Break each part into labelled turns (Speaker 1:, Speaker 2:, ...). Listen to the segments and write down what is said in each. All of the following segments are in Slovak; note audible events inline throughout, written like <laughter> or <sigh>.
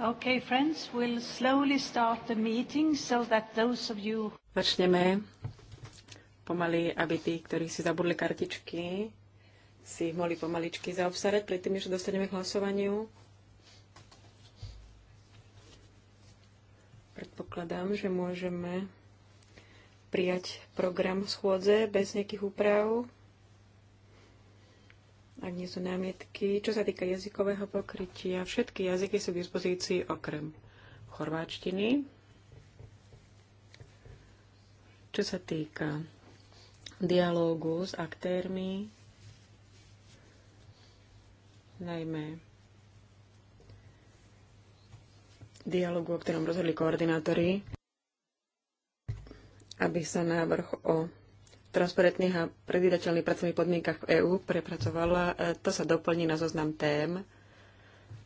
Speaker 1: Okay, friends, we'll slowly start the meeting so that those of you...
Speaker 2: Začneme pomaly, aby tí, ktorí si zabudli kartičky, si ich mohli pomaličky zaobsarať predtým, než dostaneme k hlasovaniu. Predpokladám, že môžeme prijať program schôdze bez nejakých úprav ak nie sú námietky. Čo sa týka jazykového pokrytia, všetky jazyky sú k dispozícii okrem chorváčtiny. Čo sa týka dialógu s aktérmi, najmä dialógu, o ktorom rozhodli koordinátori, aby sa návrh o transparentných a predvídateľných pracovných podmienkach v EÚ prepracovala. E, to sa doplní na zoznam tém e,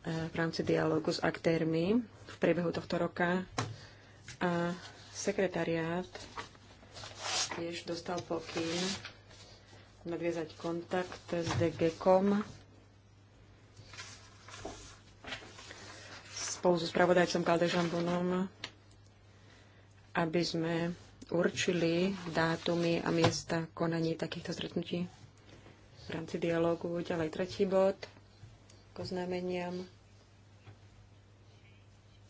Speaker 2: v rámci dialogu s aktérmi v priebehu tohto roka. A sekretariát tiež dostal pokyn nadviezať kontakt s DGCOM spolu so spravodajcom Kaldežambunom, aby sme určili dátumy a miesta konaní takýchto stretnutí v rámci dialógu. Ďalej tretí bod k oznámeniam.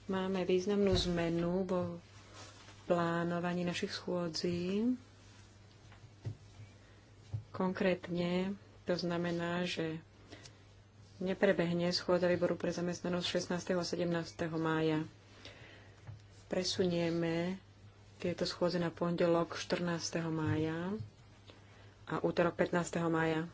Speaker 2: Máme významnú zmenu vo plánovaní našich schôdzí. Konkrétne to znamená, že neprebehne schôdza výboru pre zamestnanosť 16. a 17. mája. Presunieme tieto schôdze na pondelok 14. mája a útorok 15. mája.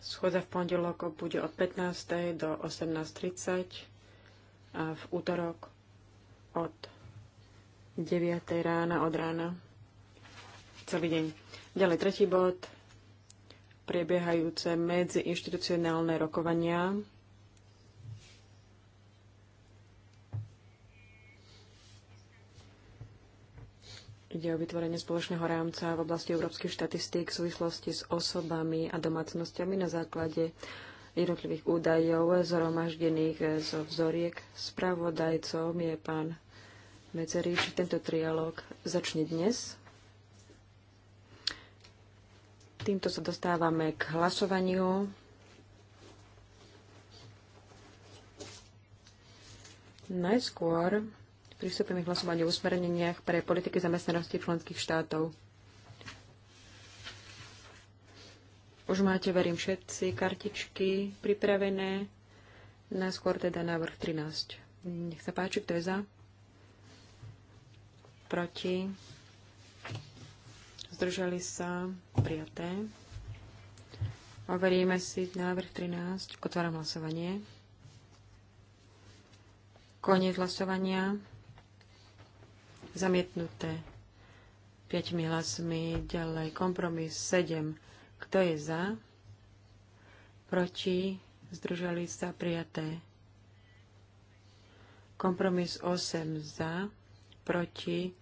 Speaker 2: Schôdza v pondelok bude od 15. do 18.30 a v útorok od 9. rána od rána celý deň. Ďalej tretí bod, prebiehajúce medziinstitucionálne rokovania Ide o vytvorenie spoločného rámca v oblasti európskych štatistík v súvislosti s osobami a domácnosťami na základe jednotlivých údajov zhromaždených zo vzoriek. Spravodajcom je pán Medzerič. Tento trialog začne dnes. Týmto sa dostávame k hlasovaniu. Najskôr Pristúpime k hlasovaniu o usmerneniach pre politiky zamestnanosti členských štátov. Už máte, verím, všetci kartičky pripravené. Najskôr teda návrh 13. Nech sa páči, kto je za? Proti? Zdržali sa? Prijaté. Overíme si návrh 13. Otváram hlasovanie. Koniec hlasovania. Zamietnuté 5 hlasmi. Ďalej kompromis 7. Kto je za? Proti? Zdržali sa prijaté. Kompromis 8 za, proti,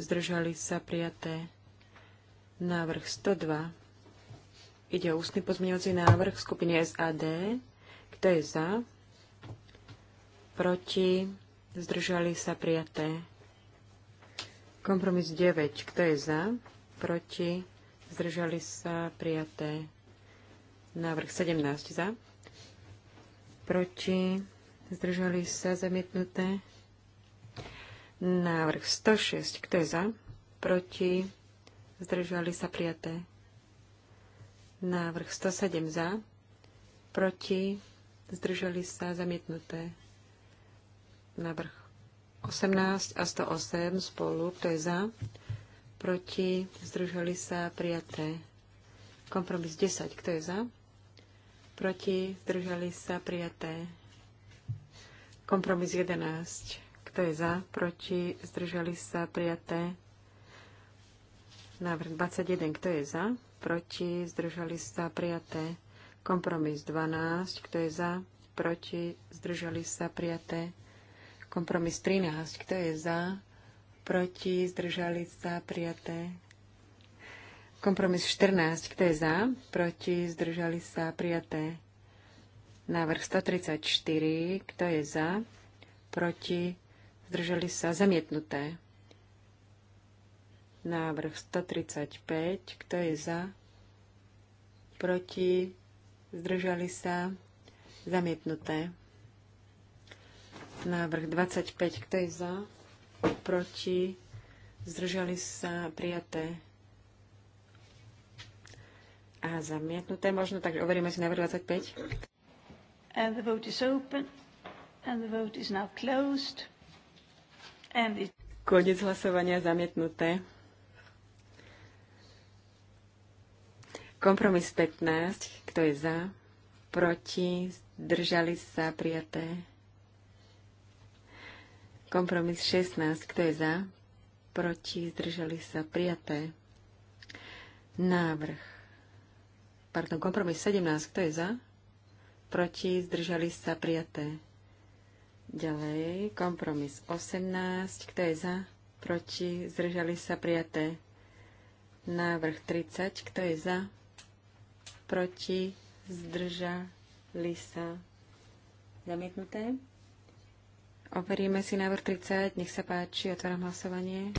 Speaker 2: zdržali sa prijaté. Návrh 102. Ide o ústny pozmeňovací návrh skupiny SAD. Kto je za? Proti, zdržali sa prijaté. Kompromis 9. Kto je za? Proti? Zdržali sa? Prijaté. Návrh 17 za. Proti? Zdržali sa? Zamietnuté. Návrh 106. Kto je za? Proti? Zdržali sa? Prijaté. Návrh 107 za. Proti? Zdržali sa? Zamietnuté. Návrh 18 a 108 spolu, kto je za, proti, zdržali sa, prijaté. Kompromis 10, kto je za, proti, zdržali sa, prijaté. Kompromis 11, kto je za, proti, zdržali sa, prijaté. Návrh 21, kto je za, proti, zdržali sa, prijaté. Kompromis 12, kto je za, proti, zdržali sa, prijaté. Kompromis 13. Kto je za? Proti? Zdržali sa? Prijaté. Kompromis 14. Kto je za? Proti? Zdržali sa? Prijaté. Návrh 134. Kto je za? Proti? Zdržali sa? Zamietnuté. Návrh 135. Kto je za? Proti? Zdržali sa? Zamietnuté. Návrh 25. Kto je za? Proti? Zdržali sa prijaté
Speaker 1: a zamietnuté možno, takže overíme si návrh 25. And the vote is open. And the vote is now closed. And it...
Speaker 2: Konec hlasovania zamietnuté. Kompromis 15. Kto je za? Proti? Zdržali sa prijaté? Kompromis 16. Kto je za? Proti? Zdržali sa? Prijaté. Návrh. Pardon, kompromis 17. Kto je za? Proti? Zdržali sa? Prijaté. Ďalej, kompromis 18. Kto je za? Proti? Zdržali sa? Prijaté. Návrh 30. Kto je za? Proti? Zdržali sa? Zamietnuté. Overíme si návrh 30. Nech sa páči, otváram hlasovanie.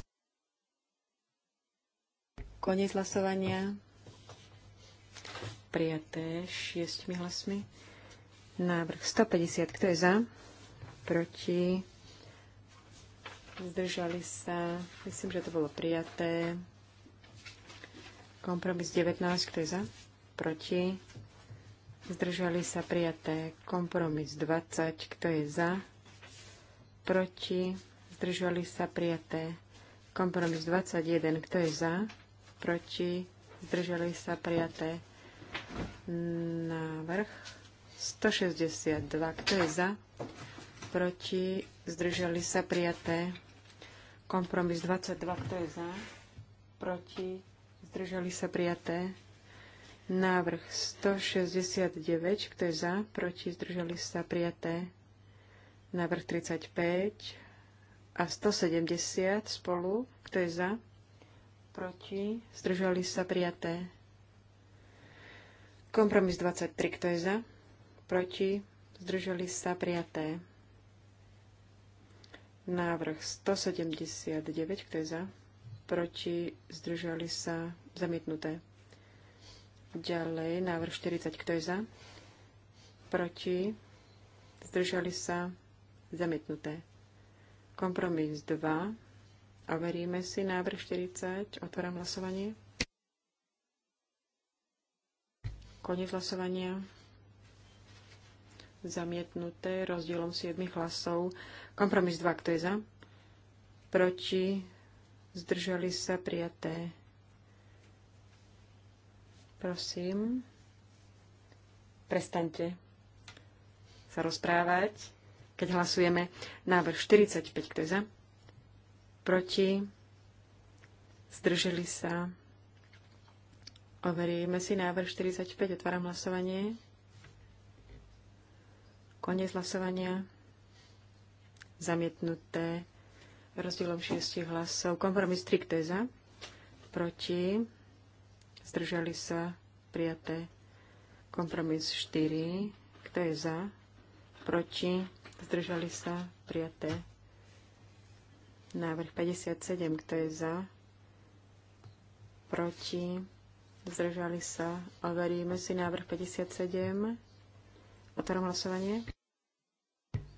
Speaker 2: Koniec hlasovania. Prijaté šiestimi hlasmi. Návrh 150. Kto je za? Proti? Zdržali sa. Myslím, že to bolo prijaté. Kompromis 19. Kto je za? Proti? Zdržali sa prijaté. Kompromis 20. Kto je za? proti, zdržali sa prijaté. Kompromis 21, kto je za, proti, zdržali sa prijaté. Návrh 162, kto je za, proti, zdržali sa prijaté. Kompromis 22, kto je za, proti, zdržali sa prijaté. Návrh 169, kto je za, proti, zdržali sa prijaté. Návrh 35 a 170 spolu. Kto je za? Proti. Zdržali sa prijaté. Kompromis 23. Kto je za? Proti. Zdržali sa prijaté. Návrh 179. Kto je za? Proti. Zdržali sa zamietnuté. Ďalej návrh 40. Kto je za? Proti. Zdržali sa Zamietnuté. Kompromis 2. Overíme si návrh 40. Otváram hlasovanie. Koniec hlasovania. Zamietnuté rozdielom 7 hlasov. Kompromis 2. Kto je za? Proti? Zdržali sa prijaté. Prosím. Prestaňte sa rozprávať keď hlasujeme. Návrh 45, kto je za? Proti? Zdrželi sa? Overíme si návrh 45, otváram hlasovanie. Koniec hlasovania. Zamietnuté rozdielom 6 hlasov. Kompromis 3, kto je za? Proti? Zdržali sa? Prijaté. Kompromis 4, kto je za? Proti? zdržali sa, prijaté. Návrh 57, kto je za, proti, zdržali sa. Overíme si návrh 57. Otvorím hlasovanie.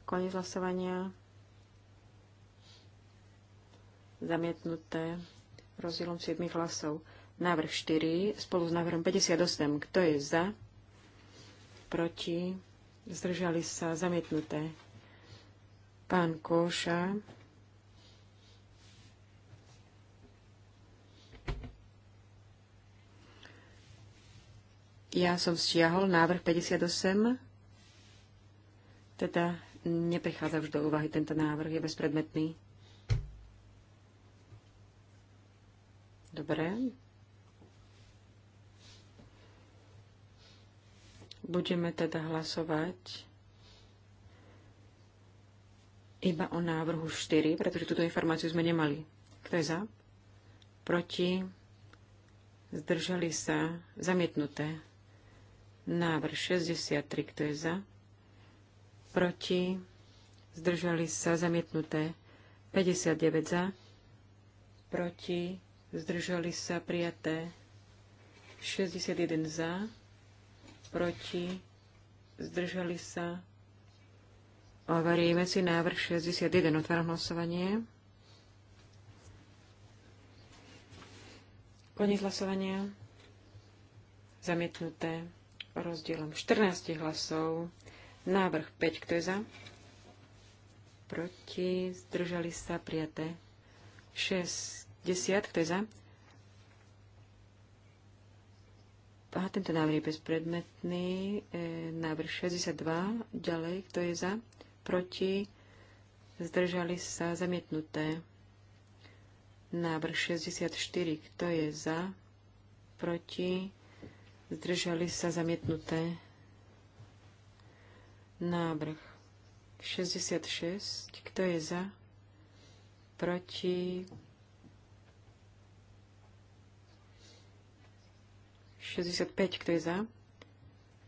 Speaker 2: Koniec hlasovania. Zamietnuté rozdielom 7 hlasov. Návrh 4 spolu s návrhom 58. Kto je za? Proti? Zdržali sa? Zamietnuté. Pán Koša. Ja som stiahol návrh 58, teda neprichádza už do úvahy tento návrh, je bezpredmetný. Dobre. Budeme teda hlasovať iba o návrhu 4, pretože túto informáciu sme nemali. Kto je za? Proti? Zdržali sa? Zamietnuté. Návrh 63. Kto je za? Proti? Zdržali sa? Zamietnuté. 59 za. Proti? Zdržali sa? Prijaté. 61 za. Proti? Zdržali sa? Overíme si návrh 61. Otváram hlasovanie. Koniec hlasovania. Zamietnuté rozdielom 14 hlasov. Návrh 5. Kto je za? Proti. Zdržali sa prijaté. 60. Kto je za? A tento návrh je bezpredmetný. E, návrh 62. Ďalej. Kto je za? proti, zdržali sa zamietnuté. Návrh 64, kto je za, proti, zdržali sa zamietnuté. Návrh 66, kto je za, proti, 65, kto je za,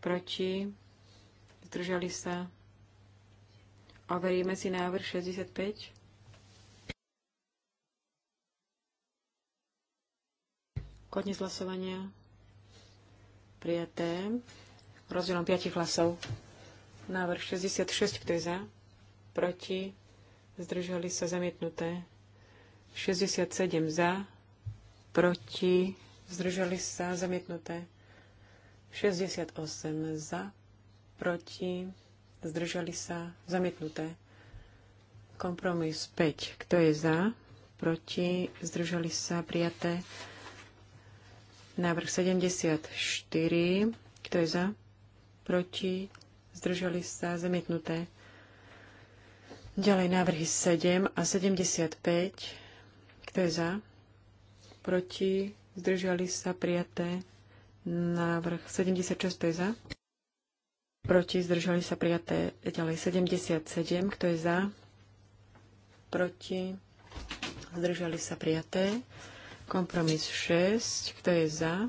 Speaker 2: proti, zdržali sa Overíme si návrh 65. Koniec hlasovania. Prijaté. Rozdielom 5 hlasov. Návrh 66, kto je za? Proti? Zdržali sa zamietnuté. 67 za. Proti? Zdržali sa zamietnuté. 68 za. Proti? zdržali sa, zamietnuté. Kompromis 5. Kto je za? Proti? Zdržali sa prijaté. Návrh 74. Kto je za? Proti? Zdržali sa zamietnuté. Ďalej návrhy 7 a 75. Kto je za? Proti? Zdržali sa prijaté. Návrh 76. To je za? Proti zdržali sa prijaté ďalej 77. Kto je za? Proti zdržali sa prijaté. Kompromis 6. Kto je za?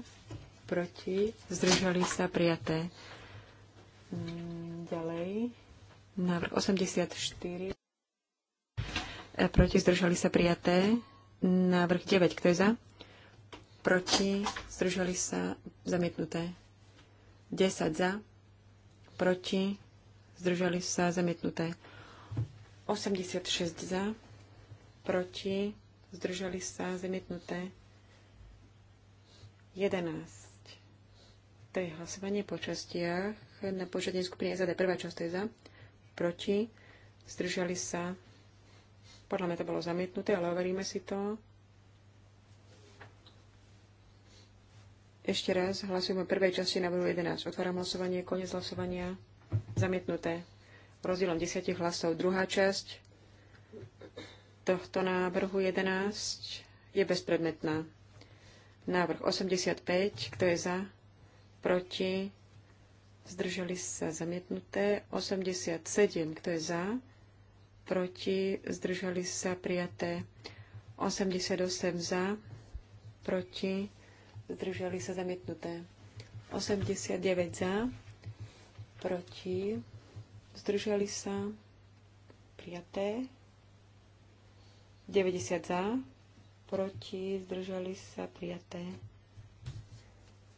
Speaker 2: Proti zdržali sa prijaté. Mm, ďalej. Návrh 84. E, proti zdržali sa prijaté. Návrh 9. Kto je za? Proti zdržali sa zamietnuté. 10 za proti, zdržali sa zamietnuté. 86 za, proti, zdržali sa zamietnuté. 11. To je hlasovanie po častiach na požiadanie skupiny SAD. Prvá časť je za, proti, zdržali sa. Podľa mňa to bolo zamietnuté, ale overíme si to. Ešte raz hlasujeme o prvej časti návrhu 11. Otváram hlasovanie, koniec hlasovania, zamietnuté. Rozdielom 10 hlasov. Druhá časť tohto návrhu 11 je bezpredmetná. Návrh 85, kto je za, proti, zdržali sa zamietnuté. 87, kto je za, proti, zdržali sa prijaté. 88 za, proti, zdržali sa zamietnuté. 89 za, proti, zdržali sa, prijaté. 90 za, proti, zdržali sa, prijaté.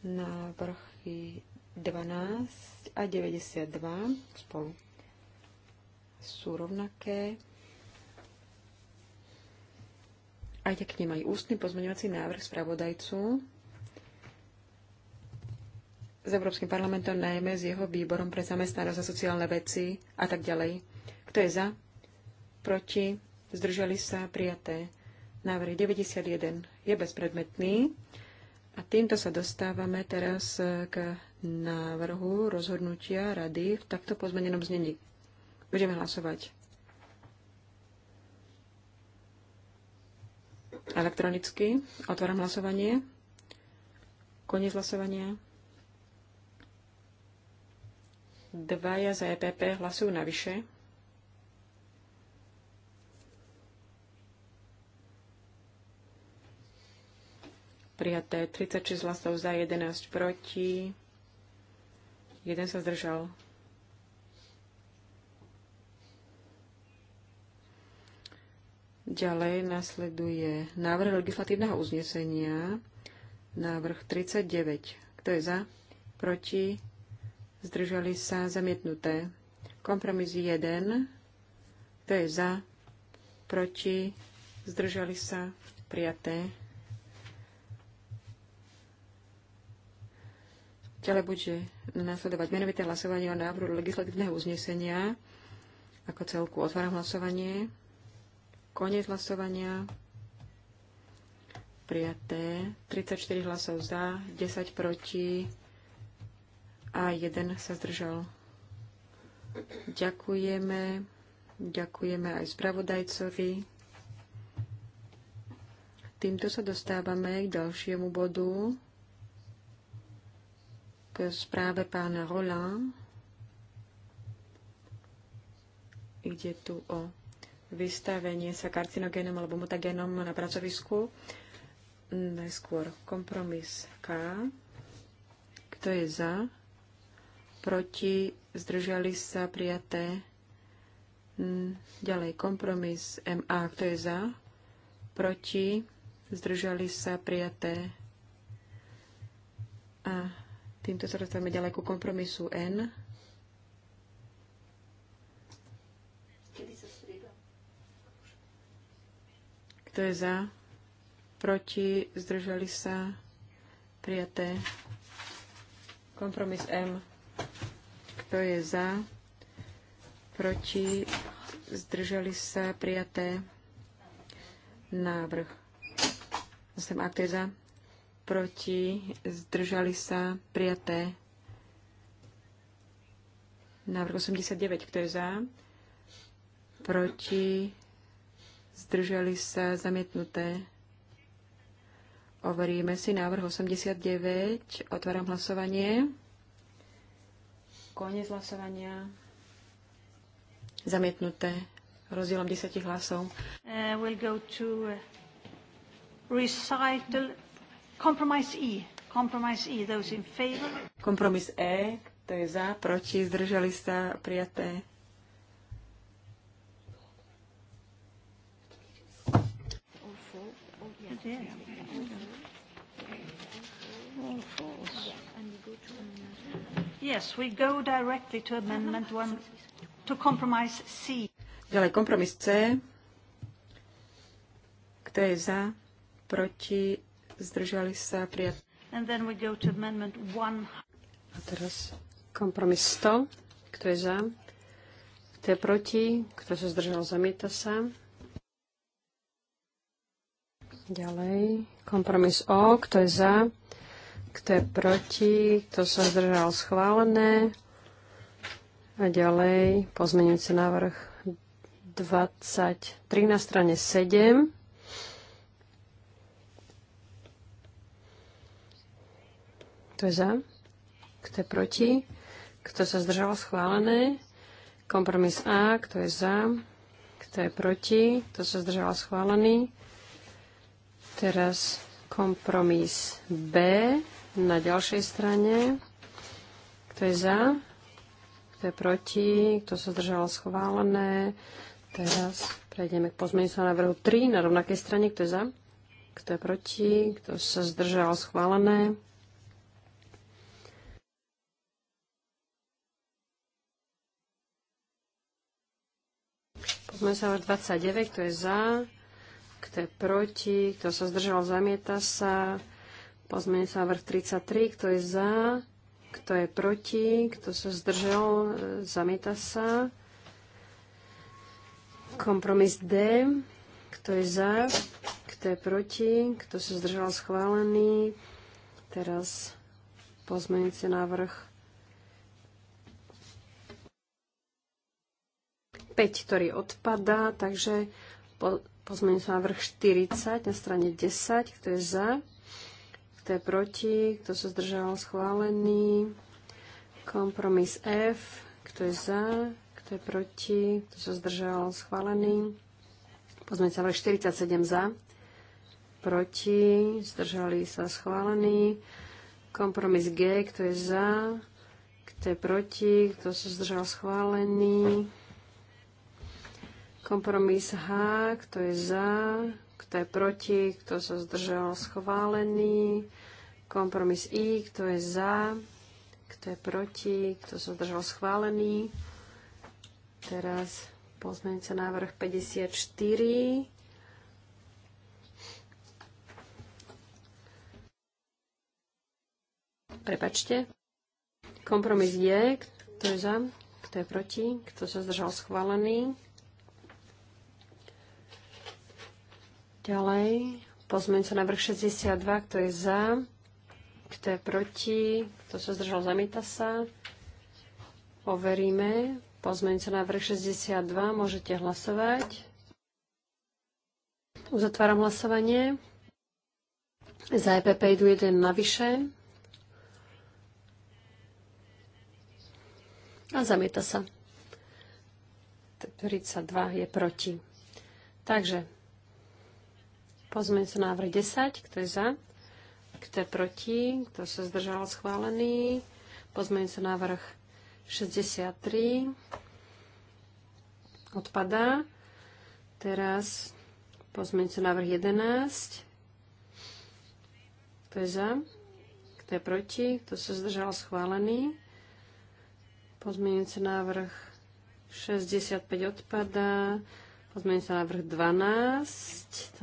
Speaker 2: Návrhy 12 a 92 spolu sú rovnaké. Aj k nim ústny pozmeňovací návrh spravodajcu s Európskym parlamentom, najmä s jeho výborom pre zamestnanosť a sociálne veci a tak ďalej. Kto je za? Proti? Zdržali sa? Prijaté. Návrh 91 je bezpredmetný. A týmto sa dostávame teraz k návrhu rozhodnutia rady v takto pozmenenom znení. Budeme hlasovať. Elektronicky otváram hlasovanie. Koniec hlasovania. Dvaja za EPP hlasujú navyše. Prijaté 36 hlasov za, 11 proti. Jeden sa zdržal. Ďalej nasleduje návrh legislatívneho uznesenia, návrh 39. Kto je za? Proti? zdržali sa zamietnuté. Kompromis 1, to je za, proti, zdržali sa prijaté. Ďalej bude následovať menovité hlasovanie o návrhu legislatívneho uznesenia. Ako celku otváram hlasovanie. Koniec hlasovania. Prijaté. 34 hlasov za, 10 proti a jeden sa zdržal. Ďakujeme. Ďakujeme aj spravodajcovi. Týmto sa dostávame k ďalšiemu bodu, k správe pána Roland. Ide tu o vystavenie sa karcinogénom alebo mutagénom na pracovisku. Najskôr kompromis K. Kto je za? proti, zdržali sa prijaté. Ďalej kompromis MA, kto je za, proti, zdržali sa prijaté. A týmto sa dostávame ďalej ku kompromisu N. Kto je za? Proti? Zdržali sa? Prijaté. Kompromis M. Kto je za? Proti? Zdržali sa prijaté? Návrh. Zasem, A kto je za? Proti? Zdržali sa prijaté? Návrh 89. Kto je za? Proti? Zdržali sa zamietnuté? Overíme si návrh 89. Otváram hlasovanie. Koniec
Speaker 1: hlasovania.
Speaker 2: Zamietnuté rozdielom 10 hlasov.
Speaker 1: Uh, we'll go to uh, recital compromise E. Compromise E, those in favor.
Speaker 2: Kompromis E, to je za, proti, zdržali sa, prijaté.
Speaker 1: Yeah. Yes, we go directly to amendment one, to compromise C.
Speaker 2: Ďalej kompromis C. Kto je za? Proti? Zdržali sa? Prijat.
Speaker 1: And then we go to amendment one.
Speaker 2: A teraz kompromis 100. Kto je za? Kto je proti? Kto sa zdržal? Zamieta sa. Ďalej. Kompromis O. Kto je za? kto je proti, kto sa zdržal schválené. A ďalej pozmeňujúci návrh 23 na strane 7. Kto je za? Kto je proti? Kto sa zdržal schválené? Kompromis A, kto je za? Kto je proti? Kto sa zdržal schválený? Teraz kompromis B, na ďalšej strane. Kto je za? Kto je proti? Kto sa zdržal schválené? Teraz prejdeme k pozmeňujúcemu návrhu 3 na rovnakej strane. Kto je za? Kto je proti? Kto sa zdržal schválené? Pozmeňujúci návrh 29. Kto je za? Kto je proti? Kto sa zdržal? Zamieta sa. Pozmeň sa vrch 33, kto je za, kto je proti, kto sa zdržal, zamieta sa. Kompromis D, kto je za, kto je proti, kto sa zdržal schválený. Teraz pozmeňujúci návrh 5, ktorý odpadá, takže po, pozmeňujúci návrh 40 na strane 10, kto je za, kto je proti, kto sa zdržal schválený. Kompromis F, kto je za, kto je proti, kto sa zdržal schválený. Pozme celé 47 za, proti, zdržali sa schválený. Kompromis G, kto je za, kto je proti, kto sa zdržal schválený. Kompromis H, kto je za, kto je proti, kto sa zdržal schválený, kompromis I, kto je za, kto je proti, kto sa zdržal schválený. Teraz pozmeňujúci návrh 54. Prepačte. Kompromis je, kto je za, kto je proti, kto sa zdržal schválený. Ďalej, pozmeňujúci návrh 62, kto je za, kto je proti, kto sa zdržal, zamýta sa. Overíme. Pozmeňujúci návrh 62, môžete hlasovať. Uzatváram hlasovanie.
Speaker 1: Za EPP idú
Speaker 2: jeden navyše. A zamieta sa. 32 je proti. Takže Pozmeň sa návrh 10, kto je za, kto je proti, kto sa zdržal schválený. Pozmeň sa návrh 63, odpadá. Teraz pozmeň sa návrh 11, kto je za, kto je proti, kto sa zdržal schválený. Pozmeňujúci návrh 65 odpadá. Pozmeňte sa návrh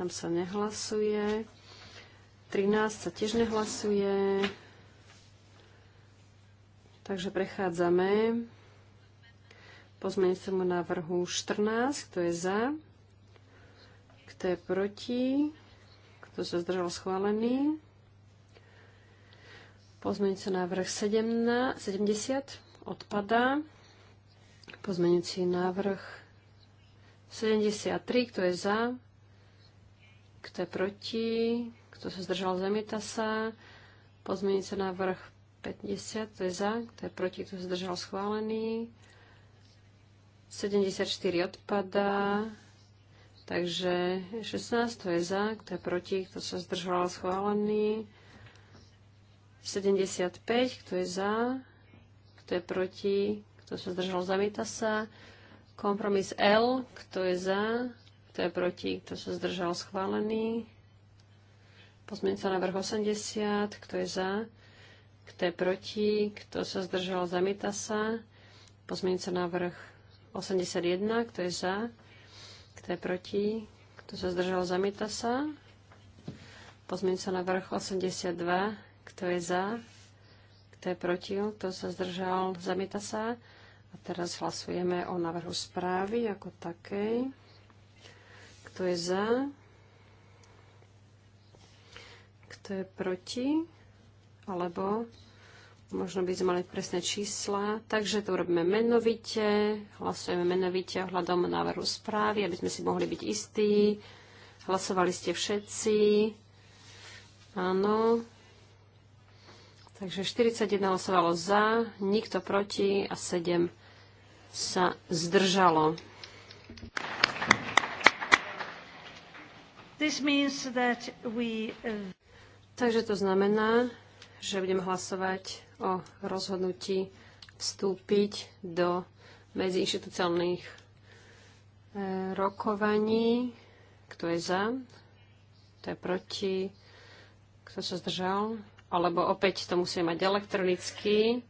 Speaker 2: 12, tam sa nehlasuje. 13 sa tiež nehlasuje. Takže prechádzame pozmeňujúcemu návrhu 14, kto je za, kto je proti, kto sa zdržal schválený. Pozmeňujúci návrh 17, 70 odpadá. Pozmeňujúci návrh 73, kto je za, kto je proti, kto sa zdržal, zamieta sa. Pozmeniť sa návrh 50, kto je za, kto je proti, kto sa zdržal, schválený. 74 odpadá, takže 16, kto je za, kto je proti, kto sa zdržal, schválený. 75, kto je za, kto je proti, kto sa zdržal, zamieta sa. Kompromis L, kto je za, kto je proti, kto sa zdržal schválený. Pozmeňujúca návrh 80, kto je za, kto je proti, kto sa zdržal, zamieta sa. Pozmeňujúca návrh 81, kto je za, kto je proti, kto sa zdržal, zamieta sa. Pozmeňujúca návrh 82, kto je za, kto je proti, kto sa zdržal, zamieta sa. A teraz hlasujeme o návrhu správy ako takej. Kto je za? Kto je proti? Alebo možno by sme mali presné čísla. Takže to robíme menovite. Hlasujeme menovite ohľadom návrhu správy, aby sme si mohli byť istí. Hlasovali ste všetci. Áno, Takže 41 hlasovalo za, nikto proti a 7 sa zdržalo.
Speaker 1: This means that we... Uh, Takže to znamená,
Speaker 2: že budem hlasovať o rozhodnutí vstúpiť do medziinstitucionálnych e, eh, rokovaní. Kto je za? Kto je proti? Kto sa zdržal? alebo opäť to musíme mať elektronicky.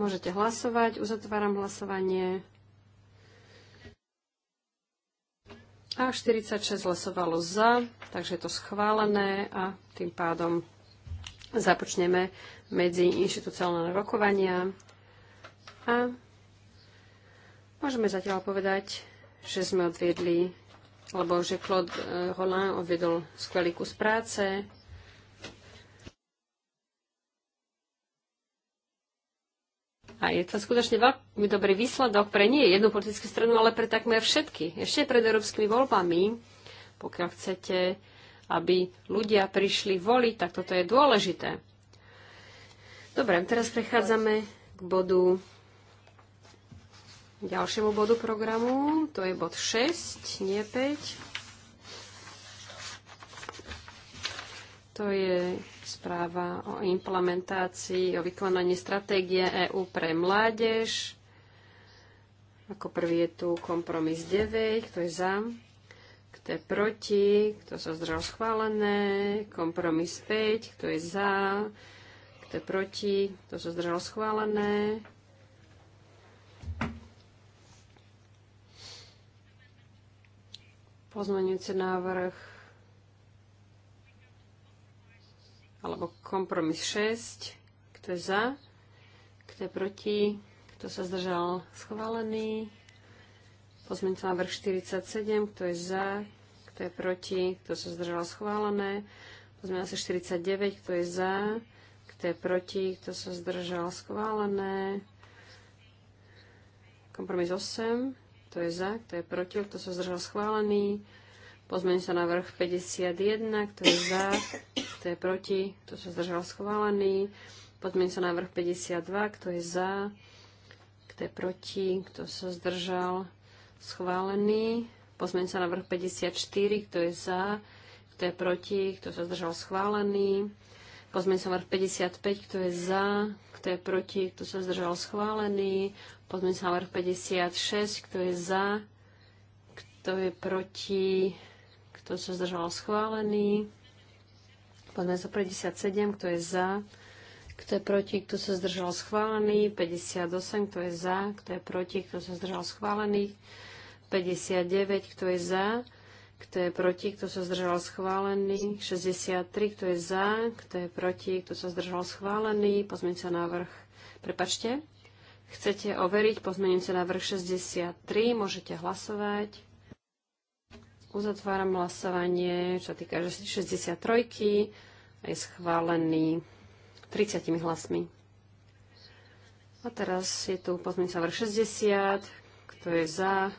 Speaker 2: Môžete hlasovať, uzatváram hlasovanie. A 46 hlasovalo za, takže je to schválené a tým pádom započneme medzi inštitucionálne rokovania. A môžeme zatiaľ povedať, že sme odviedli lebo že Claude eh, Roland odvedol skvelý kus práce. A je to skutočne veľmi dobrý výsledok pre nie jednu politickú stranu, ale pre takmer všetky. Ešte pred európskymi voľbami, pokiaľ chcete, aby ľudia prišli voliť, tak toto je dôležité. Dobre, teraz prechádzame k bodu ďalšiemu bodu programu. To je bod 6, nie 5. To je správa o implementácii, o vykonaní stratégie EÚ pre mládež. Ako prvý je tu kompromis 9, kto je za, kto je proti, kto sa zdržal schválené, kompromis 5, kto je za, kto je proti, kto sa zdržal schválené, pozmeňujúci návrh alebo kompromis 6. Kto je za? Kto je proti? Kto sa zdržal? Schválený. Pozmeňujúci návrh 47. Kto je za? Kto je proti? Kto sa zdržal? Schválené. Pozmeňte sa 49. Kto je za? Kto je proti? Kto sa zdržal? Schválené. Kompromis 8 kto je za, kto je proti, kto sa zdržal schválený. Pozmeň sa na vrch 51, kto je za, kto je proti, kto sa zdržal schválený. Pozmeň sa na vrch 52, kto je za, kto je proti, kto sa zdržal schválený. Pozmeň sa na vrch 54, kto je za, kto je proti, kto sa zdržal schválený pozmeň sa 55, kto je za, kto je proti, kto sa zdržal schválený. Pozmeň sa 56, kto je za, kto je proti, kto sa zdržal schválený. sa 57, kto je za, kto je proti, kto sa zdržal schválený, 58, kto je za, kto je proti, kto sa zdržal schválený, 59, kto je za, kto je proti, kto sa zdržal schválený, 63, kto je za, kto je proti, kto sa zdržal schválený, pozmeňujúci návrh, prepačte, chcete overiť pozmeňujúci návrh 63, môžete hlasovať. Uzatváram hlasovanie, čo týka 63, je schválený 30 hlasmi. A teraz je tu pozmeňujúci návrh 60, kto je za,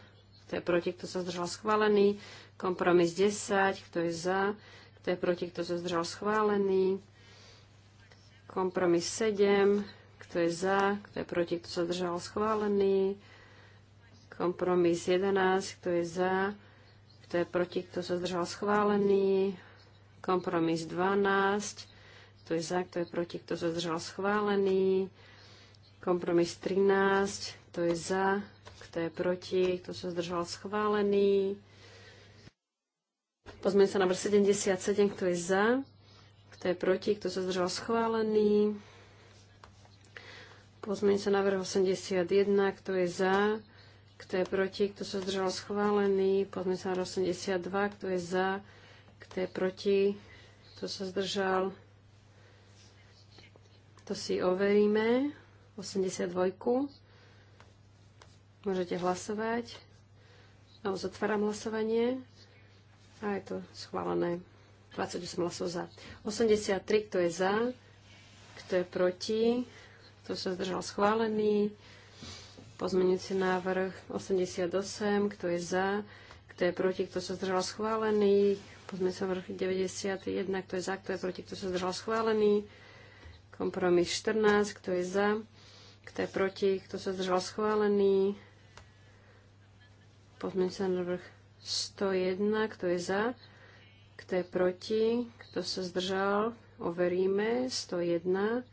Speaker 2: kto je proti, kto sa zdržal schválený, Kompromis 10, kto je za, kto je proti, kto sa zdržal schválený. Kompromis 7, kto je za, kto je proti, kto sa zdržal schválený. Kompromis 11, kto je za, kto je proti, kto sa zdržal schválený. Kompromis 12, kto je za, kto je proti, kto sa zdržal schválený. Kompromis 13, kto je za, kto je proti, kto sa zdržal schválený. Pozmeň sa návrh 77, kto je za, kto je proti, kto sa zdržal schválený. Pozmeň sa návrh 81, kto je za, kto je proti, kto sa zdržal schválený. Pozmeň sa na 82, kto je za, kto je proti, kto sa zdržal. To si overíme. 82. Môžete hlasovať. No, zatváram hlasovanie. A je to schválené. 28 hlasov za. 83, kto je za, kto je proti, kto sa zdržal schválený. Pozmenujúci návrh 88, kto je za, kto je proti, kto sa zdržal schválený. Pozmenujúci návrh 91, kto je za, kto je proti, kto sa zdržal schválený. Kompromis 14, kto je za, kto je proti, kto sa zdržal schválený. Pozmenujúci návrh 101, kto je za, kto je proti, kto sa zdržal, overíme, 101.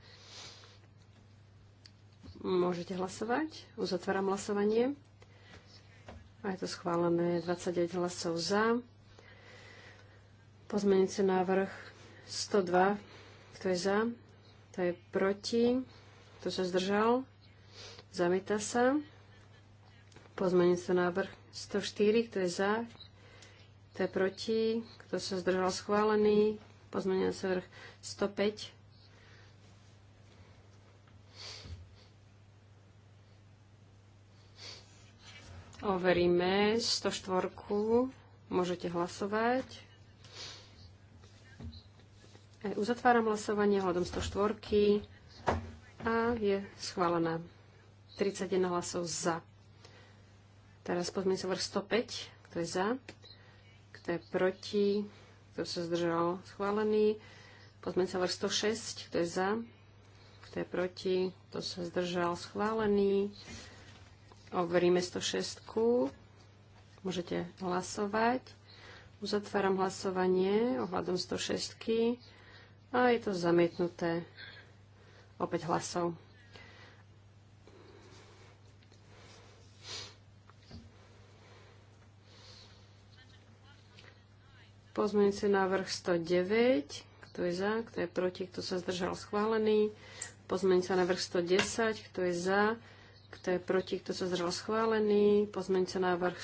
Speaker 2: Môžete hlasovať. Uzatváram hlasovanie. A je to schválené 29 hlasov za. Pozmenujúci návrh 102. Kto je za? Kto je proti? Kto sa zdržal? Zamieta sa. Pozmenujúci návrh 104, kto je za, kto je proti, kto sa zdržal schválený, pozmenia sa vrch 105. Overíme 104. Môžete hlasovať. E, uzatváram hlasovanie hľadom 104 a je schválená. 31 hlasov za. Teraz poďme sa vrch 105, kto je za, kto je proti, kto sa zdržal, schválený. Poďme sa vrch 106, kto je za, kto je proti, kto sa zdržal, schválený. Overíme 106. Môžete hlasovať. Uzatváram hlasovanie ohľadom 106. A je to zamietnuté opäť hlasov. Pozmeňujúci návrh 109. Kto je za? Kto je proti? Kto sa zdržal? Schválený. Pozmeňujúci návrh 110. Kto je za? Kto je proti? Kto sa zdržal? Schválený. Pozmeňujúci návrh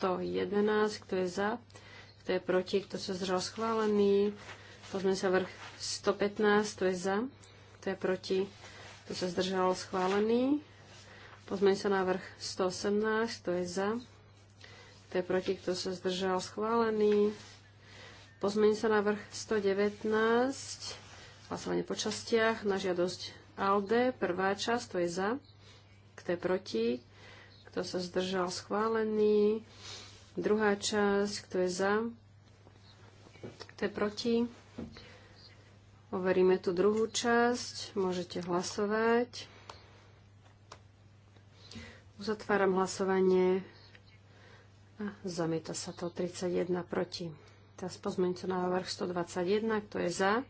Speaker 2: 111. Kto je za? Kto je proti? Kto sa zdržal? Schválený. Pozmeňujúci návrh 115. Kto je za? Kto je proti? Kto sa zdržal? Schválený. Pozmeňujúci návrh 118. Kto je za? Kto je proti? Kto sa zdržal? Schválený. Pozmení sa vrch 119, hlasovanie po častiach, na žiadosť ALDE, prvá časť, to je za, kto je proti, kto sa zdržal schválený, druhá časť, kto je za, kto je proti. Overíme tu druhú časť. Môžete hlasovať. Uzatváram hlasovanie. A zamieta sa to 31 proti. Teraz pozmeňujúci návrh 121, kto je za,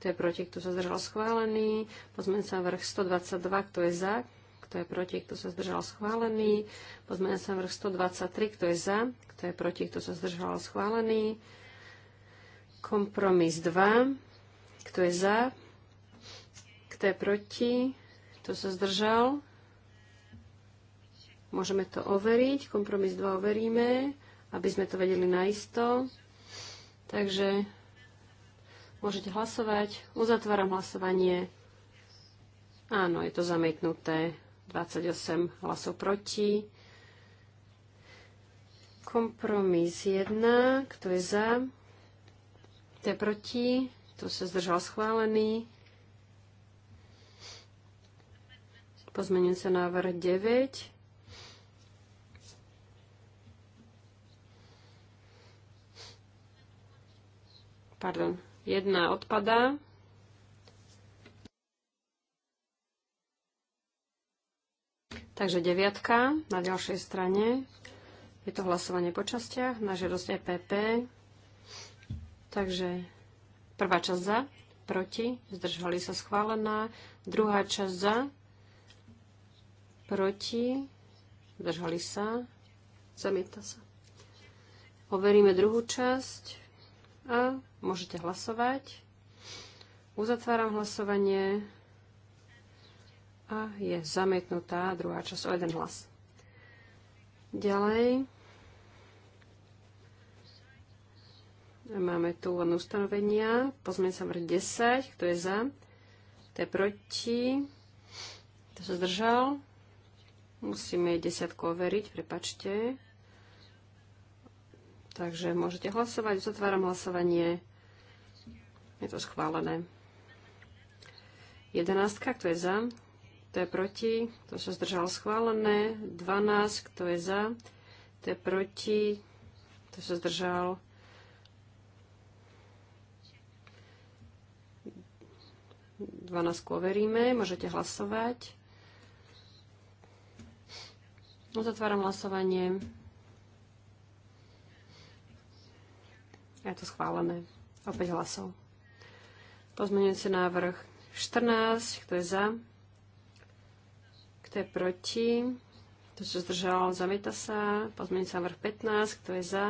Speaker 2: kto je proti, kto sa zdržal schválený. pozmeň sa návrh 122, kto je za, kto je proti, kto sa zdržal schválený. pozmeň sa návrh 123, kto je za, kto je proti, kto sa zdržal schválený. Kompromis 2, kto je za, kto je proti, kto sa zdržal. Môžeme to overiť. Kompromis 2 overíme, aby sme to vedeli naisto. isto. Takže môžete hlasovať. Uzatváram hlasovanie. Áno, je to zamietnuté. 28 hlasov proti. Kompromis 1. Kto je za? Kto je proti? Kto sa zdržal schválený? Pozmenujúce návrh 9. Pardon, jedna odpadá. Takže deviatka na ďalšej strane. Je to hlasovanie po častiach na žiadosť EPP. Takže prvá časť za, proti, zdržali sa schválená. Druhá časť za, proti, zdržali sa, zamieta sa. Overíme druhú časť. A môžete hlasovať. Uzatváram hlasovanie. A je zamietnutá druhá časť o jeden hlas. Ďalej. Máme tu len ustanovenia. Pozmeň sa 10. Kto je za? Kto je proti? Kto sa zdržal? Musíme 10 overiť, prepačte. Takže môžete hlasovať. Zatváram hlasovanie. Je to schválené. 11. Kto je za? Kto je proti? Kto sa zdržal? Schválené. 12. Kto je za? Kto je proti? Kto sa zdržal? Dvanáctku overíme. Môžete hlasovať. Uzatváram hlasovanie. A je to schválené. Opäť hlasov. Pozmeňujúci návrh 14. Kto je za? Kto je proti? Kto sa zdržal? Zamieta sa. Pozmeňujúci návrh 15. Kto je za?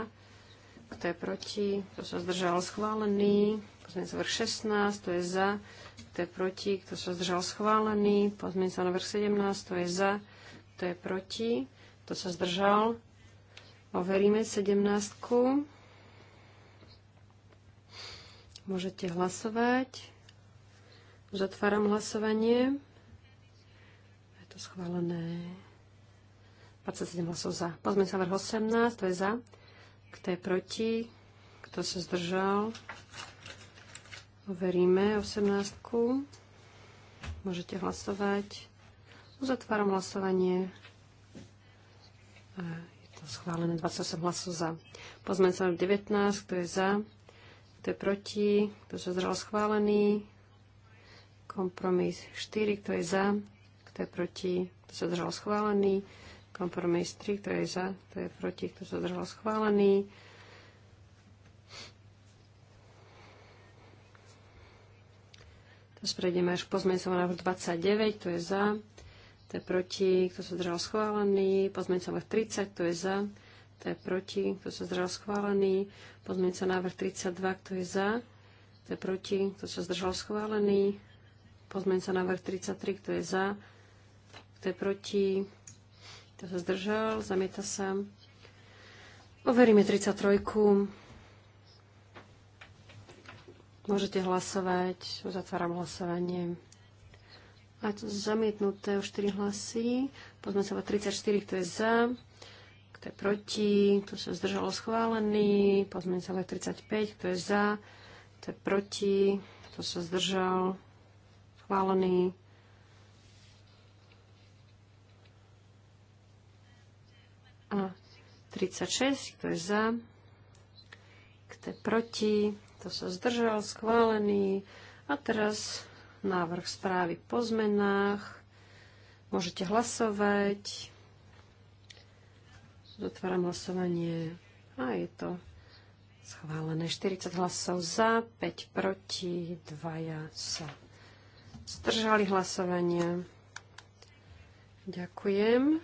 Speaker 2: Kto je proti? Kto sa zdržal? Schválený. Pozmeňujúci návrh 16. Kto je za? Kto je proti? Kto sa zdržal? Schválený. Pozmeňujúci návrh 17. Kto je za? Kto je proti? Kto sa zdržal? Overíme 17. Môžete hlasovať. Zatváram hlasovanie. Je to schválené. 27 hlasov za. Pozme sa vrch 18, to je za. Kto je proti? Kto sa zdržal? Overíme 18. Môžete hlasovať. Uzatváram hlasovanie. Je to schválené 28 hlasov za. Pozme sa 19, kto je za, kto je proti, kto sa zdržal schválený. Kompromis 4, kto je za, kto je proti, kto sa zdržal schválený. Kompromis 3, kto je za, kto je proti, kto sa zdržal schválený. Teraz prejdeme až k pozmeňcovom návrhu 29, kto je za, kto je proti, kto sa zdržal schválený. Pozmeňcových 30, kto je za, kto je proti, kto sa zdržal schválený. Pozmeňujúci návrh 32, kto je za, kto je proti, kto sa zdržal schválený. Pozmeňujúci návrh 33, kto je za, kto je proti, kto sa zdržal, zamieta sa. Overíme 33. Môžete hlasovať, zatváram hlasovanie. A zamietnuté o 4 hlasy. Pozmeňujúci návrh 34, kto je za, kto je proti, kto sa zdržalo schválený, pozmeň sa 35, kto je za, kto je proti, kto sa zdržal, schválený. A 36, kto je za, kto je proti, kto sa zdržal, schválený. A teraz návrh správy po zmenách. Môžete hlasovať. Zatváram hlasovanie a je to schválené. 40 hlasov za, 5 proti, 2 ja sa zdržali hlasovania. Ďakujem.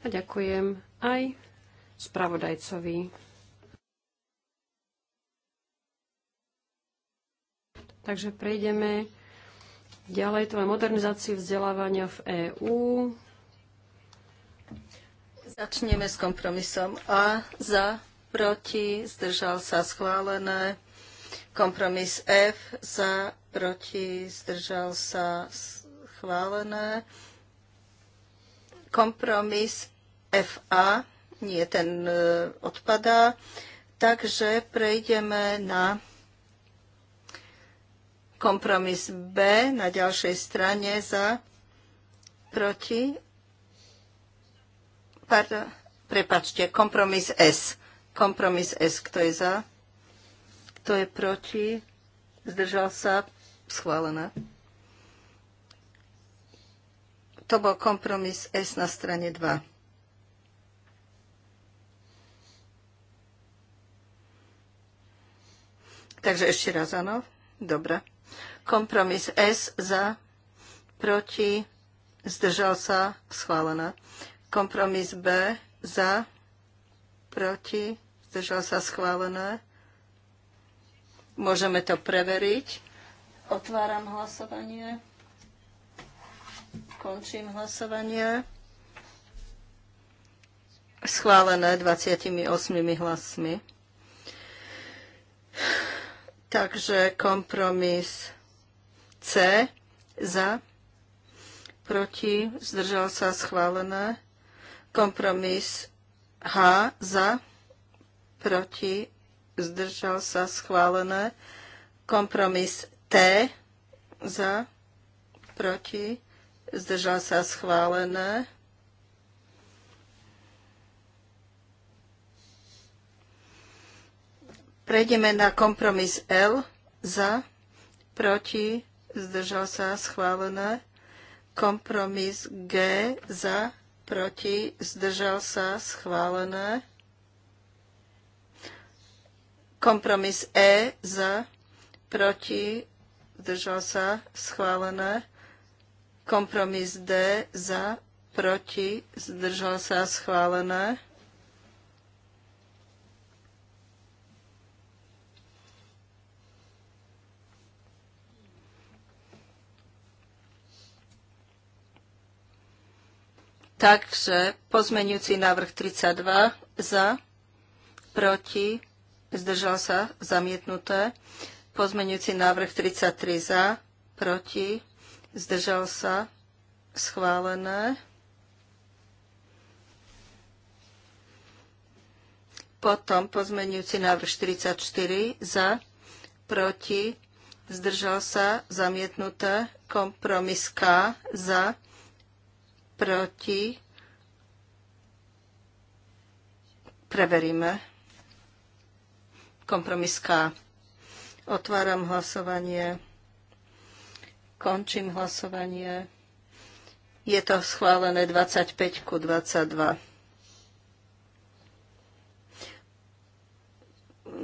Speaker 2: A ďakujem aj spravodajcovi. Takže prejdeme ďalej. To je modernizáciu
Speaker 3: vzdelávania v EÚ. Začneme s kompromisom A. Za, proti, zdržal sa schválené. Kompromis F. Za, proti, zdržal sa schválené. Kompromis FA. Nie, ten e, odpadá. Takže prejdeme na kompromis B na ďalšej strane za, proti, pardon, prepačte, kompromis S. Kompromis S, kto je za? Kto je proti? Zdržal sa? Schválená. To bol kompromis S na strane 2. Takže ešte raz, áno? Dobre. Kompromis S za, proti, zdržal sa, schválená. Kompromis B za, proti, zdržal sa schválené. Môžeme to preveriť. Otváram hlasovanie. Končím hlasovanie. Schválené 28 hlasmi. Takže kompromis C za, proti, zdržal sa schválené. Kompromis H za, proti, zdržal sa schválené. Kompromis T za, proti, zdržal sa schválené. Prejdeme na kompromis L za, proti, zdržal sa schválené. Kompromis G za, proti, zdržal sa, schválené. Kompromis E za, proti, zdržal sa, schválené. Kompromis D za, proti, zdržal sa, schválené. Takže pozmenujúci návrh 32 za, proti, zdržal sa, zamietnuté. Pozmenujúci návrh 33 za, proti, zdržal sa, schválené. Potom pozmenujúci návrh 44 za, proti, zdržal sa, zamietnuté, kompromis K za, proti, preveríme. Kompromis K. Otváram hlasovanie. Končím hlasovanie. Je to schválené 25 ku 22.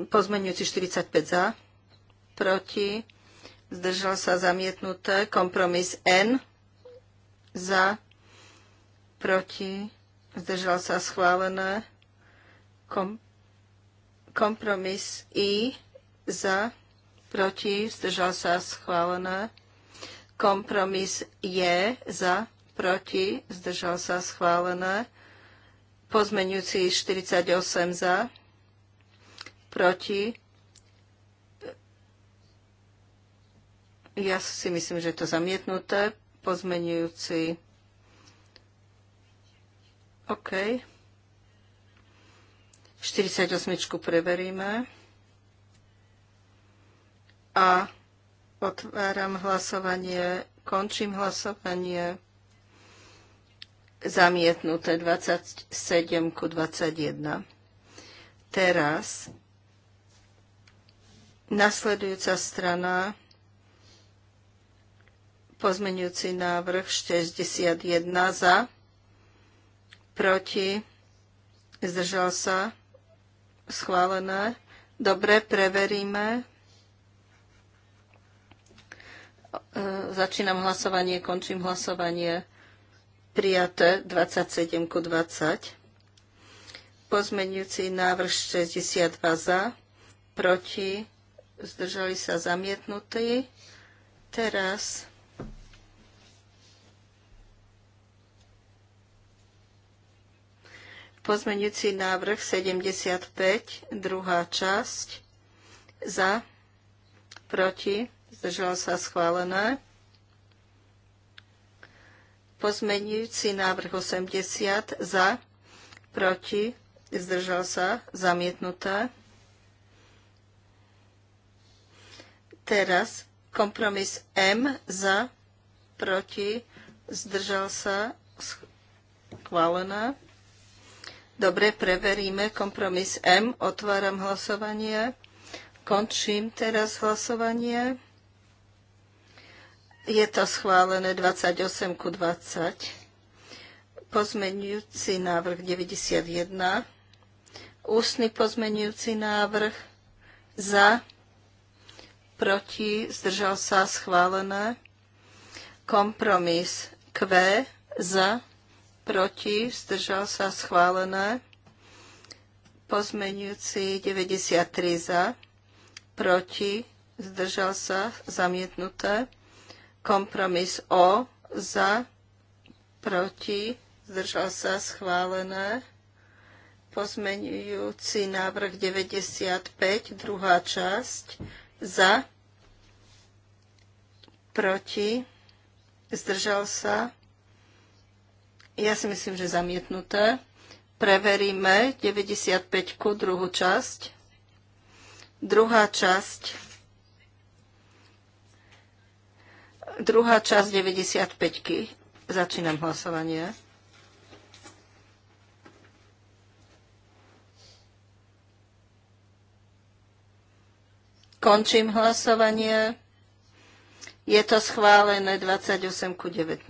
Speaker 3: pozmenujúci 45 za, proti, zdržal sa zamietnuté, kompromis N za, proti, zdržal sa schválené, kom, kompromis I za, proti, zdržal sa schválené, kompromis je za, proti, zdržal sa schválené, pozmenujúci 48 za, proti, ja si myslím, že je to zamietnuté, pozmenujúci OK. 48 preveríme. A otváram hlasovanie, končím hlasovanie. Zamietnuté 27 ku 21. Teraz nasledujúca strana pozmenujúci návrh 61 za proti, zdržal sa, schválené. Dobre, preveríme. E, začínam hlasovanie, končím hlasovanie. Prijaté 27 ku 20. Pozmenujúci návrh 62 za, proti, zdržali sa zamietnutí. Teraz Pozmeňujúci návrh 75, druhá časť. Za, proti, zdržalo sa schválené. Pozmeňujúci návrh 80 za, proti, zdržal sa, zamietnuté. Teraz kompromis M za, proti, zdržal sa, schválené. Dobre, preveríme kompromis M. Otváram hlasovanie. Končím teraz hlasovanie. Je to schválené 28 ku 20. Pozmenujúci návrh 91. Ústny pozmenujúci návrh za, proti, zdržal sa, schválené. Kompromis Q za, proti, zdržal sa schválené. Pozmenujúci 93 za, proti, zdržal sa zamietnuté. Kompromis O za, proti, zdržal sa schválené. Pozmenujúci návrh 95, druhá časť, za, proti, zdržal sa ja si myslím, že zamietnuté. Preveríme 95, druhú časť. Druhá časť. Druhá časť 95. Začínam hlasovanie. Končím hlasovanie. Je to schválené 28 ku 19.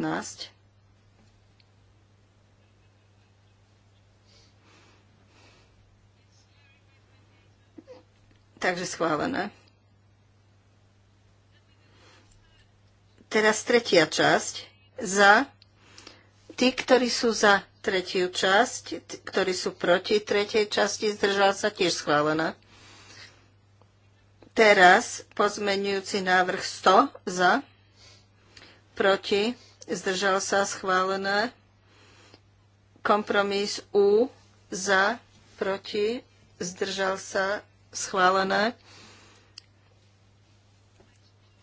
Speaker 3: Takže schválené. Teraz tretia časť. Za. Tí, ktorí sú za tretiu časť, tí, ktorí sú proti tretej časti, zdržal sa tiež schválená. Teraz pozmenujúci návrh 100 za, proti, zdržal sa schválené. Kompromis U za, proti, zdržal sa schválené.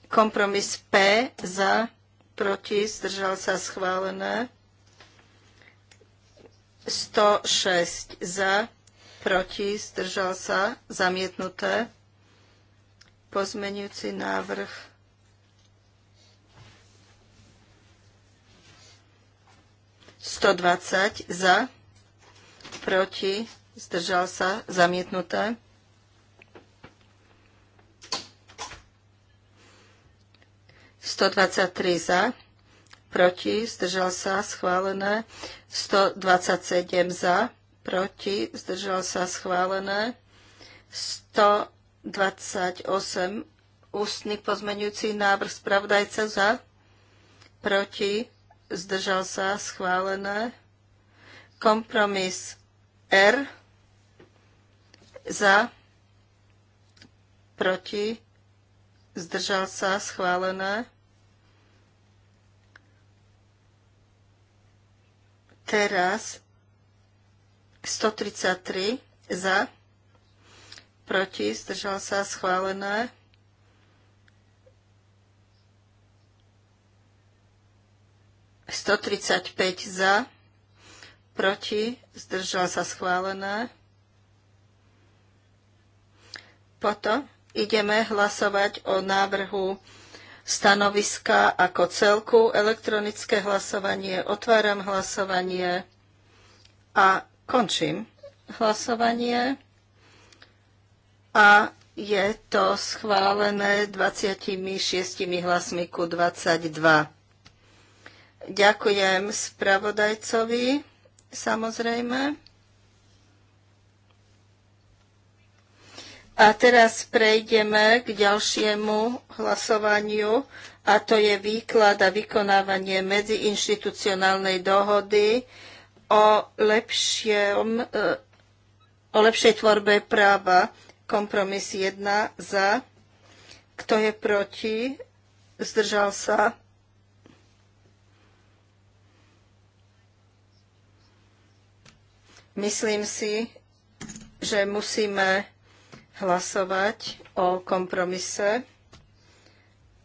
Speaker 3: Kompromis P za, proti, zdržal sa schválené. 106 za, proti, zdržal sa, zamietnuté. Pozmenujúci návrh 120 za, proti, zdržal sa, zamietnuté. 123 za, proti, zdržal sa, schválené. 127 za, proti, zdržal sa, schválené. 128 ústny pozmenujúci návrh spravodajca za, proti, zdržal sa, schválené. Kompromis R za, proti, zdržal sa, schválené. Teraz 133 za, proti, zdržal sa schválené. Sto tridsať päť za, proti, zdržal sa schválené. Potom ideme hlasovať o návrhu stanoviska ako celku, elektronické hlasovanie, otváram hlasovanie a končím hlasovanie. A je to schválené 26 hlasmi ku 22. Ďakujem spravodajcovi, samozrejme. A teraz prejdeme k ďalšiemu hlasovaniu, a to je výklad a vykonávanie medziinštitucionálnej dohody o, lepšiem, e, o lepšej tvorbe práva. Kompromis 1 za. Kto je proti? Zdržal sa. Myslím si, že musíme hlasovať o kompromise.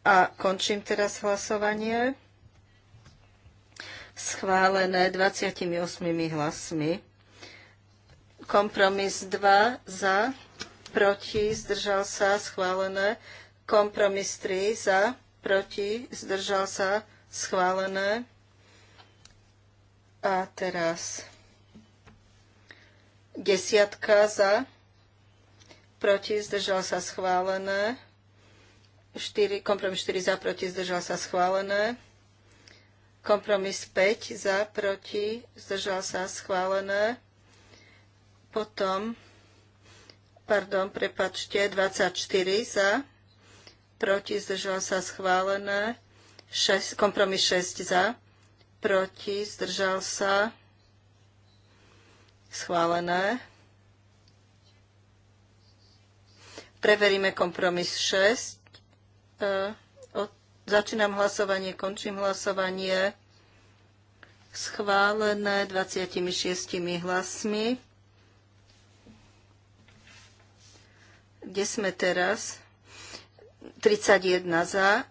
Speaker 3: A končím teraz hlasovanie. Schválené 28 hlasmi. Kompromis 2 za, proti, zdržal sa, schválené. Kompromis 3 za, proti, zdržal sa, schválené. A teraz desiatka za, proti, zdržal sa schválené. 4, kompromis 4 za, proti, zdržal sa schválené. Kompromis 5 za, proti, zdržal sa schválené. Potom, pardon, prepačte, 24 za, proti, zdržal sa schválené. 6, kompromis 6 za, proti, zdržal sa schválené. Preveríme kompromis 6. E, začínam hlasovanie, končím hlasovanie. Schválené 26 hlasmi. Kde sme teraz? 31 za,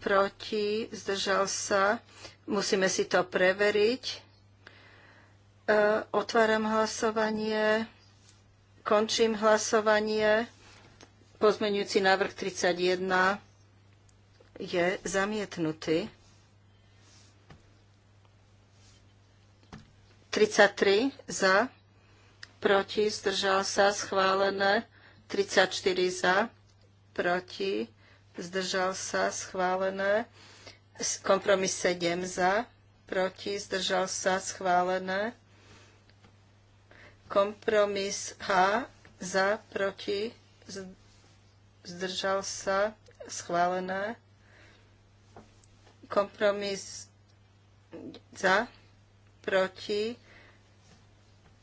Speaker 3: proti, zdržal sa. Musíme si to preveriť. E, otváram hlasovanie. Končím hlasovanie. Pozmeňujúci návrh 31 je zamietnutý. 33 za, proti, zdržal sa, schválené. 34 za, proti, zdržal sa, schválené. Kompromis 7 za, proti, zdržal sa, schválené. Kompromis H za, proti, zdržal zdržal sa, schválené. Kompromis za, proti,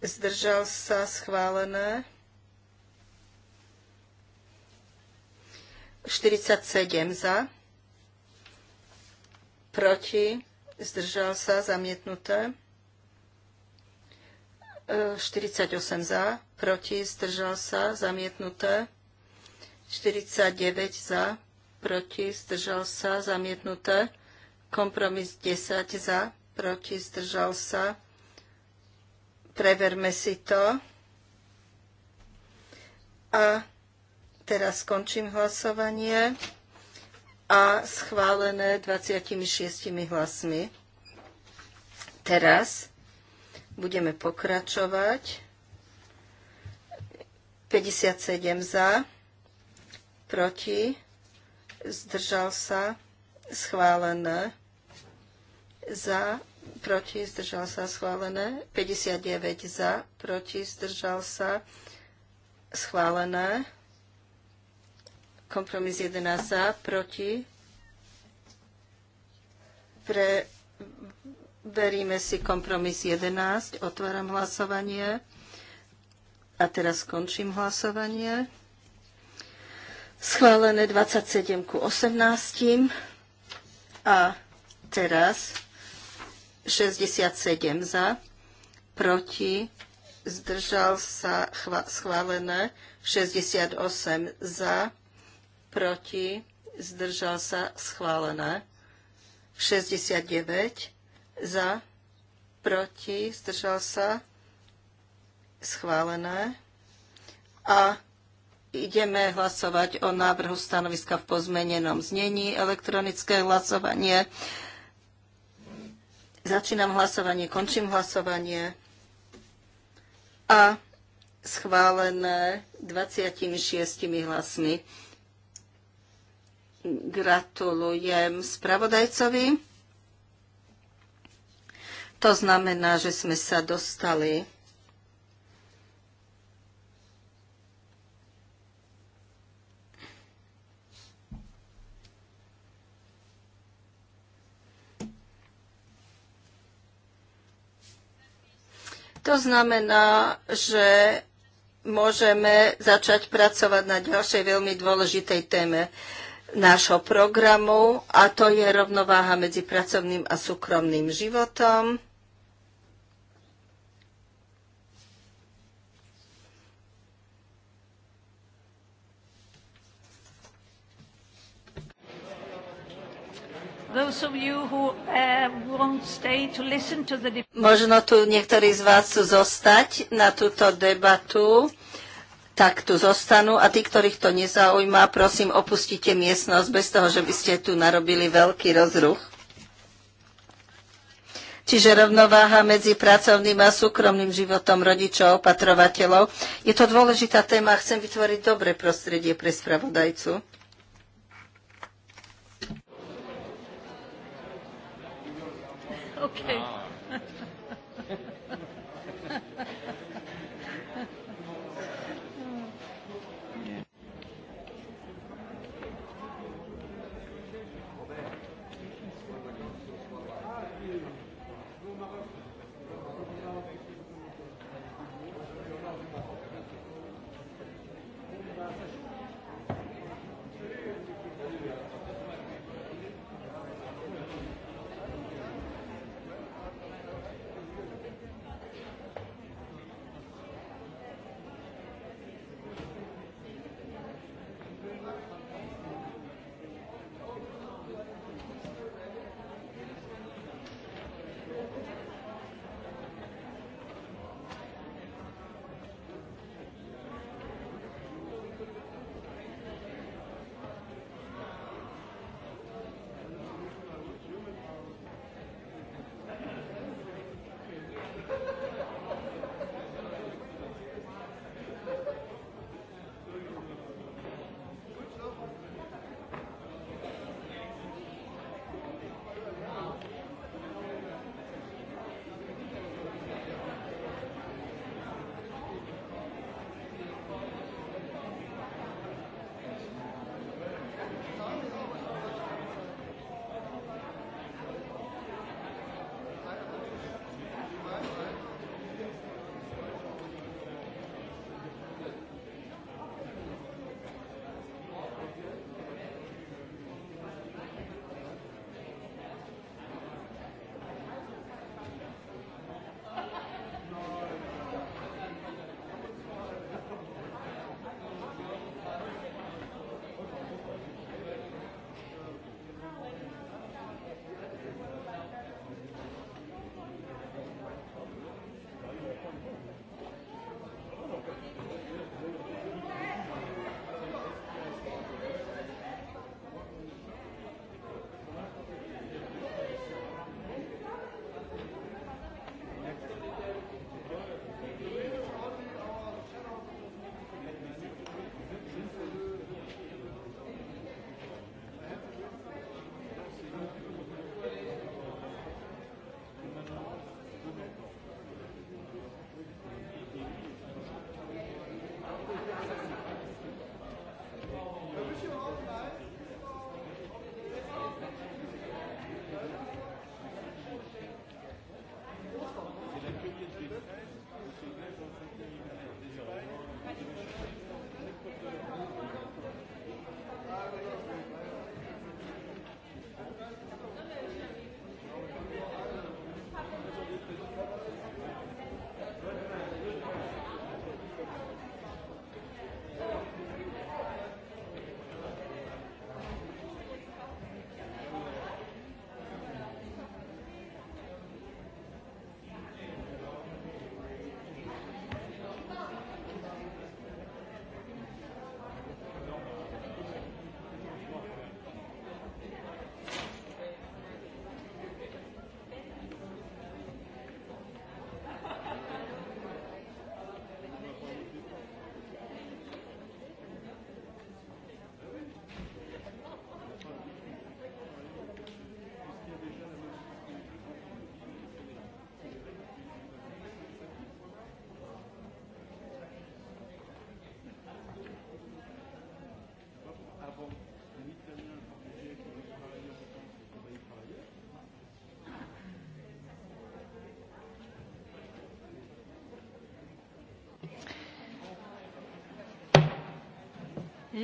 Speaker 3: zdržal sa, schválené. 47 za, proti, zdržal sa, zamietnuté. 48 za, proti, zdržal sa, zamietnuté. 49 za, proti, zdržal sa, zamietnuté. Kompromis 10 za, proti, zdržal sa. Preverme si to. A teraz skončím hlasovanie a schválené 26 hlasmi. Teraz budeme pokračovať. 57 za proti, zdržal sa, schválené, za, proti, zdržal sa, schválené, 59 za, proti, zdržal sa, schválené, kompromis 11 za, proti, pre, veríme si kompromis 11, otváram hlasovanie a teraz skončím hlasovanie schválené 27 ku 18 a teraz 67 za, proti, zdržal sa schválené 68 za, proti, zdržal sa schválené 69 za, proti, zdržal sa schválené a ideme hlasovať o návrhu stanoviska v pozmenenom znení. Elektronické hlasovanie. Začínam hlasovanie, končím hlasovanie. A schválené 26 hlasmi. Gratulujem spravodajcovi. To znamená, že sme sa dostali To znamená, že môžeme začať pracovať na ďalšej veľmi dôležitej téme nášho programu a to je rovnováha medzi pracovným a súkromným životom.
Speaker 1: Uh, Možno
Speaker 3: tu niektorí z vás chcú zostať na túto debatu, tak tu zostanú. A tí, ktorých to nezaujíma, prosím, opustite miestnosť bez toho, že by ste tu narobili veľký rozruch. Čiže rovnováha medzi pracovným a súkromným životom rodičov, opatrovateľov. Je to dôležitá téma a chcem vytvoriť dobré prostredie pre spravodajcu.
Speaker 4: okay.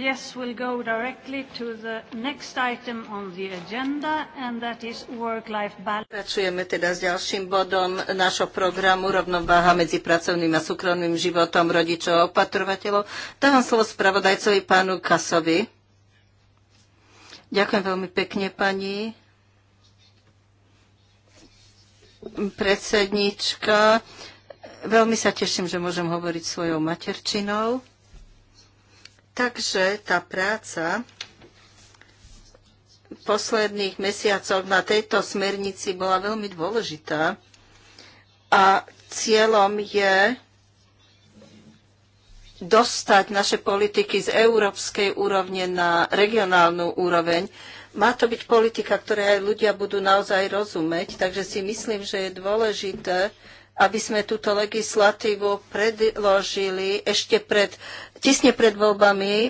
Speaker 1: Yes, we'll go directly to the next item on the agenda, and that is work-life balance.
Speaker 3: Pokračujeme teda s ďalším bodom nášho programu Rovnováha medzi pracovným a súkromným životom rodičov a opatrovateľov. Dávam slovo spravodajcovi pánu Kasovi. Ďakujem veľmi pekne, pani predsednička. Veľmi sa teším, že môžem hovoriť svojou materčinou. Takže tá práca v posledných mesiacoch na tejto smernici bola veľmi dôležitá a cieľom je dostať naše politiky z európskej úrovne na regionálnu úroveň. Má to byť politika, ktoré aj ľudia budú naozaj rozumieť, takže si myslím, že je dôležité aby sme túto legislatívu predložili ešte pred, tesne pred voľbami e,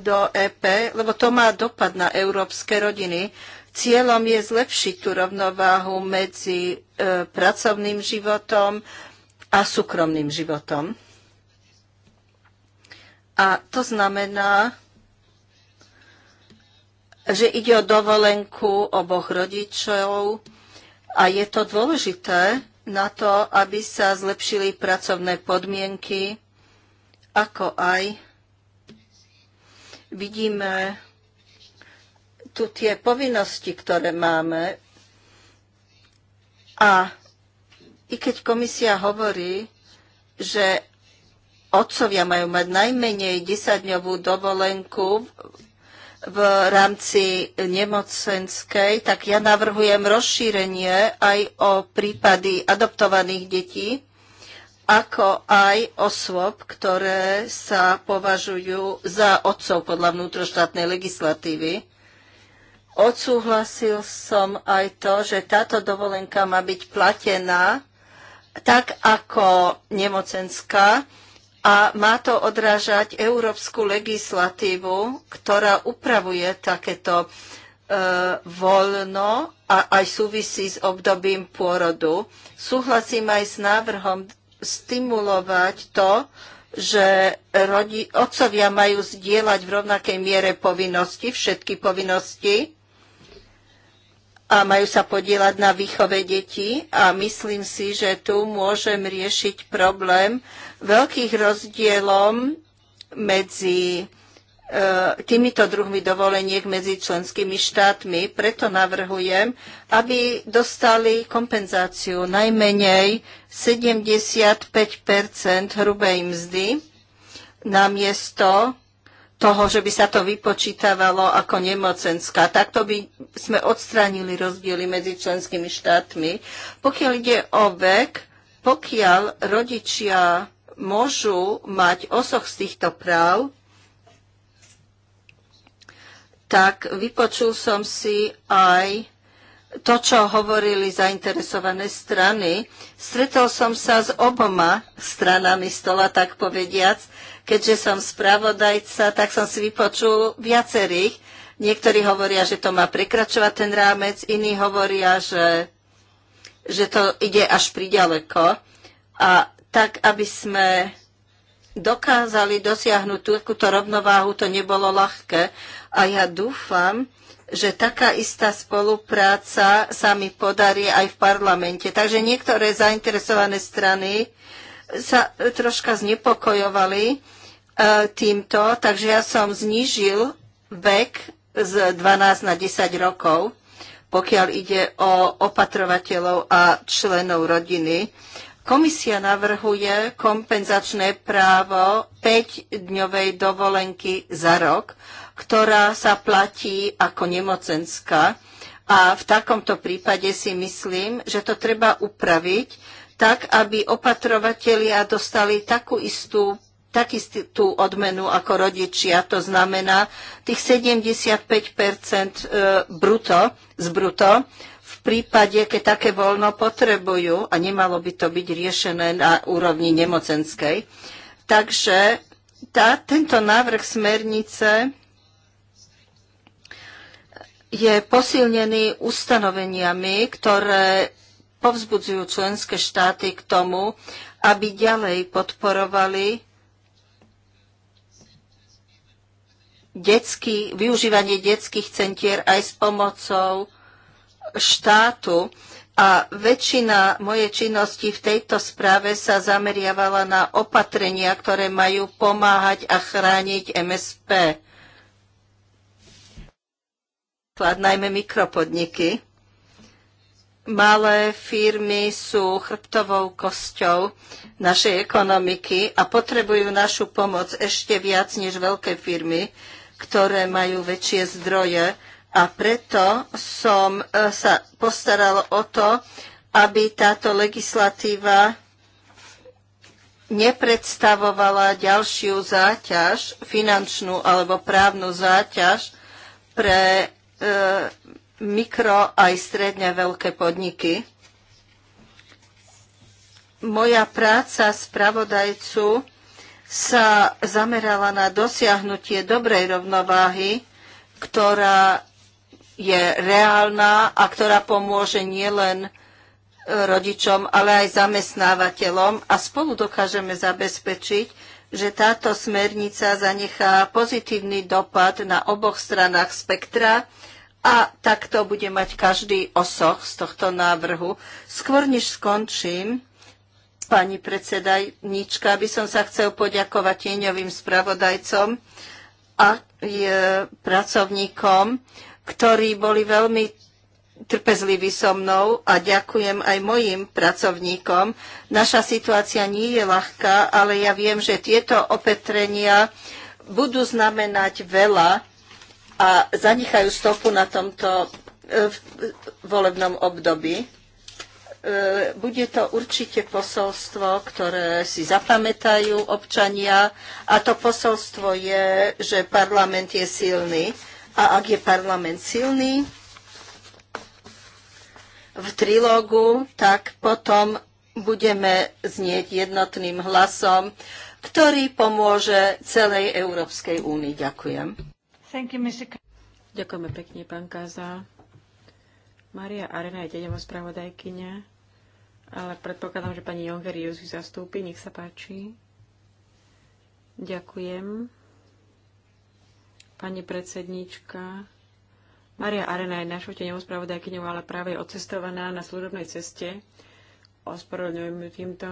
Speaker 3: do EP, lebo to má dopad na európske rodiny. Cieľom je zlepšiť tú rovnováhu medzi e, pracovným životom a súkromným životom. A to znamená, že ide o dovolenku oboch rodičov a je to dôležité, na to, aby sa zlepšili pracovné podmienky, ako aj vidíme tu tie povinnosti, ktoré máme. A i keď komisia hovorí, že otcovia majú mať najmenej 10-dňovú dovolenku v rámci nemocenskej, tak ja navrhujem rozšírenie aj o prípady adoptovaných detí, ako aj osôb, ktoré sa považujú za otcov podľa vnútroštátnej legislatívy. Odsúhlasil som aj to, že táto dovolenka má byť platená tak ako nemocenská, a má to odrážať európsku legislatívu, ktorá upravuje takéto e, voľno a aj súvisí s obdobím pôrodu. Súhlasím aj s návrhom stimulovať to, že rodi, otcovia majú zdieľať v rovnakej miere povinnosti, všetky povinnosti a majú sa podielať na výchove detí a myslím si, že tu môžem riešiť problém veľkých rozdielom medzi e, týmito druhmi dovoleniek medzi členskými štátmi. Preto navrhujem, aby dostali kompenzáciu najmenej 75 hrubej mzdy namiesto toho, že by sa to vypočítavalo ako nemocenská. Takto by sme odstránili rozdiely medzi členskými štátmi. Pokiaľ ide o vek, pokiaľ rodičia môžu mať osoch z týchto práv, tak vypočul som si aj to, čo hovorili zainteresované strany. Stretol som sa s oboma stranami stola, tak povediac. Keďže som spravodajca, tak som si vypočul viacerých. Niektorí hovoria, že to má prekračovať ten rámec, iní hovoria, že, že to ide až priďaleko. A tak aby sme dokázali dosiahnuť túto rovnováhu, to nebolo ľahké. A ja dúfam, že taká istá spolupráca sa mi podarí aj v parlamente. Takže niektoré zainteresované strany sa troška znepokojovali e, týmto, takže ja som znížil vek z 12 na 10 rokov, pokiaľ ide o opatrovateľov a členov rodiny. Komisia navrhuje kompenzačné právo 5-dňovej dovolenky za rok, ktorá sa platí ako nemocenská. A v takomto prípade si myslím, že to treba upraviť tak, aby opatrovatelia dostali takú istú takistú odmenu ako rodičia, to znamená tých 75 e, bruto, z bruto, prípade, keď také voľno potrebujú a nemalo by to byť riešené na úrovni nemocenskej. Takže tá, tento návrh smernice je posilnený ustanoveniami, ktoré povzbudzujú členské štáty k tomu, aby ďalej podporovali detský, využívanie detských centier aj s pomocou štátu a väčšina mojej činnosti v tejto správe sa zameriavala na opatrenia, ktoré majú pomáhať a chrániť MSP. najmä mikropodniky. Malé firmy sú chrbtovou kosťou našej ekonomiky a potrebujú našu pomoc ešte viac než veľké firmy, ktoré majú väčšie zdroje a preto som e, sa postaral o to, aby táto legislatíva nepredstavovala ďalšiu záťaž, finančnú alebo právnu záťaž pre e, mikro aj stredne veľké podniky. Moja práca spravodajcu sa zamerala na dosiahnutie dobrej rovnováhy, ktorá je reálna a ktorá pomôže nielen e, rodičom, ale aj zamestnávateľom a spolu dokážeme zabezpečiť, že táto smernica zanechá pozitívny dopad na oboch stranách spektra a takto bude mať každý osoch z tohto návrhu. Skôr než skončím, pani predsedajnička, by som sa chcel poďakovať tieňovým spravodajcom a pracovníkom, ktorí boli veľmi trpezliví so mnou a ďakujem aj mojim pracovníkom. Naša situácia nie je ľahká, ale ja viem, že tieto opetrenia budú znamenať veľa a zanechajú stopu na tomto e, volebnom období. E, bude to určite posolstvo, ktoré si zapamätajú občania a to posolstvo je, že parlament je silný a ak je parlament silný v trilógu, tak potom budeme znieť jednotným hlasom, ktorý pomôže celej Európskej únii. Ďakujem.
Speaker 2: You, Ďakujeme pekne, pán Kaza. Maria Arena je dedová spravodajkyňa, ale predpokladám, že pani Jongeri ju zastúpi. Nech sa páči. Ďakujem. Pani predsedníčka, Maria Arena je našou teňovou spravodajkyňou, ale práve je odcestovaná na služobnej ceste. Ospravedlňujem ju týmto.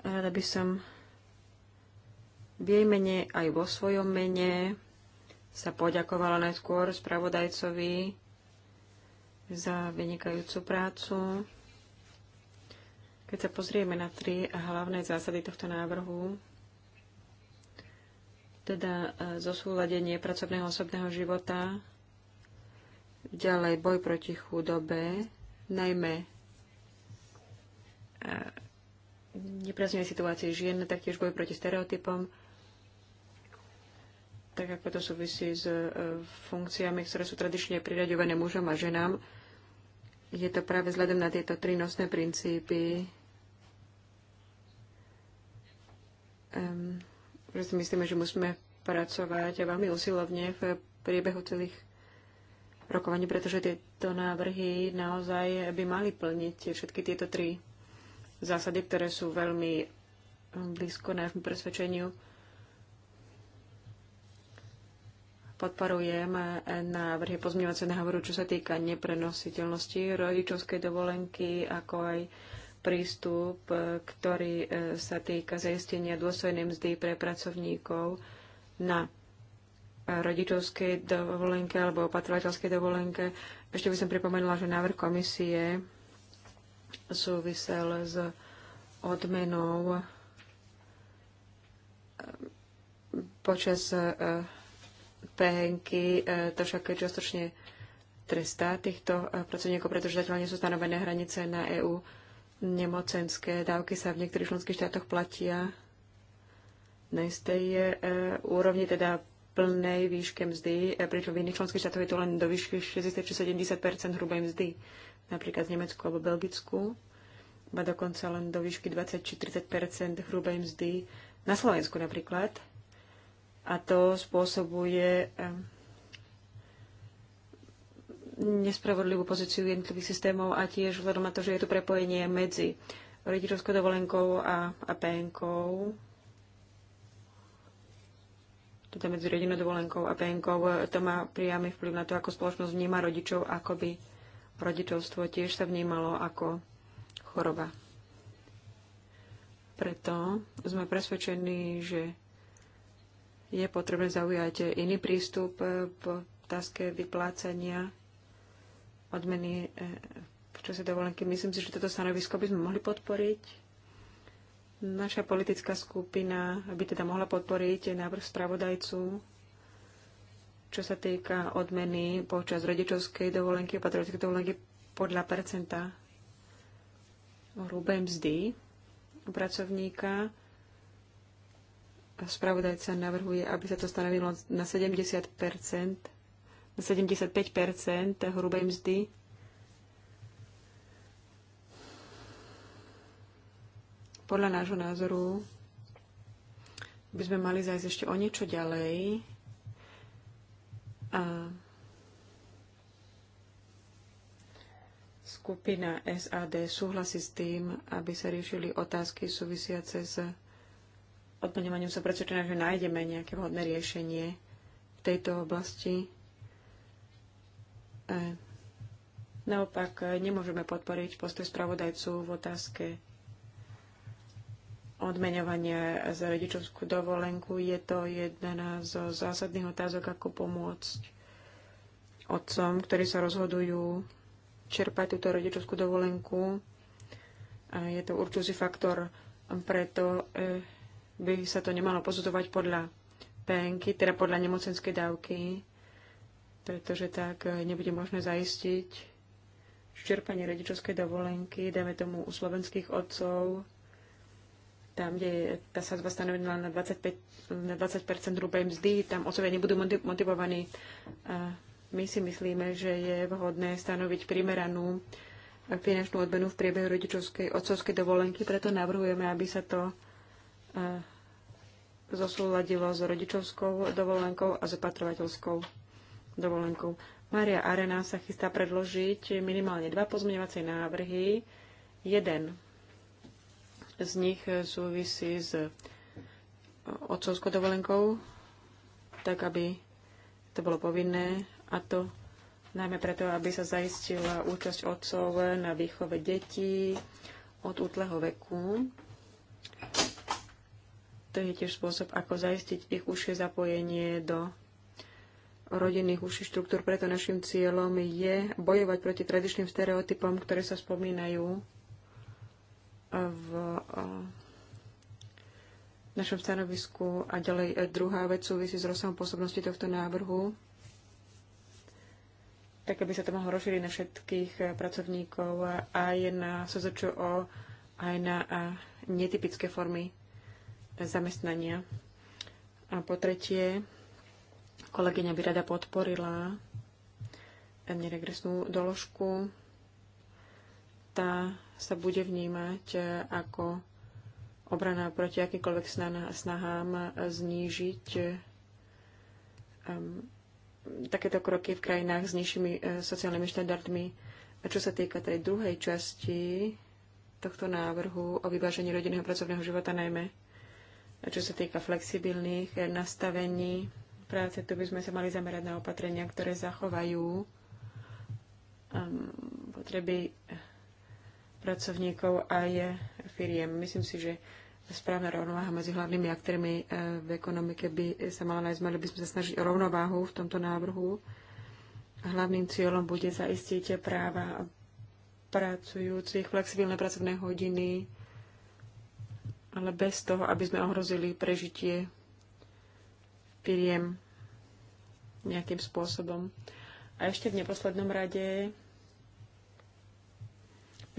Speaker 2: Rada by som v jej mene aj vo svojom mene sa poďakovala najskôr spravodajcovi za vynikajúcu prácu. Keď sa pozrieme na tri hlavné zásady tohto návrhu, teda e, zosúladenie pracovného osobného života, ďalej boj proti chudobe, najmä e, nepracnej situácii žien, taktiež boj proti stereotypom, tak ako to súvisí s e, funkciami, ktoré sú tradične priraďované mužom a ženám. Je to práve vzhľadom na tieto tri nosné princípy. Um, preto si myslíme, že musíme pracovať veľmi usilovne v priebehu celých rokovaní, pretože tieto návrhy naozaj by mali plniť všetky tieto tri zásady, ktoré sú veľmi blízko nášmu presvedčeniu. Podporujem návrhy pozmeňovacie návrhu, čo sa týka neprenositeľnosti rodičovskej dovolenky, ako aj prístup, e, ktorý e, sa týka zaistenia dôstojnej mzdy pre pracovníkov na rodičovskej dovolenke alebo opatrovateľskej dovolenke. Ešte by som pripomenula, že návrh komisie súvisel s odmenou e, počas PNK, to však čiastočne trestá týchto pracovníkov, pretože zatiaľ nie sú stanovené hranice na EÚ Nemocenské dávky sa v niektorých členských štátoch platia na istej e, úrovni, teda plnej výške mzdy, e, pričom v iných členských štátoch je to len do výšky 60 či 70 hrubej mzdy, napríklad v Nemecku alebo Belgicku, a dokonca len do výšky 20 či 30 hrubej mzdy na Slovensku napríklad. A to spôsobuje e, nespravodlivú pozíciu jednotlivých systémov a tiež vzhľadom na to, že je tu prepojenie medzi rodičovskou dovolenkou a, a PN-kou, teda medzi rodinou dovolenkou a PN-kou, to má priamy vplyv na to, ako spoločnosť vníma rodičov, ako by rodičovstvo tiež sa vnímalo ako choroba. Preto sme presvedčení, že je potrebné zaujať iný prístup v otázke vyplácania odmeny e, v čase dovolenky. Myslím si, že toto stanovisko by sme mohli podporiť. Naša politická skupina by teda mohla podporiť návrh spravodajcu, čo sa týka odmeny počas rodičovskej dovolenky a patriotskej dovolenky podľa percenta hrubé mzdy pracovníka. Spravodajca navrhuje, aby sa to stanovilo na 70 75 hrubej mzdy. Podľa nášho názoru by sme mali zajsť ešte o niečo ďalej a skupina SAD súhlasí s tým, aby sa riešili otázky súvisiace s odplňovaním sa predsvedčená, že nájdeme nejaké vhodné riešenie v tejto oblasti. E, naopak e, nemôžeme podporiť postoj spravodajcu v otázke odmeňovania za rodičovskú dovolenku. Je to jedna zo zásadných otázok, ako pomôcť otcom, ktorí sa rozhodujú čerpať túto rodičovskú dovolenku. je to určitý faktor, preto e, by sa to nemalo pozudovať podľa penky, teda podľa nemocenskej dávky, pretože tak eh, nebude možné zaistiť čerpanie rodičovskej dovolenky, dajme tomu u slovenských otcov, tam, kde je tá sazba stanovená na 25, na 20 hrubej mzdy, tam otcovia nebudú motivovaní. A my si myslíme, že je vhodné stanoviť primeranú eh, finančnú odmenu v priebehu rodičovskej otcovskej dovolenky, preto navrhujeme, aby sa to eh, zosúladilo s rodičovskou dovolenkou a opatrovateľskou dovolenku. Maria Arena sa chystá predložiť minimálne dva pozmeňovacie návrhy. Jeden z nich súvisí s otcovskou dovolenkou, tak aby to bolo povinné a to najmä preto, aby sa zaistila účasť otcov na výchove detí od útleho veku. To je tiež spôsob, ako zaistiť ich užšie zapojenie do rodinných uši štruktúr. Preto našim cieľom je bojovať proti tradičným stereotypom, ktoré sa spomínajú e, v e, našom stanovisku. A ďalej e, druhá vec súvisí s rozsahom pôsobnosti tohto návrhu, tak aby sa to mohlo rozšíriť na všetkých pracovníkov, aj na SZČO, aj na netypické formy zamestnania. A po tretie, Kolegyňa by rada podporila neregresnú doložku. Tá sa bude vnímať ako obrana proti akýmkoľvek snahám znížiť um, takéto kroky v krajinách s nižšími e, sociálnymi štandardmi. A čo sa týka tej druhej časti tohto návrhu o vyvážení rodinného pracovného života najmä, a čo sa týka flexibilných e, nastavení, práce. Tu by sme sa mali zamerať na opatrenia, ktoré zachovajú um, potreby pracovníkov aj firiem. Myslím si, že správna rovnováha medzi hlavnými aktérmi eh, v ekonomike by sa mala nájsť. Mali by sme sa snažiť o rovnováhu v tomto návrhu. Hlavným cieľom bude zaistiť práva pracujúcich, flexibilné pracovné hodiny, ale bez toho, aby sme ohrozili prežitie inšpiriem nejakým spôsobom. A ešte v neposlednom rade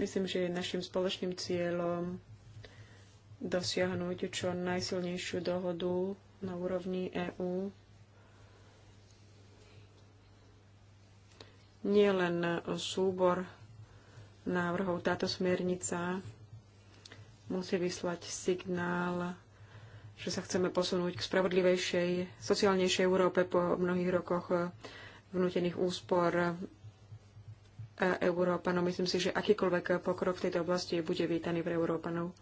Speaker 2: myslím, že je našim spoločným cieľom dosiahnuť čo najsilnejšiu dohodu na úrovni EÚ. Nie len súbor návrhov, táto smernica musí vyslať signál že sa chceme posunúť k spravodlivejšej, sociálnejšej Európe po mnohých rokoch eh, vnútených úspor Európanov. Myslím si, že akýkoľvek pokrok v tejto oblasti bude vítaný pre Európanov.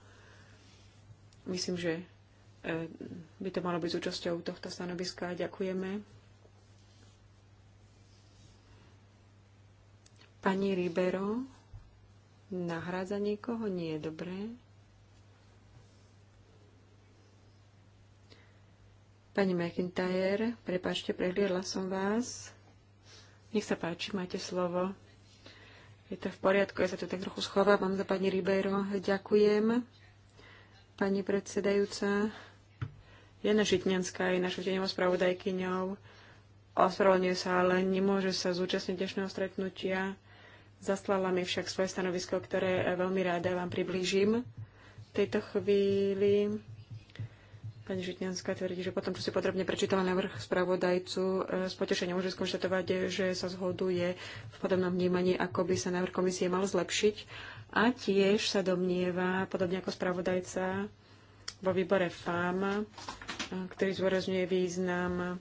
Speaker 2: Myslím, že eh, by to malo byť súčasťou tohto stanoviska. Ďakujeme. Pani Ribero nahrádza niekoho? Nie, dobre. Pani McIntyre, prepáčte, prehliadla som vás. Nech sa páči, máte slovo. Je to v poriadku, ja sa tu tak trochu schovávam za pani Ribeiro. Ďakujem, pani predsedajúca. Jana Žitňanská je našou tenevou spravodajkyňou. Ospravedlňuje sa, ale nemôže sa zúčastniť dnešného stretnutia. Zaslala mi však svoje stanovisko, ktoré veľmi ráda vám priblížim. V tejto chvíli Pani Žitňanská tvrdí, že potom, čo si podrobne prečítala návrh spravodajcu, e, s potešením môže skonštatovať, že sa zhoduje v podobnom vnímaní, ako by sa návrh komisie mal zlepšiť. A tiež sa domnieva, podobne ako spravodajca vo výbore FAM, e, ktorý zdôrazňuje význam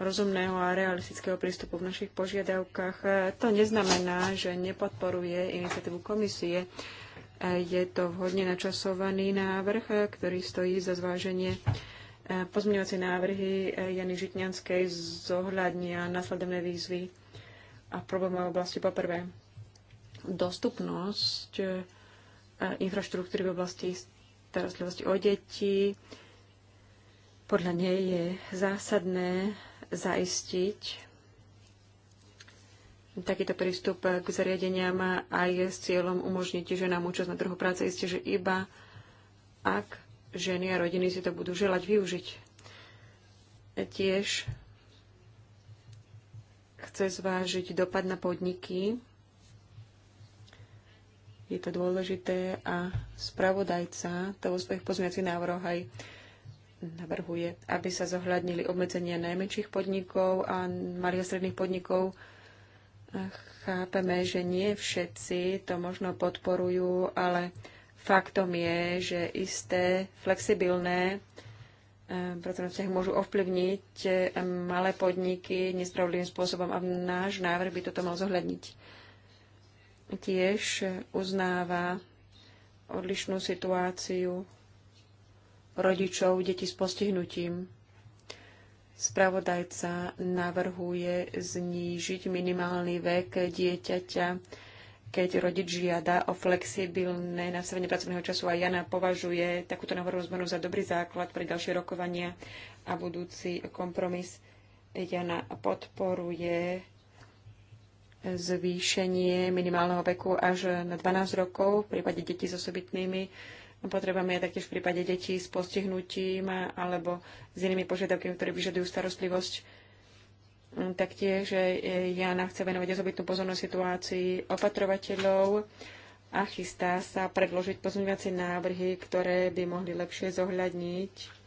Speaker 2: rozumného a realistického prístupu v našich požiadavkách. E, to neznamená, že nepodporuje iniciatívu komisie je to vhodne načasovaný návrh, ktorý stojí za zváženie. Pozmeňovacie návrhy Jany Žitňanskej zohľadnia následovné výzvy a v oblasti. Poprvé, dostupnosť e, infraštruktúry v oblasti starostlivosti o deti. Podľa nej je zásadné zaistiť takýto prístup k zariadeniam aj s cieľom umožniť ženám účasť na trhu práce. Isté, že iba ak ženy a rodiny si to budú želať využiť. Tiež chce zvážiť dopad na podniky. Je to dôležité a spravodajca to vo svojich pozmiacich návrhoch aj navrhuje, aby sa zohľadnili obmedzenia najmenších podnikov a malých a stredných podnikov, Chápeme, že nie všetci to možno podporujú, ale faktom je, že isté flexibilné e, pracovné môžu ovplyvniť e, malé podniky nespravodlivým spôsobom a náš návrh by toto mal zohľadniť. Tiež uznáva odlišnú situáciu rodičov detí s postihnutím. Spravodajca navrhuje znížiť minimálny vek dieťaťa, keď rodič žiada o flexibilné nastavenie pracovného času a Jana považuje takúto návrhu zmenu za dobrý základ pre ďalšie rokovania a budúci kompromis. Jana podporuje zvýšenie minimálneho veku až na 12 rokov v prípade detí s osobitnými potrebami je taktiež v prípade detí s postihnutím alebo s inými požiadavkami, ktoré vyžadujú starostlivosť. Taktiež Jana chce venovať osobitnú pozornosť situácii opatrovateľov a chystá sa predložiť pozmeňovacie návrhy, ktoré by mohli lepšie zohľadniť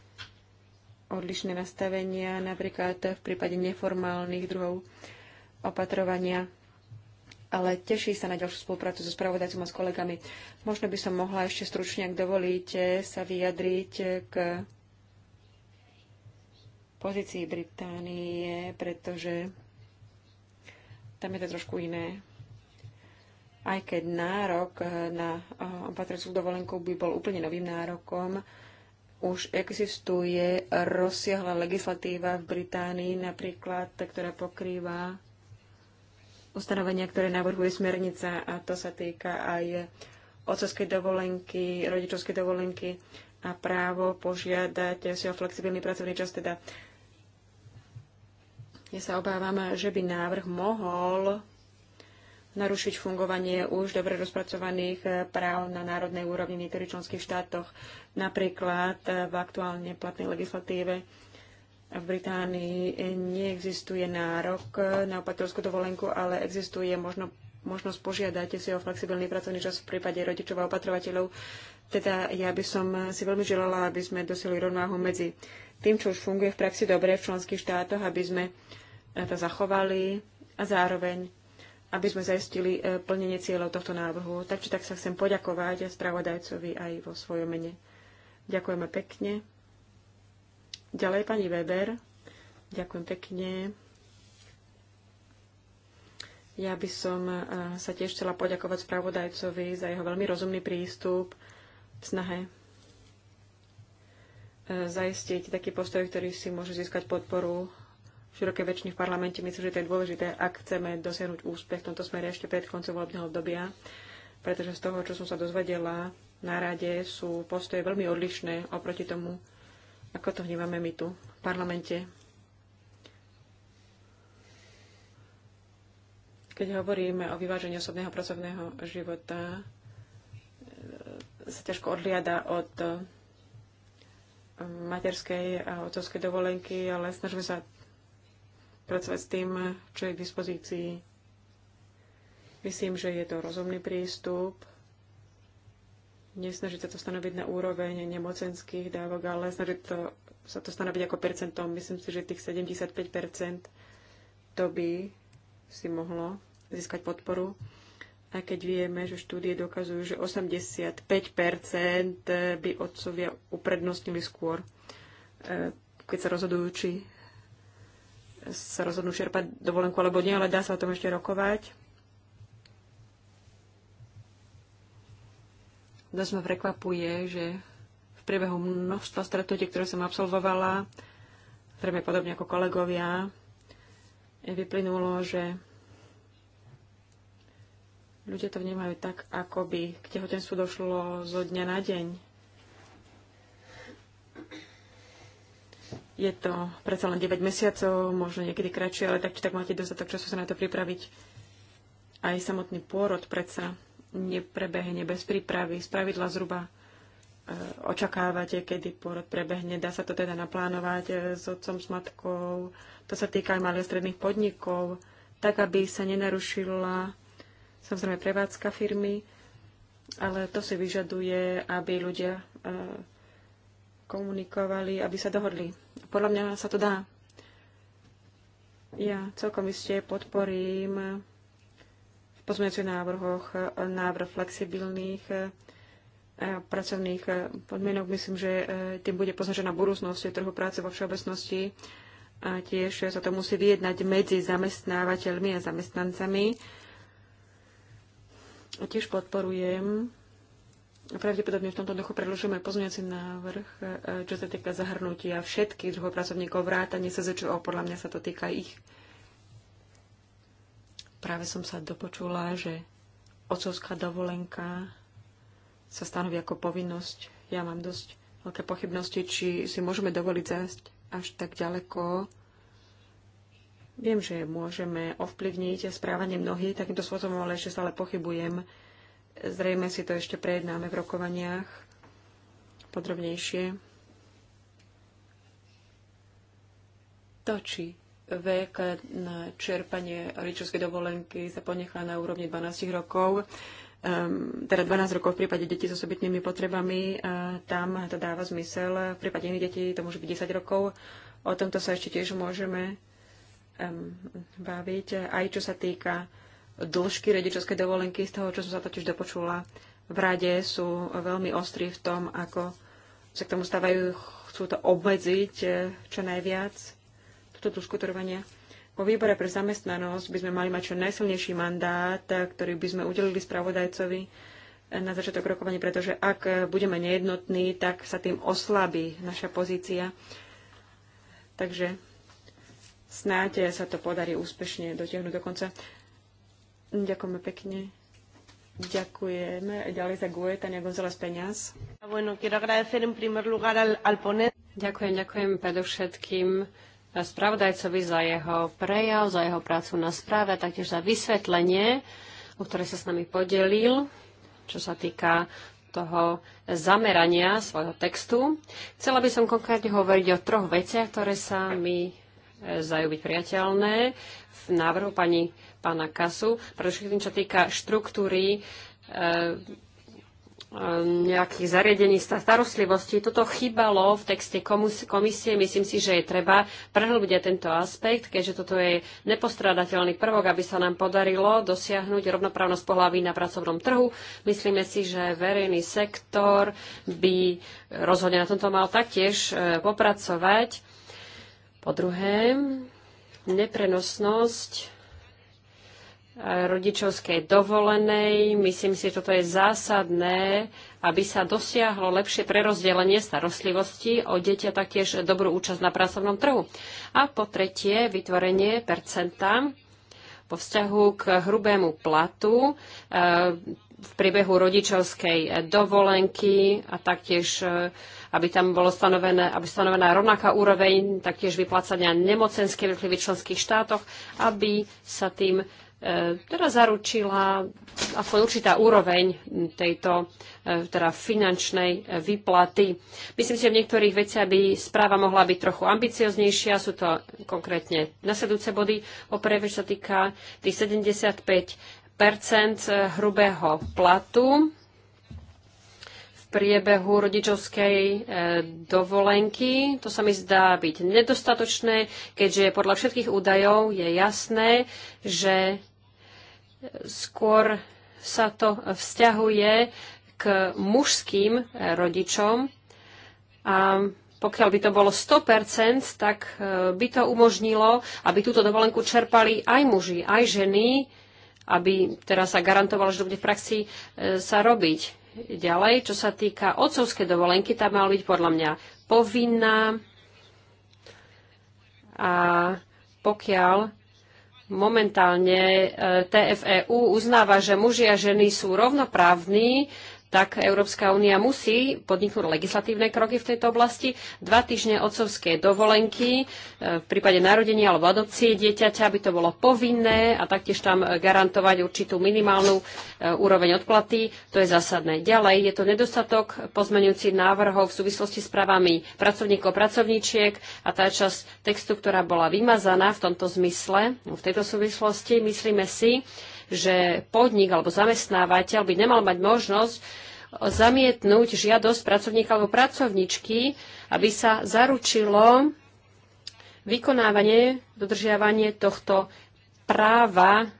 Speaker 2: odlišné nastavenia, napríklad v prípade neformálnych druhov opatrovania ale teší sa na ďalšiu spoluprácu so spravodajcom a s kolegami. Možno by som mohla ešte stručne, ak dovolíte, sa vyjadriť k pozícii Británie, pretože tam je to trošku iné. Aj keď nárok na eh, opatrskú dovolenku by bol úplne novým nárokom, už existuje rozsiahla legislatíva v Británii, napríklad, ktorá pokrýva ustanovenia, ktoré navrhuje smernica a to sa týka aj otcovskej dovolenky, rodičovskej dovolenky a právo požiadať si o flexibilný pracovný čas. Teda ja sa obávam, že by návrh mohol narušiť fungovanie už dobre rozpracovaných práv na národnej úrovni v niektorých členských štátoch, napríklad v aktuálne platnej legislatíve v Británii neexistuje nárok na opatrovskú dovolenku, ale existuje možno, možnosť požiadať si o flexibilný pracovný čas v prípade rodičov a opatrovateľov. Teda ja by som si veľmi želala, aby sme dosili rovnováhu medzi tým, čo už funguje v praxi dobre v členských štátoch, aby sme to zachovali a zároveň aby sme zaistili e, plnenie cieľov tohto návrhu. Takže tak sa chcem poďakovať spravodajcovi aj vo svojom mene. Ďakujeme pekne. Ďalej pani Weber. Ďakujem pekne. Ja by som e, sa tiež chcela poďakovať spravodajcovi za jeho veľmi rozumný prístup v snahe e, zaistiť taký postoj, ktorý si môže získať podporu široké väčšiny v parlamente. Myslím, že to je dôležité, ak chceme dosiahnuť úspech v tomto smere ešte pred koncom volebného obdobia, pretože z toho, čo som sa dozvedela na rade, sú postoje veľmi odlišné oproti tomu, ako to vnímame my tu v parlamente? Keď hovoríme o vyvážení osobného pracovného života, e, sa ťažko odliada od e, materskej a otcovskej dovolenky, ale snažíme sa pracovať s tým, čo je k dispozícii. Myslím, že je to rozumný prístup nesnažiť sa to stanoviť na úroveň nemocenských dávok, ale snažiť to, sa to stanoviť ako percentom. Myslím si, že tých 75% to by si mohlo získať podporu. A keď vieme, že štúdie dokazujú, že 85% by otcovia uprednostnili skôr, e, keď sa rozhodujú, či sa rozhodnú čerpať dovolenku alebo nie, ale dá sa o tom ešte rokovať Dnes ma prekvapuje, že v priebehu množstva stretnutí, ktoré som absolvovala, zrejme podobne ako kolegovia, vyplynulo, že ľudia to vnímajú tak, ako by k tehotenstvu došlo zo dňa na deň. Je to predsa len 9 mesiacov, možno niekedy kratšie, ale tak či tak máte dostatok času sa na to pripraviť. Aj samotný pôrod predsa neprebehne bez prípravy. Spravidla zhruba e, očakávate, kedy pôrod prebehne. Dá sa to teda naplánovať e, s otcom, s matkou. To sa týka aj malých stredných podnikov, tak aby sa nenarušila samozrejme prevádzka firmy, ale to si vyžaduje, aby ľudia e, komunikovali, aby sa dohodli. Podľa mňa sa to dá. Ja celkom iste podporím pozmeňujúcich návrhoch, návrh flexibilných e, pracovných e, podmienok. Myslím, že e, tým bude poznačená budúcnosť trhu práce vo všeobecnosti. A tiež sa to musí vyjednať medzi zamestnávateľmi a zamestnancami. A tiež podporujem pravdepodobne v tomto duchu predložíme pozmeňujúci návrh, čo sa týka zahrnutia všetkých druhov pracovníkov sa SZČO. Podľa mňa sa to týka ich. Práve som sa dopočula, že otcovská dovolenka sa stanoví ako povinnosť. Ja mám dosť veľké pochybnosti, či si môžeme dovoliť zájsť až tak ďaleko. Viem, že môžeme ovplyvniť správanie mnohých takýmto spôsobom, ale ešte stále pochybujem. Zrejme si to ešte prejednáme v rokovaniach podrobnejšie. To, či vek na čerpanie rodičovskej dovolenky sa ponechá na úrovni 12 rokov, um, teda 12 rokov v prípade detí s osobitnými potrebami, uh, tam to dáva zmysel. V prípade iných detí to môže byť 10 rokov. O tomto sa ešte tiež môžeme um, baviť. Aj čo sa týka dĺžky rodičovskej dovolenky, z toho, čo som sa totiž dopočula, v rade sú veľmi ostrí v tom, ako sa k tomu stávajú, chcú to obmedziť eh, čo najviac toto dĺžku trvania. Po výbore pre zamestnanosť by sme mali mať čo najsilnejší mandát, ktorý by sme udelili spravodajcovi na začiatok rokovania, pretože ak budeme nejednotní, tak sa tým oslabí naša pozícia. Takže snáď sa to podarí úspešne dotiahnuť do konca. Ďakujeme pekne. Ďakujeme. Ďalej za GUE, Tania González Peňaz. Ďakujem, ďakujem predovšetkým spravodajcovi za jeho prejav, za jeho prácu na správe a taktiež za vysvetlenie, o ktoré sa s nami podelil, čo sa týka toho zamerania svojho textu. Chcela by som konkrétne hovoriť o troch veciach, ktoré sa mi e, zajú byť priateľné v návrhu pani pána Kasu, tým, čo týka štruktúry e, nejakých zariadení starostlivosti. Toto chýbalo v texte komisie. Myslím si, že je treba prehlbiť aj tento aspekt, keďže toto je nepostradateľný prvok, aby sa nám podarilo dosiahnuť rovnoprávnosť pohlaví na pracovnom trhu. Myslíme si, že verejný sektor by rozhodne na tomto mal taktiež e, popracovať. Po druhé, neprenosnosť rodičovskej dovolenej. Myslím si, že toto je zásadné, aby sa dosiahlo lepšie prerozdelenie starostlivosti o dieťa, taktiež dobrú účasť na pracovnom trhu. A po tretie, vytvorenie percenta po vzťahu k hrubému platu e, v priebehu rodičovskej dovolenky a taktiež e, aby tam bolo stanovené, aby stanovená rovnaká úroveň taktiež vyplácania nemocenské v jednotlivých členských štátoch, aby sa tým E, teda zaručila aspoň určitá úroveň tejto e, teda finančnej e, výplaty. Myslím si, že v niektorých veciach by správa mohla byť trochu ambicioznejšia. Sú to konkrétne nasledujúce body o čo sa týka tých 75 hrubého platu v priebehu rodičovskej dovolenky. To sa mi zdá byť nedostatočné, keďže podľa všetkých údajov je jasné, že skôr sa to vzťahuje k mužským rodičom a pokiaľ by to bolo 100%, tak e, by to umožnilo, aby túto dovolenku čerpali aj muži, aj ženy, aby teraz sa garantovalo, že to bude v praxi e, sa robiť. Ďalej, čo sa týka otcovskej dovolenky, tá mala byť podľa mňa povinná. A pokiaľ Momentálne eh, TFEU uznáva, že muži a ženy sú rovnoprávni tak Európska únia musí podniknúť legislatívne kroky v tejto oblasti. Dva týždne otcovské dovolenky e, v prípade narodenia alebo adopcie dieťaťa, aby to bolo povinné a taktiež tam garantovať určitú minimálnu e, úroveň odplaty. To je zásadné. Ďalej je to nedostatok pozmenujúcich návrhov v súvislosti s právami pracovníkov, pracovníčiek a tá časť textu, ktorá bola vymazaná v tomto zmysle, v tejto súvislosti, myslíme si, že podnik alebo zamestnávateľ by nemal mať možnosť zamietnúť žiadosť pracovníka alebo pracovničky, aby sa zaručilo vykonávanie, dodržiavanie tohto práva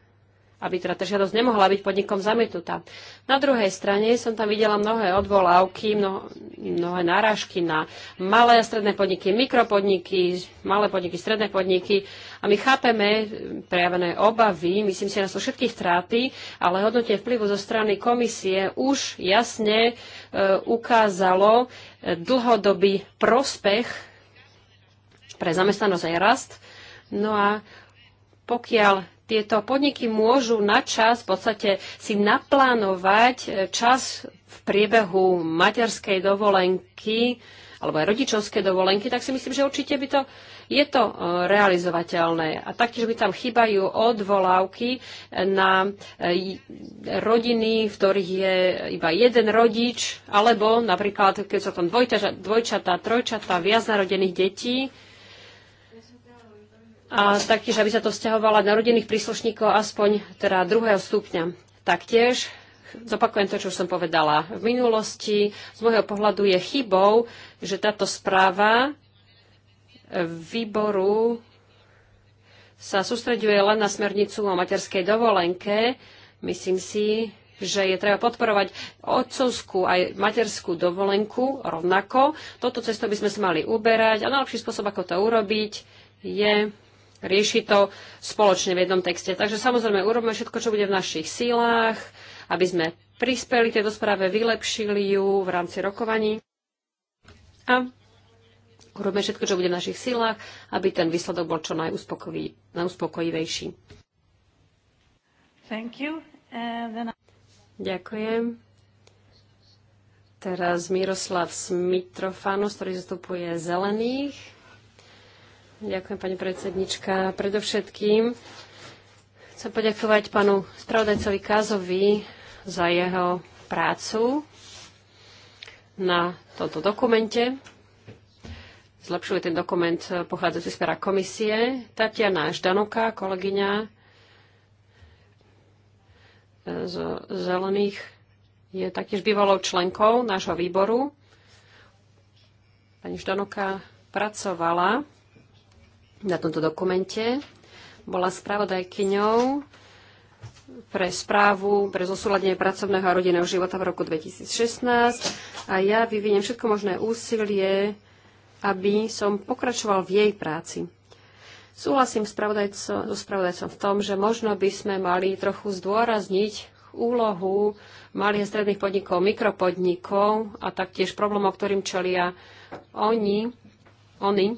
Speaker 2: aby teda tá žiadosť nemohla byť podnikom zamietnutá. Na druhej strane som tam videla mnohé odvolávky, mnoho, mnohé náražky na malé a stredné podniky, mikropodniky, malé podniky, stredné podniky a my chápeme prejavené obavy, myslím si, na sú všetky stráty, ale hodnotie vplyvu zo strany komisie už jasne e, ukázalo e, dlhodobý prospech pre zamestnanosť aj rast. No a pokiaľ tieto podniky môžu na čas v podstate si naplánovať e, čas v priebehu materskej dovolenky alebo aj rodičovské dovolenky, tak si myslím, že určite by to je to e, realizovateľné. A taktiež by tam chýbajú odvolávky na e, rodiny, v ktorých je iba jeden rodič, alebo napríklad, keď sú tam dvojčatá, trojčatá, viac narodených detí, a taktiež, aby sa to vzťahovalo na rodinných príslušníkov aspoň teda druhého stupňa. Taktiež, zopakujem to, čo už som povedala v minulosti, z môjho pohľadu je chybou, že táto správa výboru sa sústreďuje len na smernicu o materskej dovolenke. Myslím si, že je treba podporovať otcovskú aj materskú dovolenku rovnako. Toto cesto by sme sa mali uberať a najlepší spôsob, ako to urobiť, je rieši to spoločne v jednom texte. Takže samozrejme urobíme všetko, čo bude v našich sílách, aby sme prispeli tejto správe, vylepšili ju v rámci rokovaní. A urobíme všetko, čo bude v našich sílách, aby ten výsledok bol čo najuspokojivejší.
Speaker 1: Thank you. Uh,
Speaker 2: Ďakujem. Teraz Miroslav Smitrofanos, ktorý zastupuje Zelených. Ďakujem, pani predsednička. Predovšetkým chcem poďakovať panu spravodajcovi Kázovi za jeho prácu na tomto dokumente. Zlepšuje ten dokument pochádzajúci z pera komisie. Tatiana Ždanoka, kolegyňa z Zelených, je taktiež bývalou členkou nášho výboru. Pani Ždanoka pracovala na tomto dokumente. Bola spravodajkyňou pre správu pre zosúladenie pracovného a rodinného života v roku 2016 a ja vyviniem všetko možné úsilie, aby som pokračoval v jej práci. Súhlasím so spravodajcom v tom, že možno by sme mali trochu zdôrazniť úlohu malých a stredných podnikov, mikropodnikov a taktiež problémov, ktorým čelia oni, oni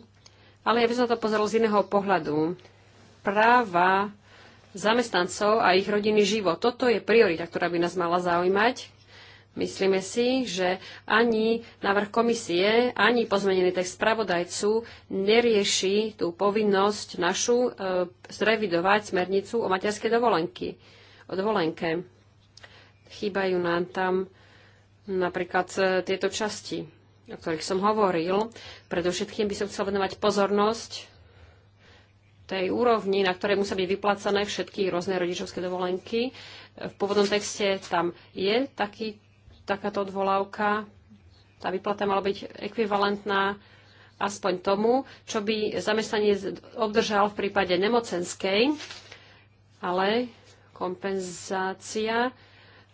Speaker 2: ale ja by som to pozrel z iného pohľadu. Práva zamestnancov a ich rodiny život. Toto je priorita, ktorá by nás mala zaujímať. Myslíme si, že ani návrh komisie, ani pozmenený text spravodajcu nerieši tú povinnosť našu e, zrevidovať smernicu o materskej dovolenky, o dovolenke. Chýbajú nám tam napríklad e, tieto časti o ktorých som hovoril. Predovšetkým by som chcel venovať pozornosť tej úrovni, na ktorej musia byť vyplácané všetky rôzne rodičovské dovolenky. V pôvodnom texte tam je taký, takáto odvolávka. Tá vyplata mala byť ekvivalentná aspoň tomu, čo by zamestnanie obdržal v prípade nemocenskej, ale kompenzácia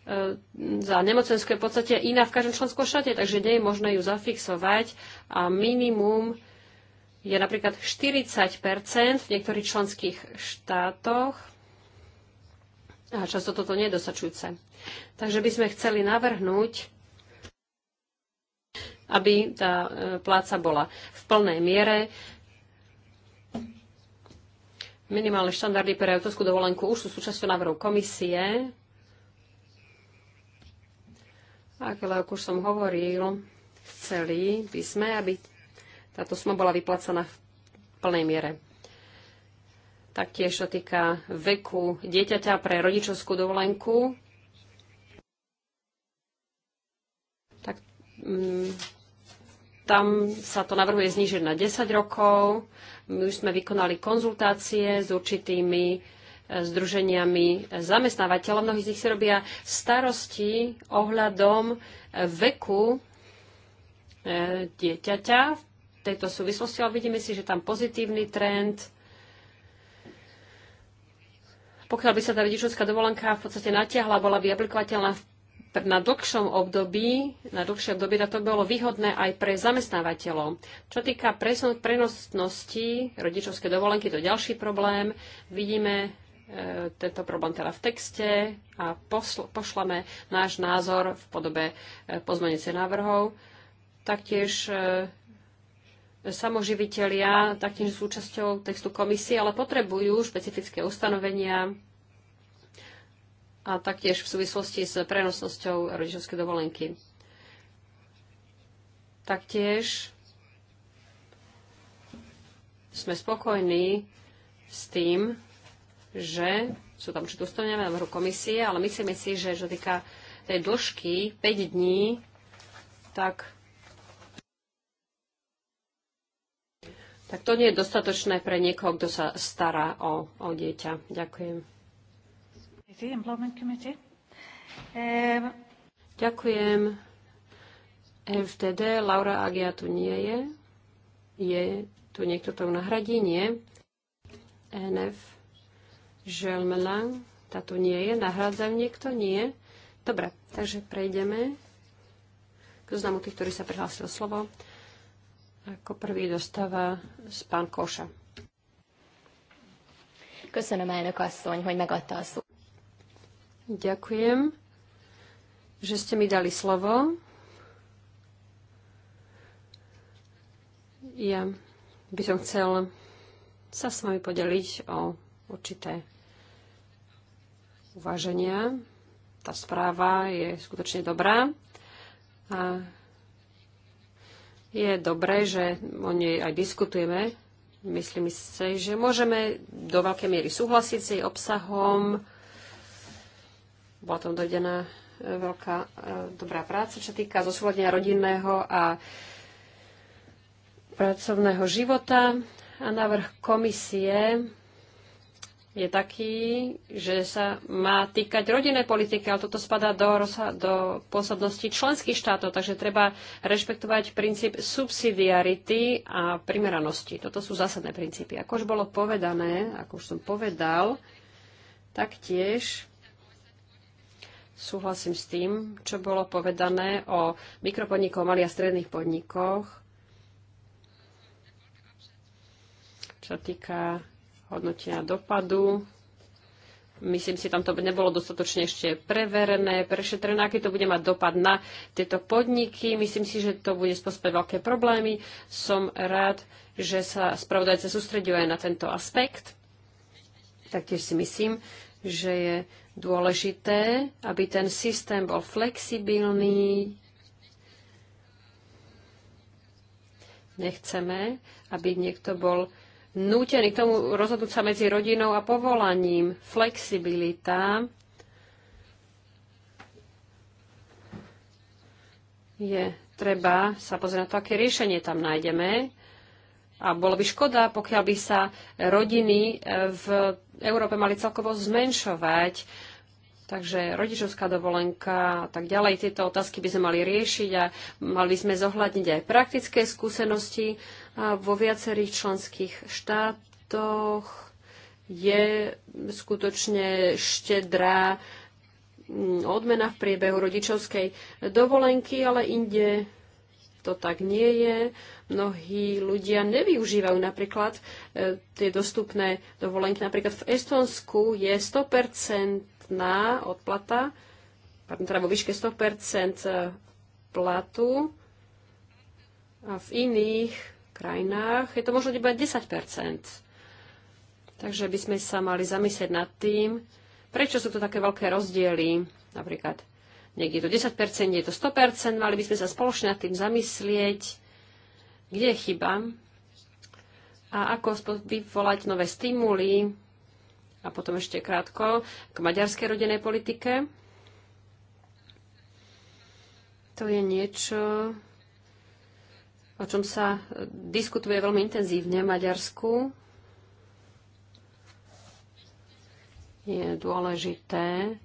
Speaker 2: E, za nemocenské v podstate iná v každom členskom štáte, takže nie je možné ju zafixovať a minimum je napríklad 40 v niektorých členských štátoch a často toto nie je dosačujúce. Takže by sme chceli navrhnúť, aby tá e, pláca bola v plnej miere. Minimálne štandardy pre autorskú dovolenku už sú súčasťou návrhu komisie, ale ako už som hovoril, chceli by sme, aby táto suma bola vyplacaná v plnej miere. Taktiež sa týka veku dieťaťa pre rodičovskú dovolenku. Tak, mm, tam sa to navrhuje znížiť na 10 rokov. My už sme vykonali konzultácie s určitými združeniami zamestnávateľov. Mnohí z nich si robia starosti ohľadom veku e, dieťaťa v tejto súvislosti, ale vidíme si, že tam pozitívny trend. Pokiaľ by sa tá rodičovská dovolenka v podstate natiahla, bola by aplikovateľná na dlhšom období, na dlhšie obdobie na to bolo výhodné aj pre zamestnávateľov. Čo týka prenosnosti rodičovskej dovolenky, to je ďalší problém. Vidíme, E, tento problém teda v texte a posl- pošlame náš názor v podobe e, pozmenice návrhov. Taktiež e, samoživitelia taktiež súčasťou textu komisie, ale potrebujú špecifické ustanovenia a taktiež v súvislosti s prenosnosťou rodičovskej dovolenky. Taktiež sme spokojní s tým, že sú tam určité na návrhu komisie, ale myslíme si, že čo týka tej dĺžky 5 dní, tak tak to nie je dostatočné pre niekoho, kto sa stará o, o dieťa. Ďakujem. Um, Ďakujem. FTD, Laura Agia tu nie je. Je tu niekto, to nahradí? Nie. NF. Želmelang, tá tu nie je. Nahrádzajú niekto? Nie. Dobre, takže prejdeme k zoznamu tých, ktorí sa prihlásili slovo. Ako prvý dostáva pán Koša. Köszönöm, elnök asszony, hogy megadta a szó. Ďakujem, že ste mi dali slovo. Ja by som chcel sa s vami podeliť o určité Uvaženia, Tá správa je skutočne dobrá a je dobré, že o nej aj diskutujeme. Myslím si, že môžeme do veľkej miery súhlasiť s jej obsahom. Bola tam dojdená e, veľká e, dobrá práca, čo týka zosúladenia rodinného a pracovného života. A návrh komisie je taký, že sa má týkať rodinné politiky, ale toto spadá do, do pôsobnosti členských štátov, takže treba rešpektovať princíp subsidiarity a primeranosti. Toto sú zásadné princípy. Ako už bolo povedané, ako už som povedal, taktiež súhlasím s tým, čo bolo povedané o mikropodnikoch, malých a stredných podnikoch, čo týka hodnotenia dopadu. Myslím si, tam to nebolo dostatočne ešte preverené, prešetrené, aký to bude mať dopad na tieto podniky. Myslím si, že to bude spôsobať veľké problémy. Som rád, že sa spravodajce sústredil aj na tento aspekt. Taktiež si myslím, že je dôležité, aby ten systém bol flexibilný. Nechceme, aby niekto bol nútení k tomu rozhodnúť sa medzi rodinou a povolaním. Flexibilita je treba sa pozrieť na to, aké riešenie tam nájdeme. A bolo by škoda, pokiaľ by sa rodiny e, v Európe mali celkovo zmenšovať. Takže rodičovská dovolenka a tak ďalej, tieto otázky by sme mali riešiť a mali sme zohľadniť aj praktické skúsenosti vo viacerých členských štátoch je skutočne štedrá mm, odmena v priebehu rodičovskej dovolenky, ale inde to tak nie je. Mnohí ľudia nevyužívajú napríklad e, tie dostupné dovolenky. Napríklad v Estonsku je 100% odplata, pardon, teda vo výške 100% e, platu a v iných krajinách. Je to možno iba 10 Takže by sme sa mali zamyslieť nad tým, prečo sú to také veľké rozdiely. Napríklad niekde je to 10 nie je to 100 mali by sme sa spoločne nad tým zamyslieť, kde je chyba a ako vyvolať nové stimuly. A potom ešte krátko k maďarskej rodinnej politike. To je niečo, o čom sa e, diskutuje veľmi intenzívne v Maďarsku. Je dôležité,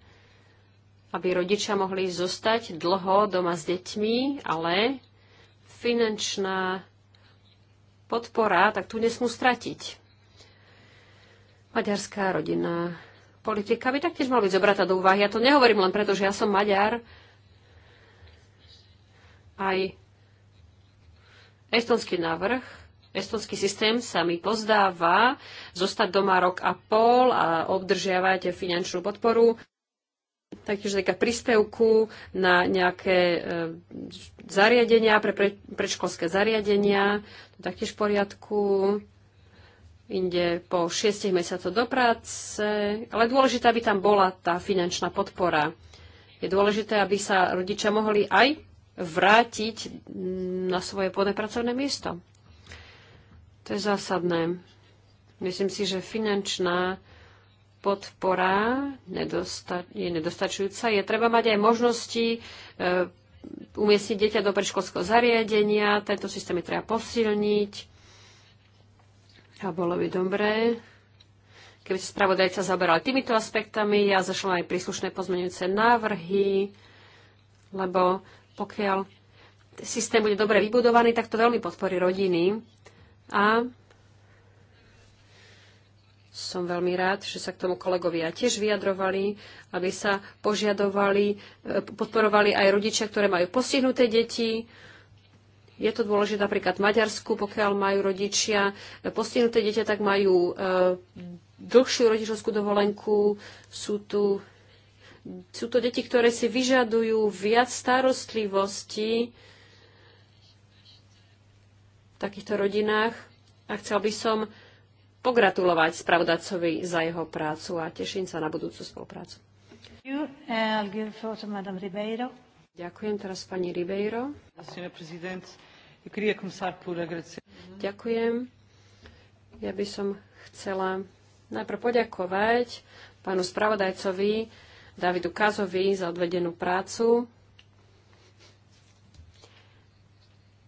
Speaker 2: aby rodičia mohli zostať dlho doma s deťmi, ale finančná podpora, tak tu nesmú stratiť. Maďarská rodina politika by taktiež mala byť zobratá do úvahy. Ja to nehovorím len preto, že ja som Maďar. Aj Estonský návrh, estonský systém sa mi pozdáva zostať doma rok a pol a obdržiavať finančnú podporu. Taktiež taká príspevku na nejaké e, zariadenia, pre, pre, predškolské zariadenia, to taktiež v poriadku. Inde po šiestich mesiacoch do práce, ale dôležité, aby tam bola tá finančná podpora. Je dôležité, aby sa rodičia mohli aj vrátiť na svoje pôvodné pracovné miesto. To je zásadné. Myslím si, že finančná podpora je nedostačujúca. Je treba mať aj možnosti e, umiestniť dieťa do predškolského zariadenia. Tento systém je treba posilniť. A bolo by dobré, keby sa spravodajca zaoberal týmito aspektami. Ja zašla aj príslušné pozmeňujúce návrhy, lebo pokiaľ systém bude dobre vybudovaný, tak to veľmi podporí rodiny. A som veľmi rád, že sa k tomu kolegovia tiež vyjadrovali, aby sa požiadovali, e, podporovali aj rodičia, ktoré majú postihnuté deti. Je to dôležité napríklad v Maďarsku, pokiaľ majú rodičia postihnuté deti, tak majú e, dlhšiu rodičovskú dovolenku. Sú tu sú to deti, ktoré si vyžadujú viac starostlivosti v takýchto rodinách a chcel by som pogratulovať spravodacovi za jeho prácu a teším sa na budúcu spoluprácu.
Speaker 1: Ďakujem teraz pani Ribeiro.
Speaker 2: Ďakujem. Ja by som chcela najprv poďakovať pánu spravodajcovi Davidu Kazovi za odvedenú prácu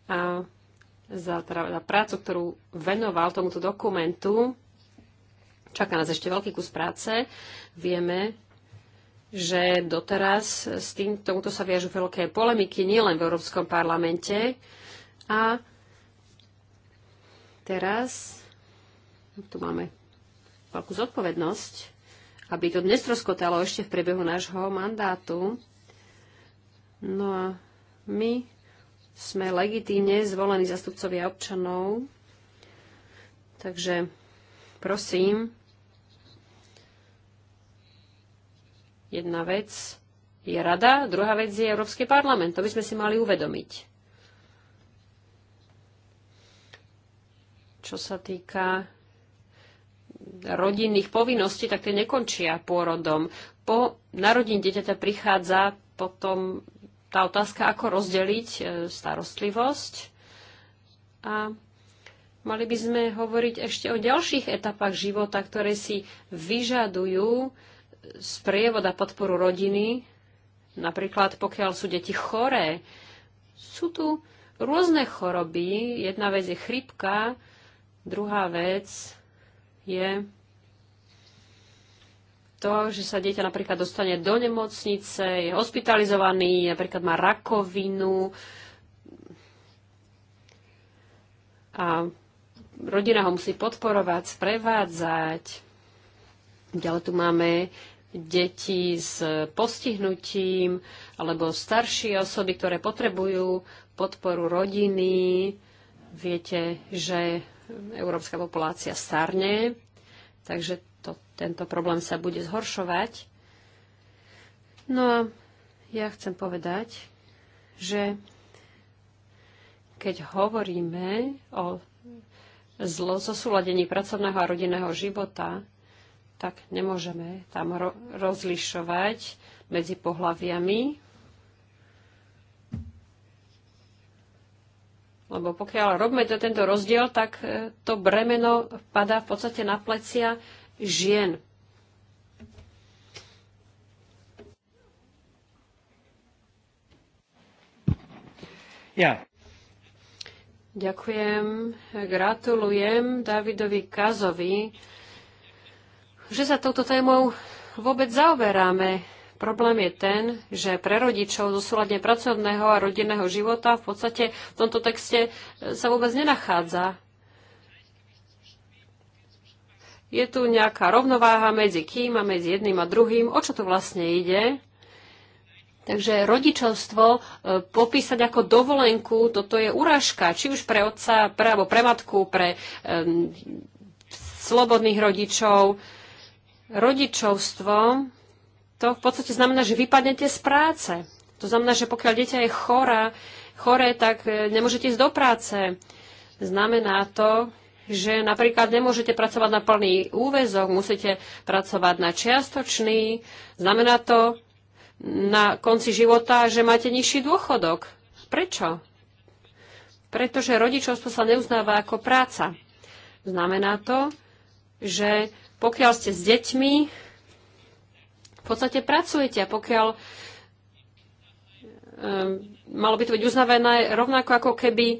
Speaker 2: a za, teda, za prácu, ktorú venoval tomuto dokumentu. Čaká nás ešte veľký kus práce. Vieme, že doteraz s tým, tomuto sa viažu veľké polemiky nielen v Európskom parlamente. A teraz tu máme veľkú zodpovednosť aby to dnes rozkotalo ešte v priebehu nášho mandátu. No a my sme legitímne zvolení zastupcovia občanov, takže prosím, jedna vec je rada, druhá vec je Európsky parlament. To by sme si mali uvedomiť. Čo sa týka rodinných povinností, tak tie nekončia pôrodom. Po narodení dieťaťa prichádza potom tá otázka, ako rozdeliť e, starostlivosť. A mali by sme hovoriť ešte o ďalších etapách života, ktoré si vyžadujú sprievod a podporu rodiny, napríklad pokiaľ sú deti choré. Sú tu rôzne choroby. Jedna vec je chrypka, druhá vec je to, že sa dieťa napríklad dostane do nemocnice, je hospitalizovaný, napríklad má rakovinu a rodina ho musí podporovať, sprevádzať. Ďalej tu máme deti s postihnutím alebo staršie osoby, ktoré potrebujú podporu rodiny. Viete, že európska populácia starne, takže to, tento problém sa bude zhoršovať. No a ja chcem povedať, že keď hovoríme o zlozosúladení pracovného a rodinného života, tak nemôžeme tam ro- rozlišovať medzi pohľaviami Lebo pokiaľ robíme to, tento rozdiel, tak e, to bremeno padá v podstate na plecia žien. Ja. Ďakujem, gratulujem Davidovi Kazovi, že sa touto témou vôbec zaoberáme Problém je ten, že pre rodičov zo súladne pracovného a rodinného života v podstate v tomto texte e, sa vôbec nenachádza. Je tu nejaká rovnováha medzi kým a medzi jedným a druhým. O čo tu vlastne ide? Takže rodičovstvo e, popísať ako dovolenku, toto je urážka, či už pre otca, pre, alebo pre matku, pre um, slobodných rodičov. Rodičovstvo to v podstate znamená, že vypadnete z práce. To znamená, že pokiaľ dieťa je chora, choré, tak e, nemôžete ísť do práce. Znamená to, že napríklad nemôžete pracovať na plný úvezok, musíte pracovať na čiastočný. Znamená to na konci života, že máte nižší dôchodok. Prečo? Pretože rodičovstvo sa neuznáva ako práca. Znamená to, že pokiaľ ste s deťmi, v podstate pracujete. A pokiaľ eh, malo by to byť uznavené rovnako ako keby eh,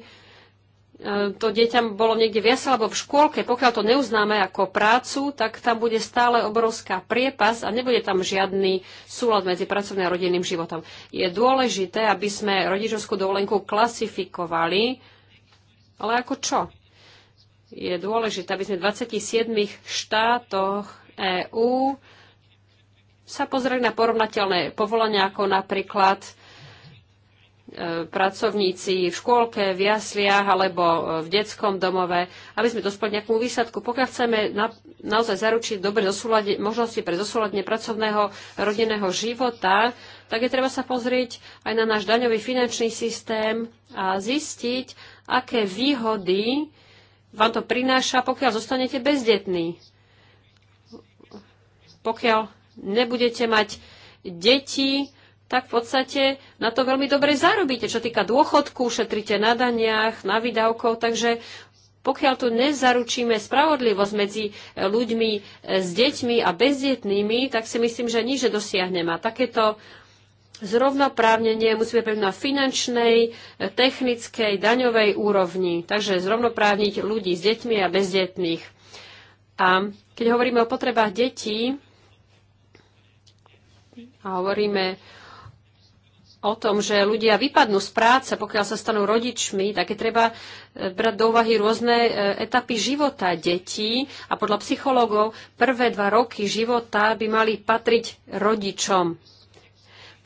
Speaker 2: to dieťa bolo niekde v jase alebo v škôlke, pokiaľ to neuznáme ako prácu, tak tam bude stále obrovská priepas a nebude tam žiadny súlad medzi pracovným a rodinným životom. Je dôležité, aby sme rodičovskú dovolenku klasifikovali, ale ako čo? Je dôležité, aby sme v 27 štátoch EÚ sa pozrieť na porovnateľné povolania, ako napríklad e, pracovníci v škôlke, v jasliach alebo e, v detskom domove, aby sme dospeli nejakú výsadku. Pokiaľ chceme na, naozaj zaručiť dobre zosúľade, možnosti pre zosúladenie pracovného rodinného života, tak je treba sa pozrieť aj na náš daňový finančný systém a zistiť, aké výhody vám to prináša, pokiaľ zostanete bezdetní. Pokiaľ nebudete mať deti, tak v podstate na to veľmi dobre zarobíte. Čo týka dôchodku, šetrite na daniach, na výdavkov, takže pokiaľ tu nezaručíme spravodlivosť medzi ľuďmi s deťmi a bezdetnými, tak si myslím, že nič dosiahneme. A takéto zrovnoprávnenie musíme byť na finančnej, technickej, daňovej úrovni. Takže zrovnoprávniť ľudí s deťmi a bezdetných. A keď hovoríme o potrebách detí, a hovoríme o tom, že ľudia vypadnú z práce, pokiaľ sa stanú rodičmi, tak je treba e, brať do úvahy rôzne e, etapy života detí a podľa psychológov prvé dva roky života by mali patriť rodičom.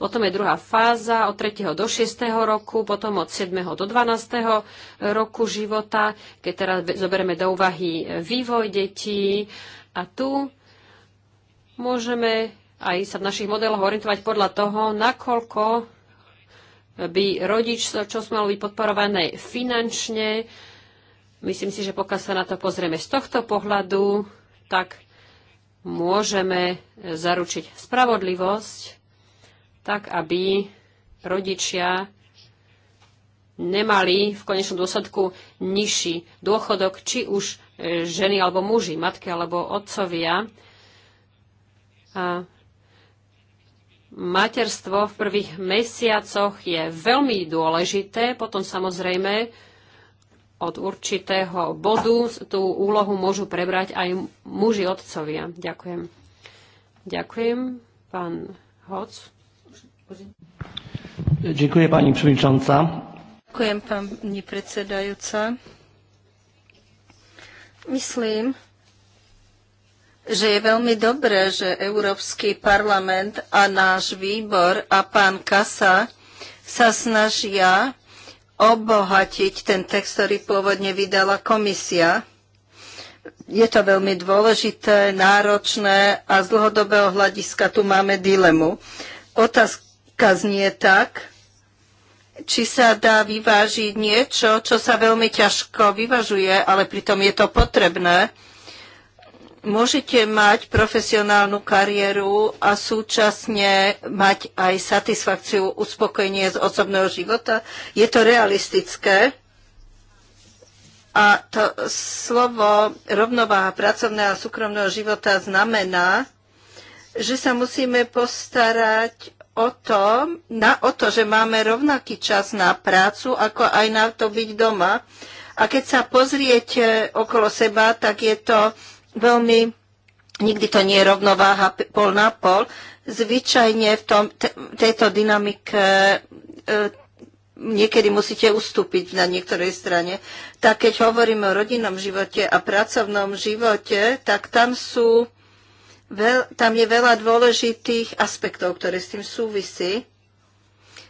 Speaker 2: Potom je druhá fáza od 3. do 6. roku, potom od 7. do 12. roku života, keď teraz zoberieme do úvahy vývoj detí. A tu môžeme aj sa v našich modeloch orientovať podľa toho, nakoľko by rodič, čo sme mali podporované finančne. Myslím si, že pokiaľ sa na to pozrieme z tohto pohľadu, tak môžeme zaručiť spravodlivosť, tak aby rodičia nemali v konečnom dôsledku nižší dôchodok, či už ženy alebo muži, matky alebo otcovia. A materstvo v prvých mesiacoch je veľmi dôležité, potom samozrejme od určitého bodu tú úlohu môžu prebrať aj muži otcovia. Ďakujem. Ďakujem. Pán Hoc.
Speaker 4: Ďakujem pani przewodnicząca.
Speaker 3: Ďakujem pani predsedajúca. Myslím, že je veľmi dobré, že Európsky parlament a náš výbor a pán Kasa sa snažia obohatiť ten text, ktorý pôvodne vydala komisia. Je to veľmi dôležité, náročné a z dlhodobého hľadiska tu máme dilemu. Otázka znie tak, či sa dá vyvážiť niečo, čo sa veľmi ťažko vyvažuje, ale pritom je to potrebné môžete mať profesionálnu kariéru a súčasne mať aj satisfakciu, uspokojenie z osobného života. Je to realistické. A to slovo rovnováha pracovného a súkromného života znamená, že sa musíme postarať o to, na, o to, že máme rovnaký čas na prácu, ako aj na to byť doma. A keď sa pozriete okolo seba, tak je to veľmi, nikdy to nie je rovnováha pol na pol, zvyčajne v tom, tejto dynamike e, niekedy musíte ustúpiť na niektorej strane. Tak keď hovoríme o rodinnom živote a pracovnom živote, tak tam sú veľ, tam je veľa dôležitých aspektov, ktoré s tým súvisí.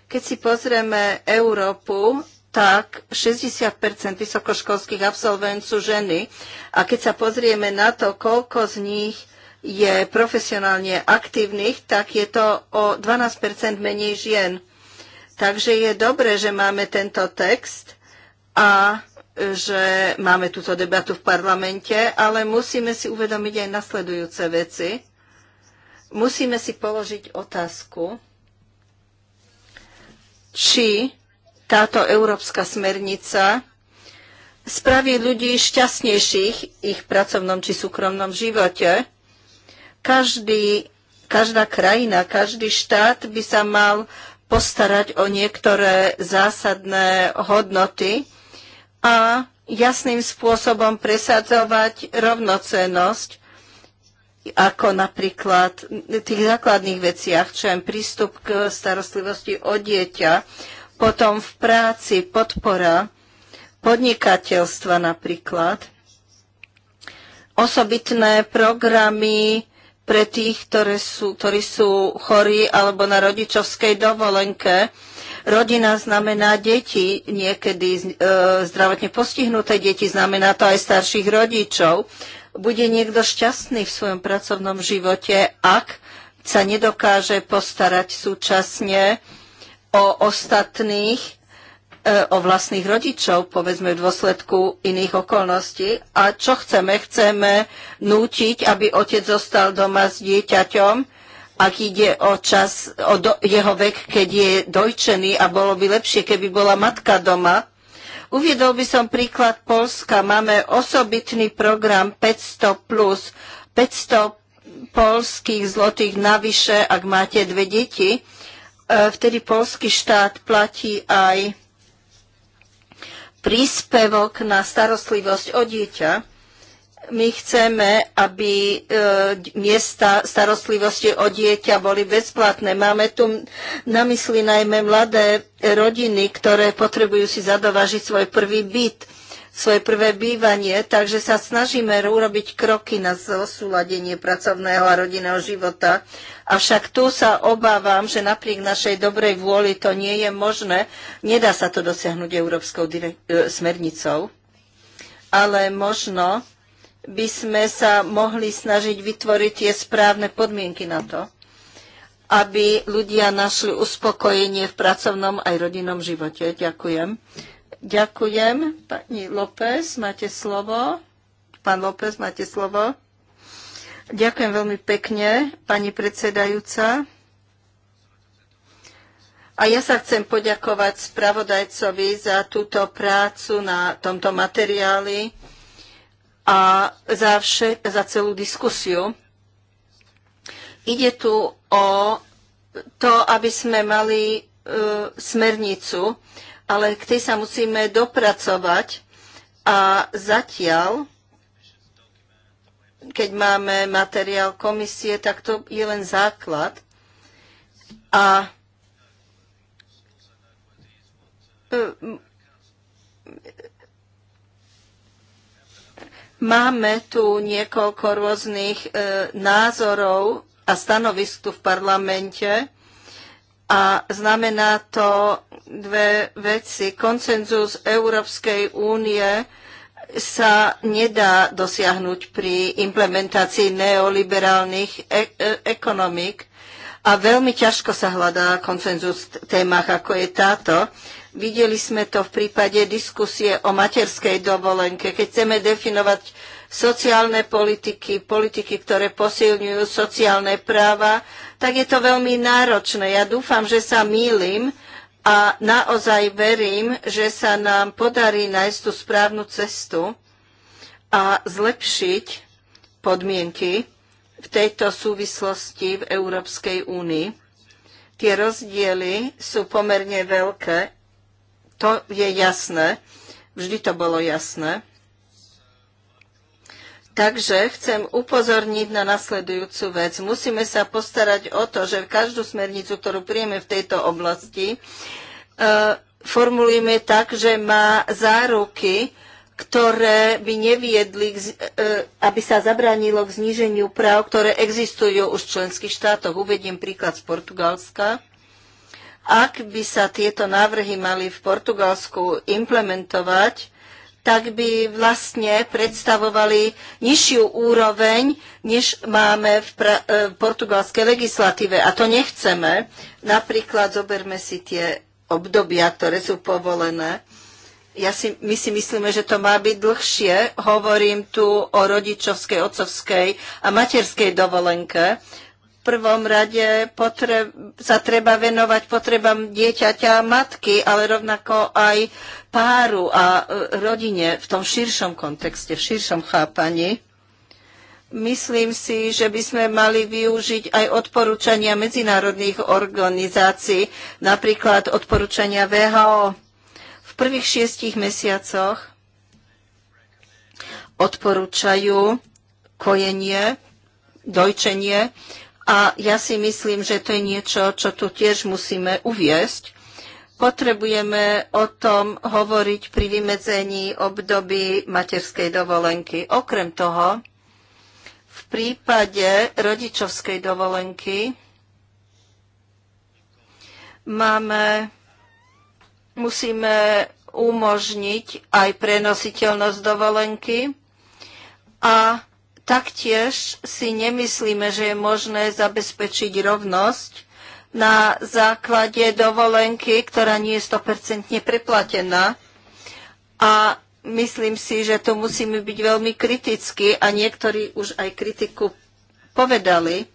Speaker 3: Keď si pozrieme Európu tak 60 vysokoškolských absolvent sú ženy. A keď sa pozrieme na to, koľko z nich je profesionálne aktívnych, tak je to o 12 menej žien. Takže je dobré, že máme tento text a e, že máme túto debatu v parlamente, ale musíme si uvedomiť aj nasledujúce veci. Musíme si položiť otázku, či táto európska smernica spraví ľudí šťastnejších v ich pracovnom či súkromnom živote. Každý, každá krajina, každý štát by sa mal postarať o niektoré zásadné hodnoty a jasným spôsobom presadzovať rovnocenosť, ako napríklad v tých základných veciach, čo je prístup k starostlivosti o dieťa, potom v práci podpora podnikateľstva napríklad, osobitné programy pre tých, ktoré sú, ktorí sú chorí alebo na rodičovskej dovolenke. Rodina znamená deti, niekedy e, zdravotne postihnuté deti, znamená to aj starších rodičov. Bude niekto šťastný v svojom pracovnom živote, ak sa nedokáže postarať súčasne o ostatných, e, o vlastných rodičov, povedzme v dôsledku iných okolností. A čo chceme? Chceme nútiť, aby otec zostal doma s dieťaťom, ak ide o čas, o do, jeho vek, keď je dojčený a bolo by lepšie, keby bola matka doma. Uviedol by som príklad Polska. Máme osobitný program 500+, plus 500 polských zlotých navyše, ak máte dve deti E, vtedy polský štát platí aj príspevok na starostlivosť o dieťa. My chceme, aby e, miesta starostlivosti o dieťa boli bezplatné. Máme tu na mysli najmä mladé rodiny, ktoré potrebujú si zadovažiť svoj prvý byt svoje prvé bývanie, takže sa snažíme urobiť kroky na zosúladenie pracovného a rodinného života. Avšak tu sa obávam, že napriek našej dobrej vôli to nie je možné. Nedá sa to dosiahnuť európskou e, smernicou, ale možno by sme sa mohli snažiť vytvoriť tie správne podmienky na to, aby ľudia našli uspokojenie v pracovnom aj rodinnom živote. Ďakujem. Ďakujem. Pani López, máte slovo. Pán López, máte slovo. Ďakujem veľmi pekne, pani predsedajúca. A ja sa chcem poďakovať spravodajcovi za túto prácu na tomto materiáli a za, vše, za celú diskusiu. Ide tu o to, aby sme mali e, smernicu, ale k tej sa musíme dopracovať. A zatiaľ, keď máme materiál komisie, tak to je len základ. A e, Máme tu niekoľko rôznych e, názorov a stanovisk tu v parlamente a znamená to dve veci. Koncenzus Európskej únie sa nedá dosiahnuť pri implementácii neoliberálnych e- e- ekonomik a veľmi ťažko sa hľadá koncenzus v témach, ako je táto. Videli sme to v prípade diskusie o materskej dovolenke, keď chceme definovať sociálne politiky, politiky, ktoré posilňujú sociálne práva, tak je to veľmi náročné. Ja dúfam, že sa mýlim a naozaj verím, že sa nám podarí nájsť tú správnu cestu a zlepšiť podmienky v tejto súvislosti v Európskej únii. Tie rozdiely sú pomerne veľké, to je jasné. Vždy to bolo jasné. Takže chcem upozorniť na nasledujúcu vec. Musíme sa postarať o to, že každú smernicu, ktorú príjeme v tejto oblasti, e, formulujeme tak, že má záruky, ktoré by neviedli, e, aby sa zabránilo k zníženiu práv, ktoré existujú už v členských štátoch. Uvediem príklad z Portugalska. Ak by sa tieto návrhy mali v Portugalsku implementovať, tak by vlastne predstavovali nižšiu úroveň, než máme v, pra- v e, portugalskej legislatíve. A to nechceme. Napríklad zoberme si tie obdobia, ktoré sú povolené. Ja si, my si myslíme, že to má byť dlhšie. Hovorím tu o rodičovskej, otcovskej a materskej dovolenke prvom rade potre- sa treba venovať potrebám dieťaťa a matky, ale rovnako aj páru a e, rodine v tom širšom kontexte, v širšom chápaní. Myslím si, že by sme mali využiť aj odporúčania medzinárodných organizácií, napríklad odporúčania VHO. V prvých šiestich mesiacoch odporúčajú kojenie, dojčenie a ja si myslím, že to je niečo, čo tu tiež musíme uviesť. Potrebujeme o tom hovoriť pri vymedzení období materskej dovolenky. Okrem toho, v prípade rodičovskej dovolenky máme, musíme umožniť aj prenositeľnosť dovolenky a Taktiež si nemyslíme, že je možné zabezpečiť rovnosť na základe dovolenky, ktorá nie je 100% preplatená. A myslím si, že tu musíme byť veľmi kriticky a niektorí už aj kritiku povedali.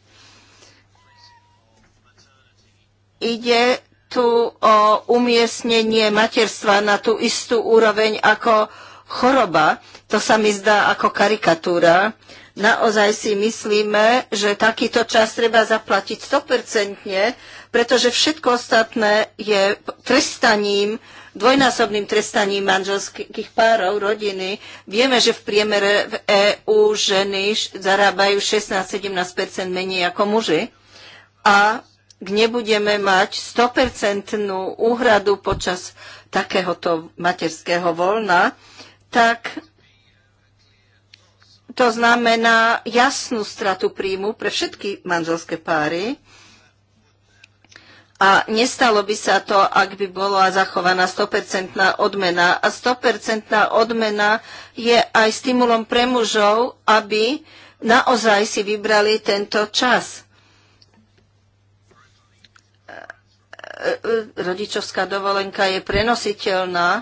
Speaker 3: Ide tu o umiestnenie materstva na tú istú úroveň ako choroba. To sa mi zdá ako karikatúra. Naozaj si myslíme, že takýto čas treba zaplatiť 100%, pretože všetko ostatné je trestaním, dvojnásobným trestaním manželských párov, rodiny. Vieme, že v priemere v EÚ ženy zarábajú 16-17% menej ako muži. A kde budeme mať 100% úhradu počas takéhoto materského voľna, tak to znamená jasnú stratu príjmu pre všetky manželské páry. A nestalo by sa to, ak by bola zachovaná 100% odmena. A 100% odmena je aj stimulom pre mužov, aby naozaj si vybrali tento čas. Rodičovská dovolenka je prenositeľná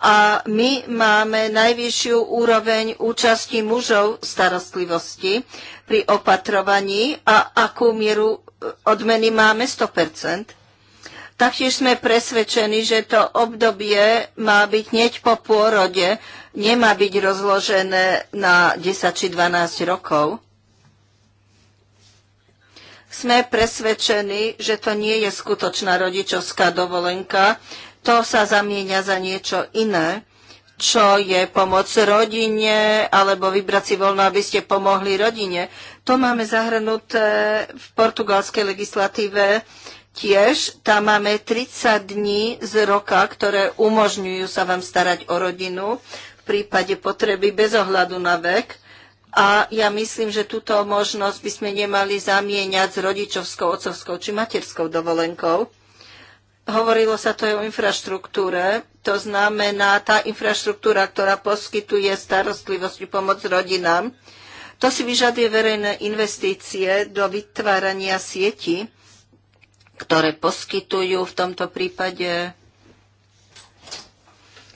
Speaker 3: a my máme najvyššiu úroveň účasti mužov v starostlivosti pri opatrovaní a akú mieru e, odmeny máme 100%. Taktiež sme presvedčení, že to obdobie má byť hneď po pôrode, nemá byť rozložené na 10 či 12 rokov. Sme presvedčení, že to nie je skutočná rodičovská dovolenka, to sa zamieňa za niečo iné, čo je pomoc rodine, alebo vybrať si voľno, aby ste pomohli rodine. To máme zahrnuté v portugalskej legislatíve tiež. Tam máme 30 dní z roka, ktoré umožňujú sa vám starať o rodinu v prípade potreby bez ohľadu na vek. A ja myslím, že túto možnosť by sme nemali zamieňať s rodičovskou, otcovskou či materskou dovolenkou Hovorilo sa to aj o infraštruktúre, to znamená tá infraštruktúra, ktorá poskytuje starostlivosť a pomoc rodinám. To si vyžaduje verejné investície do vytvárania sieti, ktoré poskytujú v tomto prípade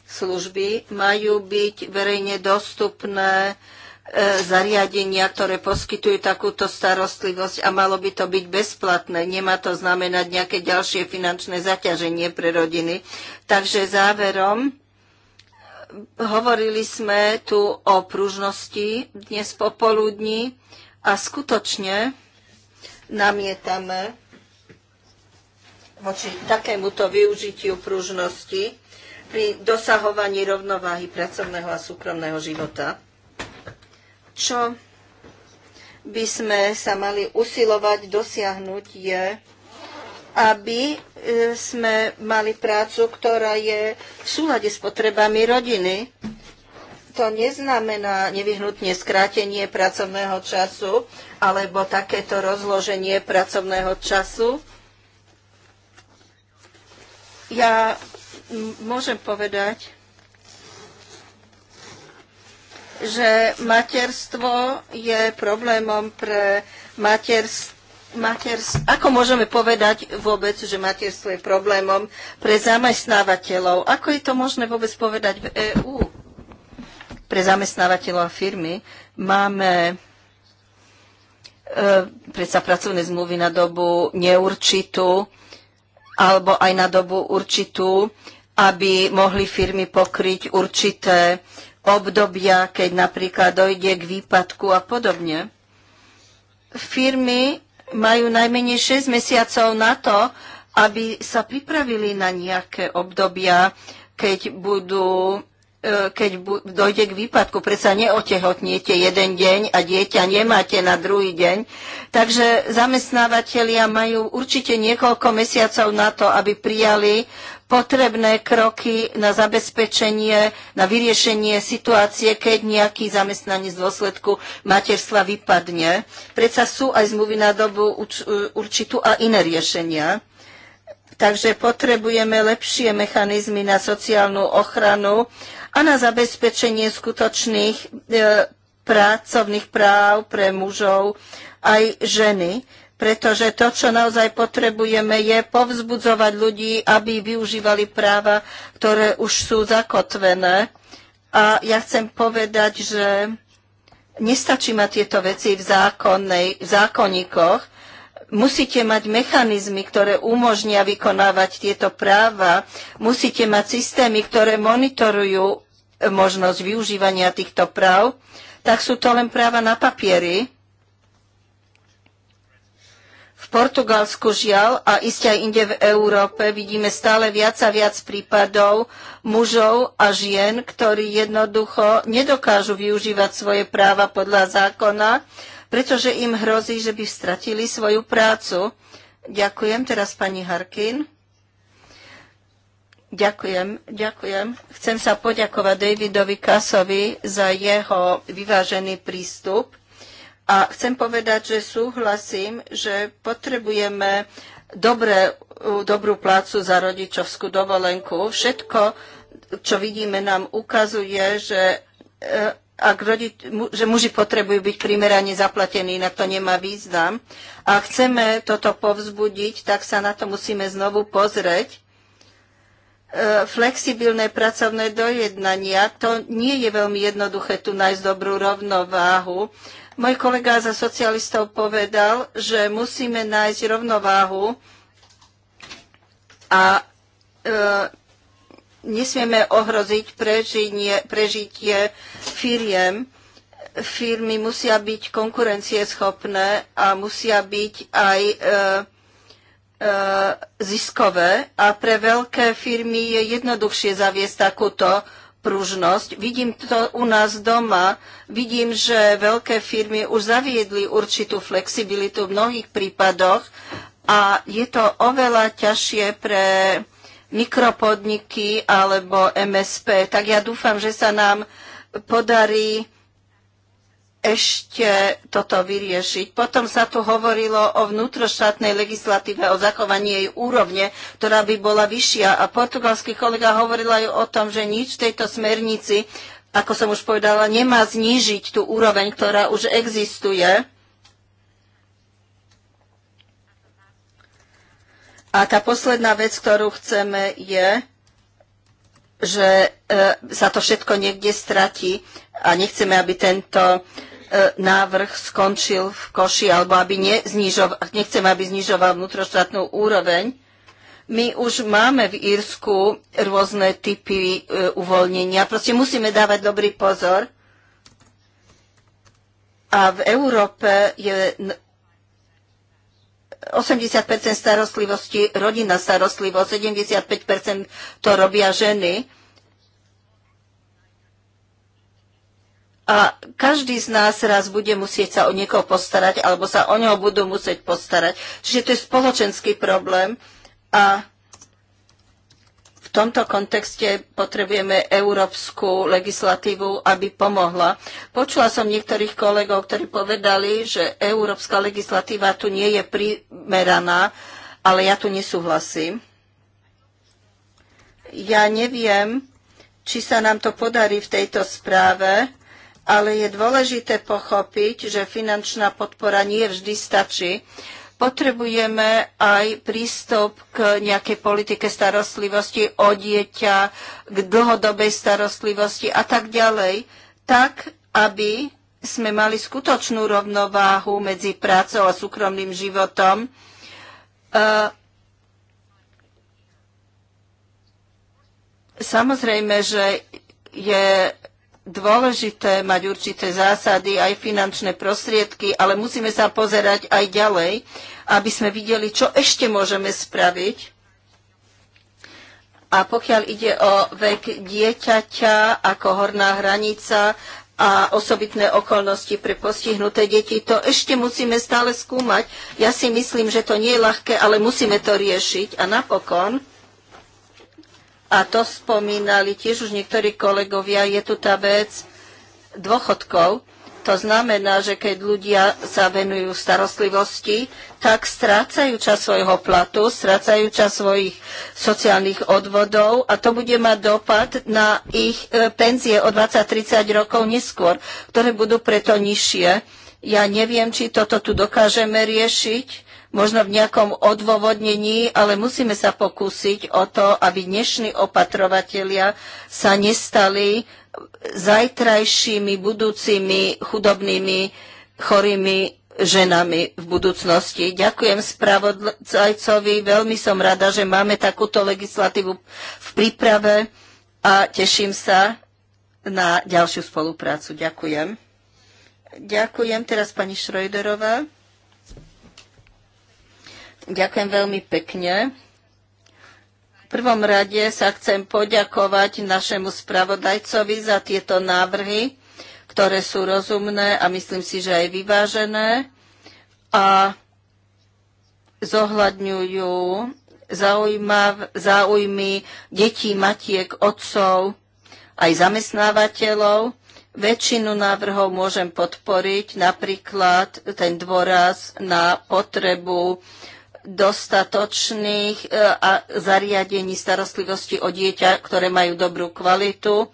Speaker 3: služby, majú byť verejne dostupné E, zariadenia, ktoré poskytujú takúto starostlivosť a malo by to byť bezplatné. Nemá to znamenať nejaké ďalšie finančné zaťaženie pre rodiny. Takže záverom, hovorili sme tu o pružnosti dnes popoludní a skutočne namietame voči takémuto využitiu pružnosti pri dosahovaní rovnováhy pracovného a súkromného života. Čo by sme sa mali usilovať dosiahnuť je, aby e, sme mali prácu, ktorá je v súlade s potrebami rodiny. To neznamená nevyhnutne skrátenie pracovného času alebo takéto rozloženie pracovného času. Ja môžem povedať, že materstvo je problémom pre materstvo Materst- ako môžeme povedať vôbec, že materstvo je problémom pre zamestnávateľov? Ako je to možné vôbec povedať v EÚ? Pre zamestnávateľov a firmy máme e, predsa pracovné zmluvy na dobu neurčitú alebo aj na dobu určitú, aby mohli firmy pokryť určité obdobia, keď napríklad dojde k výpadku a podobne. Firmy majú najmenej 6 mesiacov na to, aby sa pripravili na nejaké obdobia, keď budú e, keď dojde k výpadku, predsa neotehotniete jeden deň a dieťa nemáte na druhý deň. Takže zamestnávateľia majú určite niekoľko mesiacov na to, aby prijali potrebné kroky na zabezpečenie, na vyriešenie situácie, keď nejaký zamestnanec z dôsledku materstva vypadne. Predsa sú aj zmluvy na dobu e, určitú a iné riešenia. Takže potrebujeme lepšie mechanizmy na sociálnu ochranu a na zabezpečenie skutočných e, pracovných práv pre mužov aj ženy pretože to, čo naozaj potrebujeme, je povzbudzovať ľudí, aby využívali práva, ktoré už sú zakotvené. A ja chcem povedať, že nestačí mať tieto veci v, zákonnej, v zákonníkoch. Musíte mať mechanizmy, ktoré umožnia vykonávať tieto práva. Musíte mať systémy, ktoré monitorujú možnosť využívania týchto práv. Tak sú to len práva na papieri. Portugalsku žiaľ a iste aj inde v Európe vidíme stále viac a viac prípadov mužov a žien, ktorí jednoducho nedokážu využívať svoje práva podľa zákona, pretože im hrozí, že by stratili svoju prácu. Ďakujem teraz pani Harkin. Ďakujem, ďakujem. Chcem sa poďakovať Davidovi Kasovi za jeho vyvážený prístup a chcem povedať, že súhlasím, že potrebujeme dobré, dobrú plácu za rodičovskú dovolenku. Všetko, čo vidíme, nám ukazuje, že e, ak rodič, že muži potrebujú byť primerane zaplatení, na to nemá význam. A chceme toto povzbudiť, tak sa na to musíme znovu pozrieť. E, flexibilné pracovné dojednania, to nie je veľmi jednoduché tu nájsť dobrú rovnováhu. Môj kolega za socialistov povedal, že musíme nájsť rovnováhu a e, nesmieme ohroziť prežinie, prežitie firiem. Firmy musia byť konkurencieschopné a musia byť aj e, e ziskové a pre veľké firmy je jednoduchšie zaviesť takúto pružnosť. Vidím to u nás doma. Vidím, že veľké firmy už zaviedli určitú flexibilitu v mnohých prípadoch a je to oveľa ťažšie pre mikropodniky alebo MSP. Tak ja dúfam, že sa nám podarí ešte toto vyriešiť. Potom sa tu hovorilo o vnútroštátnej legislatíve, o zachovaní jej úrovne, ktorá by bola vyššia. A portugalský kolega hovoril aj o tom, že nič v tejto smernici, ako som už povedala, nemá znížiť tú úroveň, ktorá už existuje. A tá posledná vec, ktorú chceme, je, že e, sa to všetko niekde stratí a nechceme, aby tento E, návrh skončil v koši, alebo aby neznižoval, nechcem, aby znižoval vnútroštátnu úroveň. My už máme v Írsku rôzne typy e, uvoľnenia. Proste musíme dávať dobrý pozor. A v Európe je 80 starostlivosti rodinná starostlivosť, 75 to robia ženy. a každý z nás raz bude musieť sa o niekoho postarať, alebo sa o neho budú musieť postarať. Čiže to je spoločenský problém a v tomto kontexte potrebujeme európsku legislatívu, aby pomohla. Počula som niektorých kolegov, ktorí povedali, že európska legislatíva tu nie je primeraná, ale ja tu nesúhlasím. Ja neviem, či sa nám to podarí v tejto správe, ale je dôležité pochopiť, že finančná podpora nie vždy stačí. Potrebujeme aj prístup k nejakej politike starostlivosti o dieťa, k dlhodobej starostlivosti a tak ďalej, tak, aby sme mali skutočnú rovnováhu medzi prácou a súkromným životom. E, samozrejme, že je dôležité mať určité zásady, aj finančné prostriedky, ale musíme sa pozerať aj ďalej, aby sme videli, čo ešte môžeme spraviť. A pokiaľ ide o vek dieťaťa ako horná hranica a osobitné okolnosti pre postihnuté deti, to ešte musíme stále skúmať. Ja si myslím, že to nie je ľahké, ale musíme to riešiť. A napokon, a to spomínali tiež už niektorí kolegovia, je tu tá vec dôchodkov. To znamená, že keď ľudia sa venujú starostlivosti, tak strácajú čas svojho platu, strácajú čas svojich sociálnych odvodov a to bude mať dopad na ich e, penzie o 20-30 rokov neskôr, ktoré budú preto nižšie. Ja neviem, či toto tu dokážeme riešiť možno v nejakom odôvodnení, ale musíme sa pokúsiť o to, aby dnešní opatrovatelia sa nestali zajtrajšími budúcimi chudobnými chorými ženami v budúcnosti. Ďakujem spravodajcovi, veľmi som rada, že máme takúto legislatívu v príprave a teším sa na ďalšiu spoluprácu. Ďakujem. Ďakujem teraz pani Šrojderová. Ďakujem veľmi pekne. V prvom rade sa chcem poďakovať našemu spravodajcovi za tieto návrhy, ktoré sú rozumné a myslím si, že aj vyvážené a zohľadňujú zaujímav, záujmy detí, matiek, otcov, aj zamestnávateľov. Väčšinu návrhov môžem podporiť, napríklad ten dôraz na potrebu dostatočných e, zariadení starostlivosti o dieťa, ktoré majú dobrú kvalitu.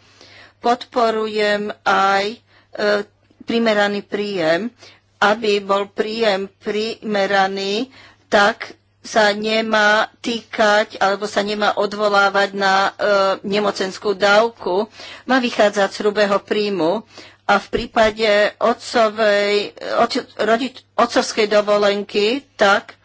Speaker 3: Podporujem aj e, primeraný príjem, aby bol príjem primeraný, tak sa nemá týkať alebo sa nemá odvolávať na e, nemocenskú dávku, má vychádzať z hrubého príjmu a v prípade otcovej, e, otcovskej dovolenky, tak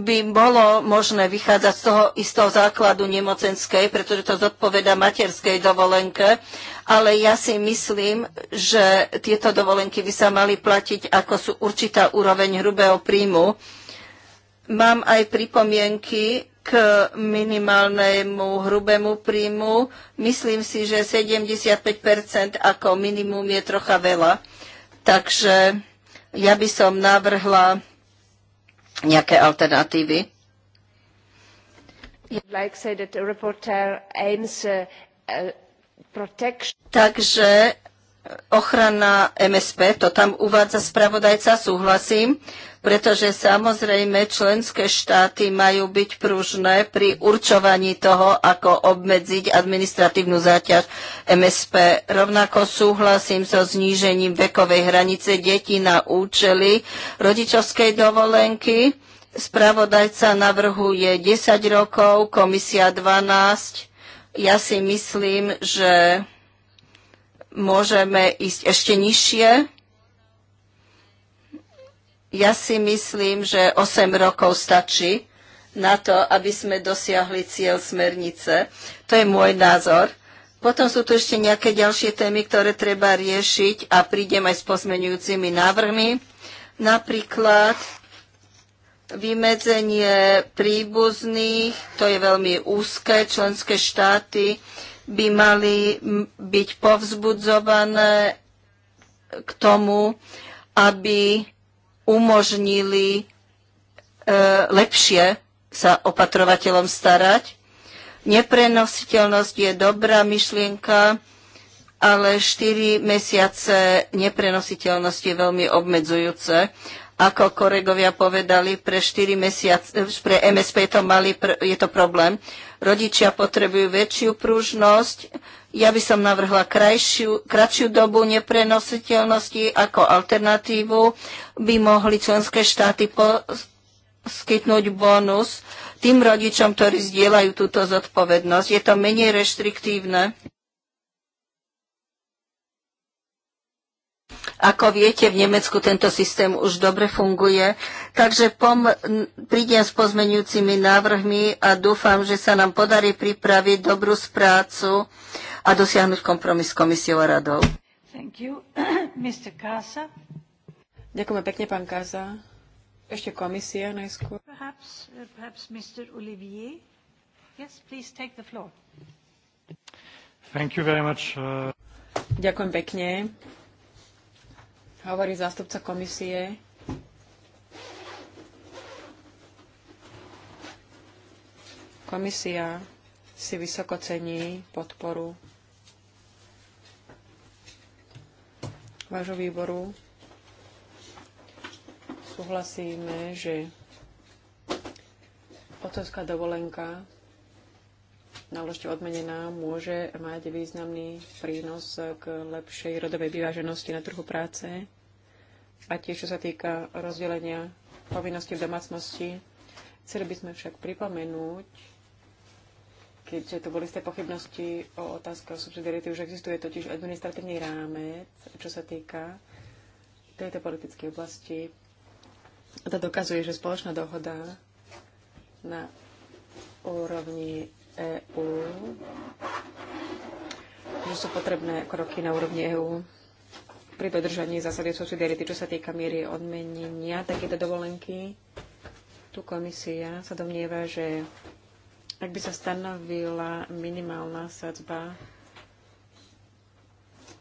Speaker 3: by bolo možné vychádzať z toho istého základu nemocenskej, pretože to zodpoveda materskej dovolenke, ale ja si myslím, že tieto dovolenky by sa mali platiť ako sú určitá úroveň hrubého príjmu. Mám aj pripomienky k minimálnemu hrubému príjmu. Myslím si, že 75 ako minimum je trocha veľa. Takže ja by som navrhla nejaké alternatívy?
Speaker 1: Uh, uh,
Speaker 3: Takže ochrana MSP, to tam uvádza spravodajca, súhlasím, pretože samozrejme členské štáty majú byť pružné pri určovaní toho, ako obmedziť administratívnu záťaž MSP. Rovnako súhlasím so znížením vekovej hranice detí na účely rodičovskej dovolenky. Spravodajca navrhuje 10 rokov, komisia 12. Ja si myslím, že môžeme ísť ešte nižšie. Ja si myslím, že 8 rokov stačí na to, aby sme dosiahli cieľ smernice. To je môj názor. Potom sú tu ešte nejaké ďalšie témy, ktoré treba riešiť a prídem aj s pozmenujúcimi návrhmi. Napríklad vymedzenie príbuzných, to je veľmi úzke, členské štáty by mali byť povzbudzované k tomu, aby umožnili e, lepšie sa opatrovateľom starať. Neprenositeľnosť je dobrá myšlienka, ale 4 mesiace neprenositeľnosti je veľmi obmedzujúce ako koregovia povedali, pre 4 mesiace, eh, pre MSP to mali, je to problém. Rodičia potrebujú väčšiu pružnosť. Ja by som navrhla krajšiu, kratšiu dobu neprenositeľnosti ako alternatívu by mohli členské štáty poskytnúť bonus tým rodičom, ktorí zdieľajú túto zodpovednosť. Je to menej reštriktívne Ako viete, v Nemecku tento systém už dobre funguje, takže pom- prídem s pozmenujúcimi návrhmi a dúfam, že sa nám podarí pripraviť dobrú sprácu a dosiahnuť kompromis s komisiou a radou.
Speaker 1: Thank you. <clears throat> Mr. Kasa.
Speaker 2: Ďakujeme pekne, pán Kasa. Ešte komisia najskôr.
Speaker 1: Perhaps, uh, perhaps Mr. Olivier. Yes, please take the floor.
Speaker 4: Thank you very much. Uh...
Speaker 2: Ďakujem pekne hovorí zástupca komisie. Komisia si vysoko cení podporu vášho výboru. Súhlasíme, že otcovská dovolenka náložte odmenená môže mať významný prínos k lepšej rodovej vyváženosti na trhu práce a tiež čo sa týka rozdelenia povinností v domácnosti. Chceli by sme však pripomenúť, keďže to boli ste pochybnosti o otázke o subsidiarity, už existuje totiž administratívny rámec, čo sa týka tejto politickej oblasti. A to dokazuje, že spoločná dohoda na úrovni EÚ, že sú potrebné kroky na úrovni EÚ pri dodržaní zásady subsidiarity, čo sa týka miery odmenenia takéto dovolenky. Tu komisia sa domnieva, že ak by sa stanovila minimálna sadzba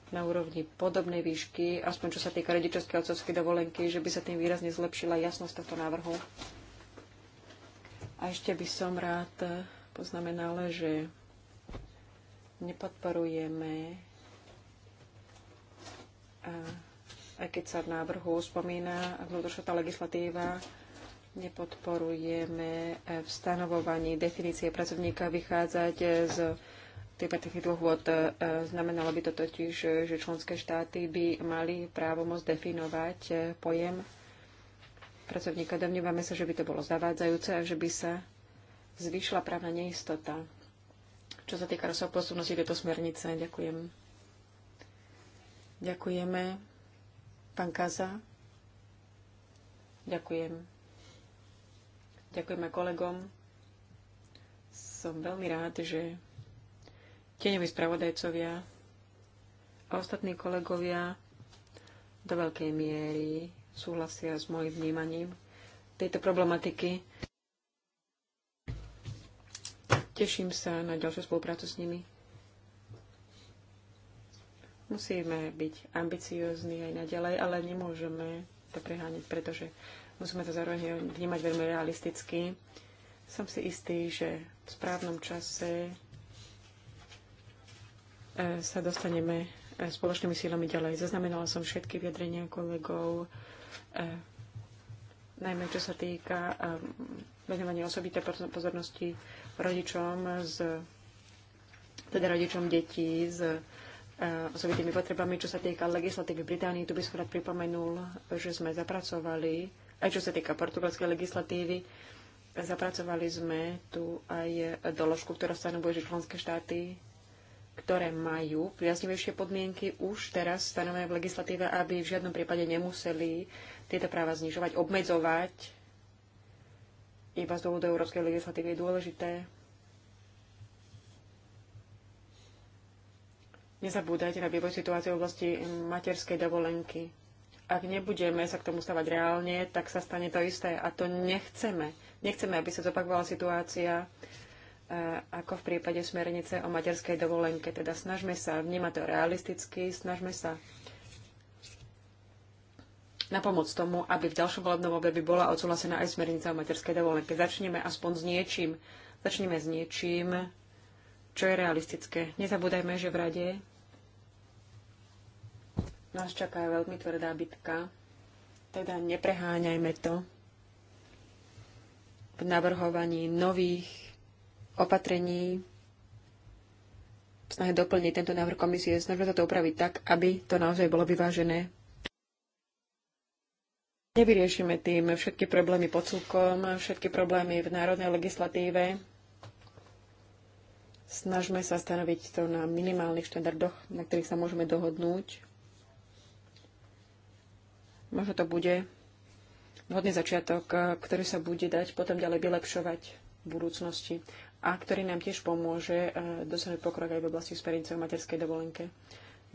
Speaker 2: na úrovni podobnej výšky, aspoň čo sa týka rodičovskej a otcovskej dovolenky, že by sa tým výrazne zlepšila jasnosť tohto návrhu. A ešte by som rád poznamenala, že nepodporujeme Eh, aj keď sa v návrhu spomína vnútroštátna legislatíva, nepodporujeme eh, v stanovovaní definície pracovníka vychádzať eh, z tých dôvod. Znamenalo by to totiž, že členské štáty by mali právo môcť definovať pojem pracovníka. Domnívame sa, že by to bolo zavádzajúce a že by sa zvyšla právna neistota. Čo sa týka rozsahu posunosti tejto smernice, ďakujem. Ďakujeme. Pán Kaza. Ďakujem. Ďakujeme kolegom. Som veľmi rád, že tieňoví spravodajcovia a ostatní kolegovia do veľkej miery súhlasia s mojim vnímaním tejto problematiky. Teším sa na ďalšiu spoluprácu s nimi. Musíme byť ambiciózni aj naďalej, ale nemôžeme to preháňať, pretože musíme to zároveň vnímať veľmi realisticky. Som si istý, že v správnom čase e, sa dostaneme e, spoločnými sílami ďalej. Zaznamenala som všetky vyjadrenia kolegov, e, najmä čo sa týka venovania osobitej pozornosti rodičom z teda rodičom detí z E, osobitými potrebami, čo sa týka legislatívy Británii. Tu by som rád pripomenul, že sme zapracovali, aj čo sa týka portugalskej legislatívy, zapracovali sme tu aj doložku, ktorá stanovuje, že členské štáty ktoré majú priaznivejšie podmienky, už teraz stanovené v legislatíve, aby v žiadnom prípade nemuseli tieto práva znižovať, obmedzovať. Iba z dôvodu európskej legislatívy je dôležité nezabúdajte na vývoj situácie v oblasti materskej dovolenky. Ak nebudeme sa k tomu stavať reálne, tak sa stane to isté a to nechceme. Nechceme, aby sa zopakovala situácia e, ako v prípade smernice o materskej dovolenke. Teda snažme sa vnímať to realisticky, snažme sa na pomoc tomu, aby v ďalšom volebnom období bola odsúhlasená aj smernica o materskej dovolenke. Začneme aspoň s niečím. Začneme s niečím, čo je realistické. Nezabúdajme, že v rade nás čaká veľmi tvrdá bitka, teda nepreháňajme to v navrhovaní nových opatrení, v snahe doplniť tento návrh komisie, snažme sa to upraviť tak, aby to naozaj bolo vyvážené. Nevyriešime tým všetky problémy pod súkom, všetky problémy v národnej legislatíve, Snažme sa stanoviť to na minimálnych štandardoch, na ktorých sa môžeme dohodnúť. Možno to bude vhodný začiatok, ktorý sa bude dať potom ďalej vylepšovať v budúcnosti a ktorý nám tiež pomôže eh, dosiahnuť pokrok aj v oblasti smernice o materskej dovolenke.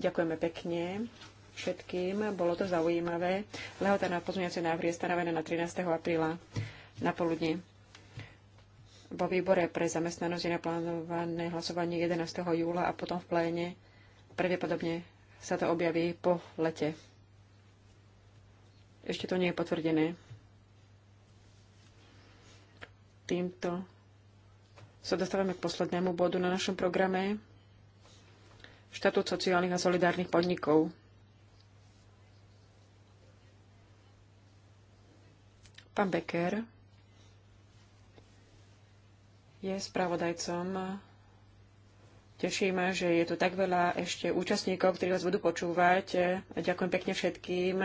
Speaker 2: Ďakujeme pekne všetkým, bolo to zaujímavé. Lehota na pozmeňovacie návrhy je stanovená na 13. apríla na poludne. Vo výbore pre zamestnanosť je naplánované hlasovanie 11. júla a potom v pléne pravdepodobne sa to objaví po lete. Ešte to nie je potvrdené. Týmto sa dostávame k poslednému bodu na našom programe. Štatút sociálnych a solidárnych podnikov. Pán Becker je spravodajcom. Teší ma, že je tu tak veľa ešte účastníkov, ktorí vás budú počúvať. Ďakujem pekne všetkým,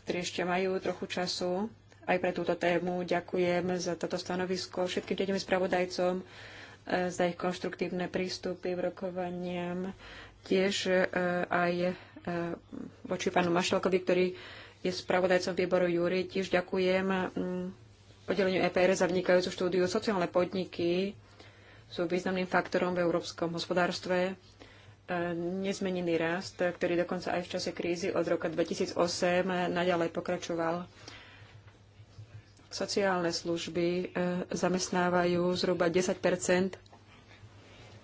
Speaker 2: ktorí ešte majú trochu času aj pre túto tému. Ďakujem za toto stanovisko všetkým deťom spravodajcom eh, za ich konštruktívne prístupy v rokovaniam. Tiež eh, aj eh, voči pánu Mašalkovi, ktorý je spravodajcom výboru Júry. Tiež ďakujem mm, oddeleniu EPR za vnikajúcu štúdiu. Sociálne podniky sú významným faktorom v európskom hospodárstve. E, nezmenený rast, ktorý dokonca aj v čase krízy od roka 2008 naďalej pokračoval. Sociálne služby e, zamestnávajú zhruba 10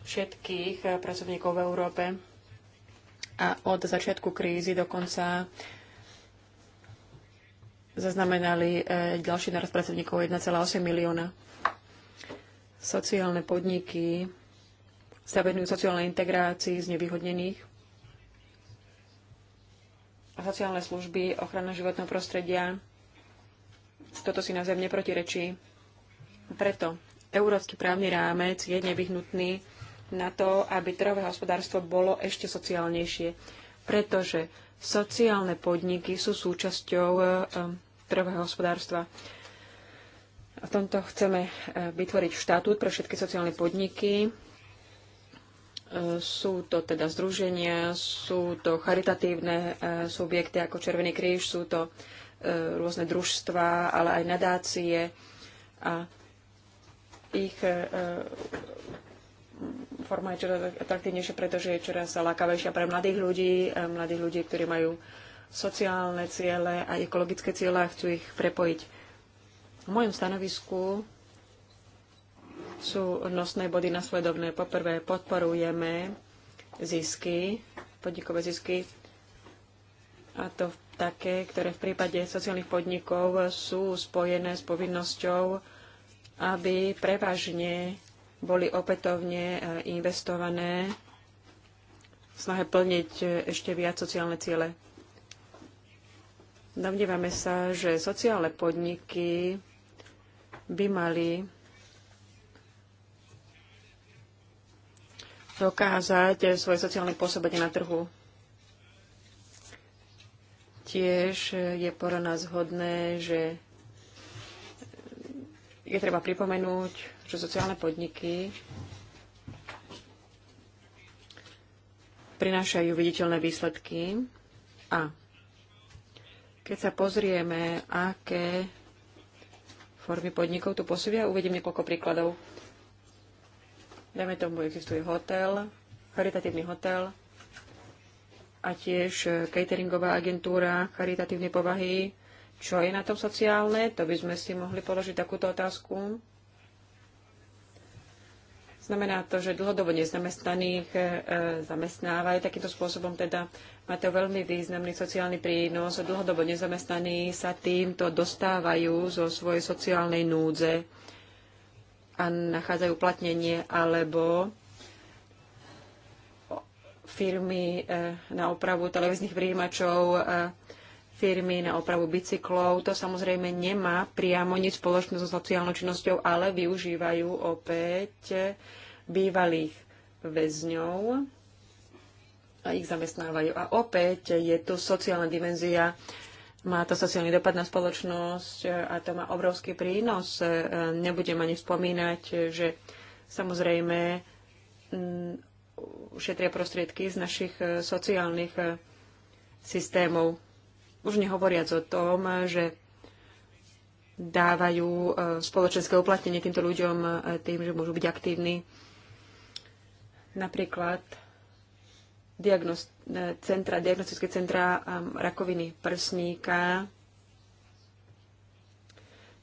Speaker 2: všetkých e, pracovníkov v Európe. A od začiatku krízy dokonca zaznamenali e, ďalší narast pracovníkov 1,8 milióna. Sociálne podniky sa venujú sociálnej integrácii z nevyhodnených a sociálne služby, ochrana životného prostredia. Toto si navzájom neprotirečí. Preto európsky právny rámec je nevyhnutný na to, aby trhové hospodárstvo bolo ešte sociálnejšie, pretože sociálne podniky sú súčasťou e, trhového hospodárstva. V tomto chceme e, vytvoriť štatút pre všetky sociálne podniky. E, sú to teda združenia, sú to charitatívne subjekty ako Červený kríž, sú to rôzne družstva, ale aj nadácie a ich forma je čoraz atraktívnejšia, pretože je čoraz lákavejšia pre mladých ľudí, eh, mladých ľudí, ktorí majú sociálne ciele a ekologické ciele a chcú ich prepojiť. V mojom stanovisku sú nosné body nasledovné. Poprvé, podporujeme zisky, podnikové zisky, a to také, ktoré v prípade sociálnych podnikov sú spojené s povinnosťou, aby prevažne boli opätovne e, investované v snahe plniť e, ešte viac sociálne ciele. Domnievame sa, že sociálne podniky by mali dokázať e, svoje sociálne pôsobenie na trhu. Tiež je pora nás hodné, že je treba pripomenúť, že sociálne podniky prinášajú viditeľné výsledky a keď sa pozrieme, aké formy podnikov tu posúvia, uvediem niekoľko príkladov. Dajme tomu, existuje hotel, charitatívny hotel a tiež cateringová agentúra charitatívnej povahy. Čo je na tom sociálne? To by sme si mohli položiť takúto otázku. Znamená to, že dlhodobo nezamestnaných e, zamestnávajú. Takýmto spôsobom teda má to veľmi významný sociálny prínos. Dlhodobo nezamestnaní sa týmto dostávajú zo svojej sociálnej núdze a nachádzajú platnenie alebo firmy e, na opravu televíznych príjimačov, e, firmy na opravu bicyklov. To samozrejme nemá priamo nič spoločné so sociálnou činnosťou, ale využívajú opäť bývalých väzňov a ich zamestnávajú. A opäť je tu sociálna dimenzia, má to sociálny dopad na spoločnosť a to má obrovský prínos. E, nebudem ani spomínať, že samozrejme šetria prostriedky z našich e, sociálnych e, systémov. Už nehovoriac o tom, že dávajú spoločenské uplatnenie týmto ľuďom tým, že môžu byť aktívni Napríklad diagnost, e, centra, diagnostické centra um, rakoviny prsníka.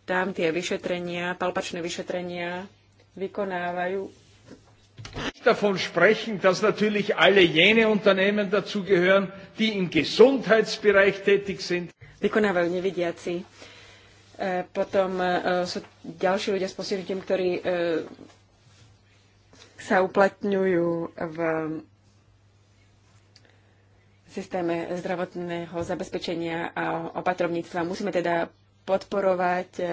Speaker 2: Tam tie vyšetrenia, palpačné vyšetrenia vykonávajú.
Speaker 4: Davon sprechen, dass natürlich alle jene Unternehmen dazu gehören, die im Gesundheitsbereich tätig sind.
Speaker 2: Vykonávajú nevidiaci. E, potom e, sú ďalší ľudia s postihnutím, ktorí sa uplatňujú v systéme zdravotného zabezpečenia a opatrovníctva. Musíme teda podporovať eh,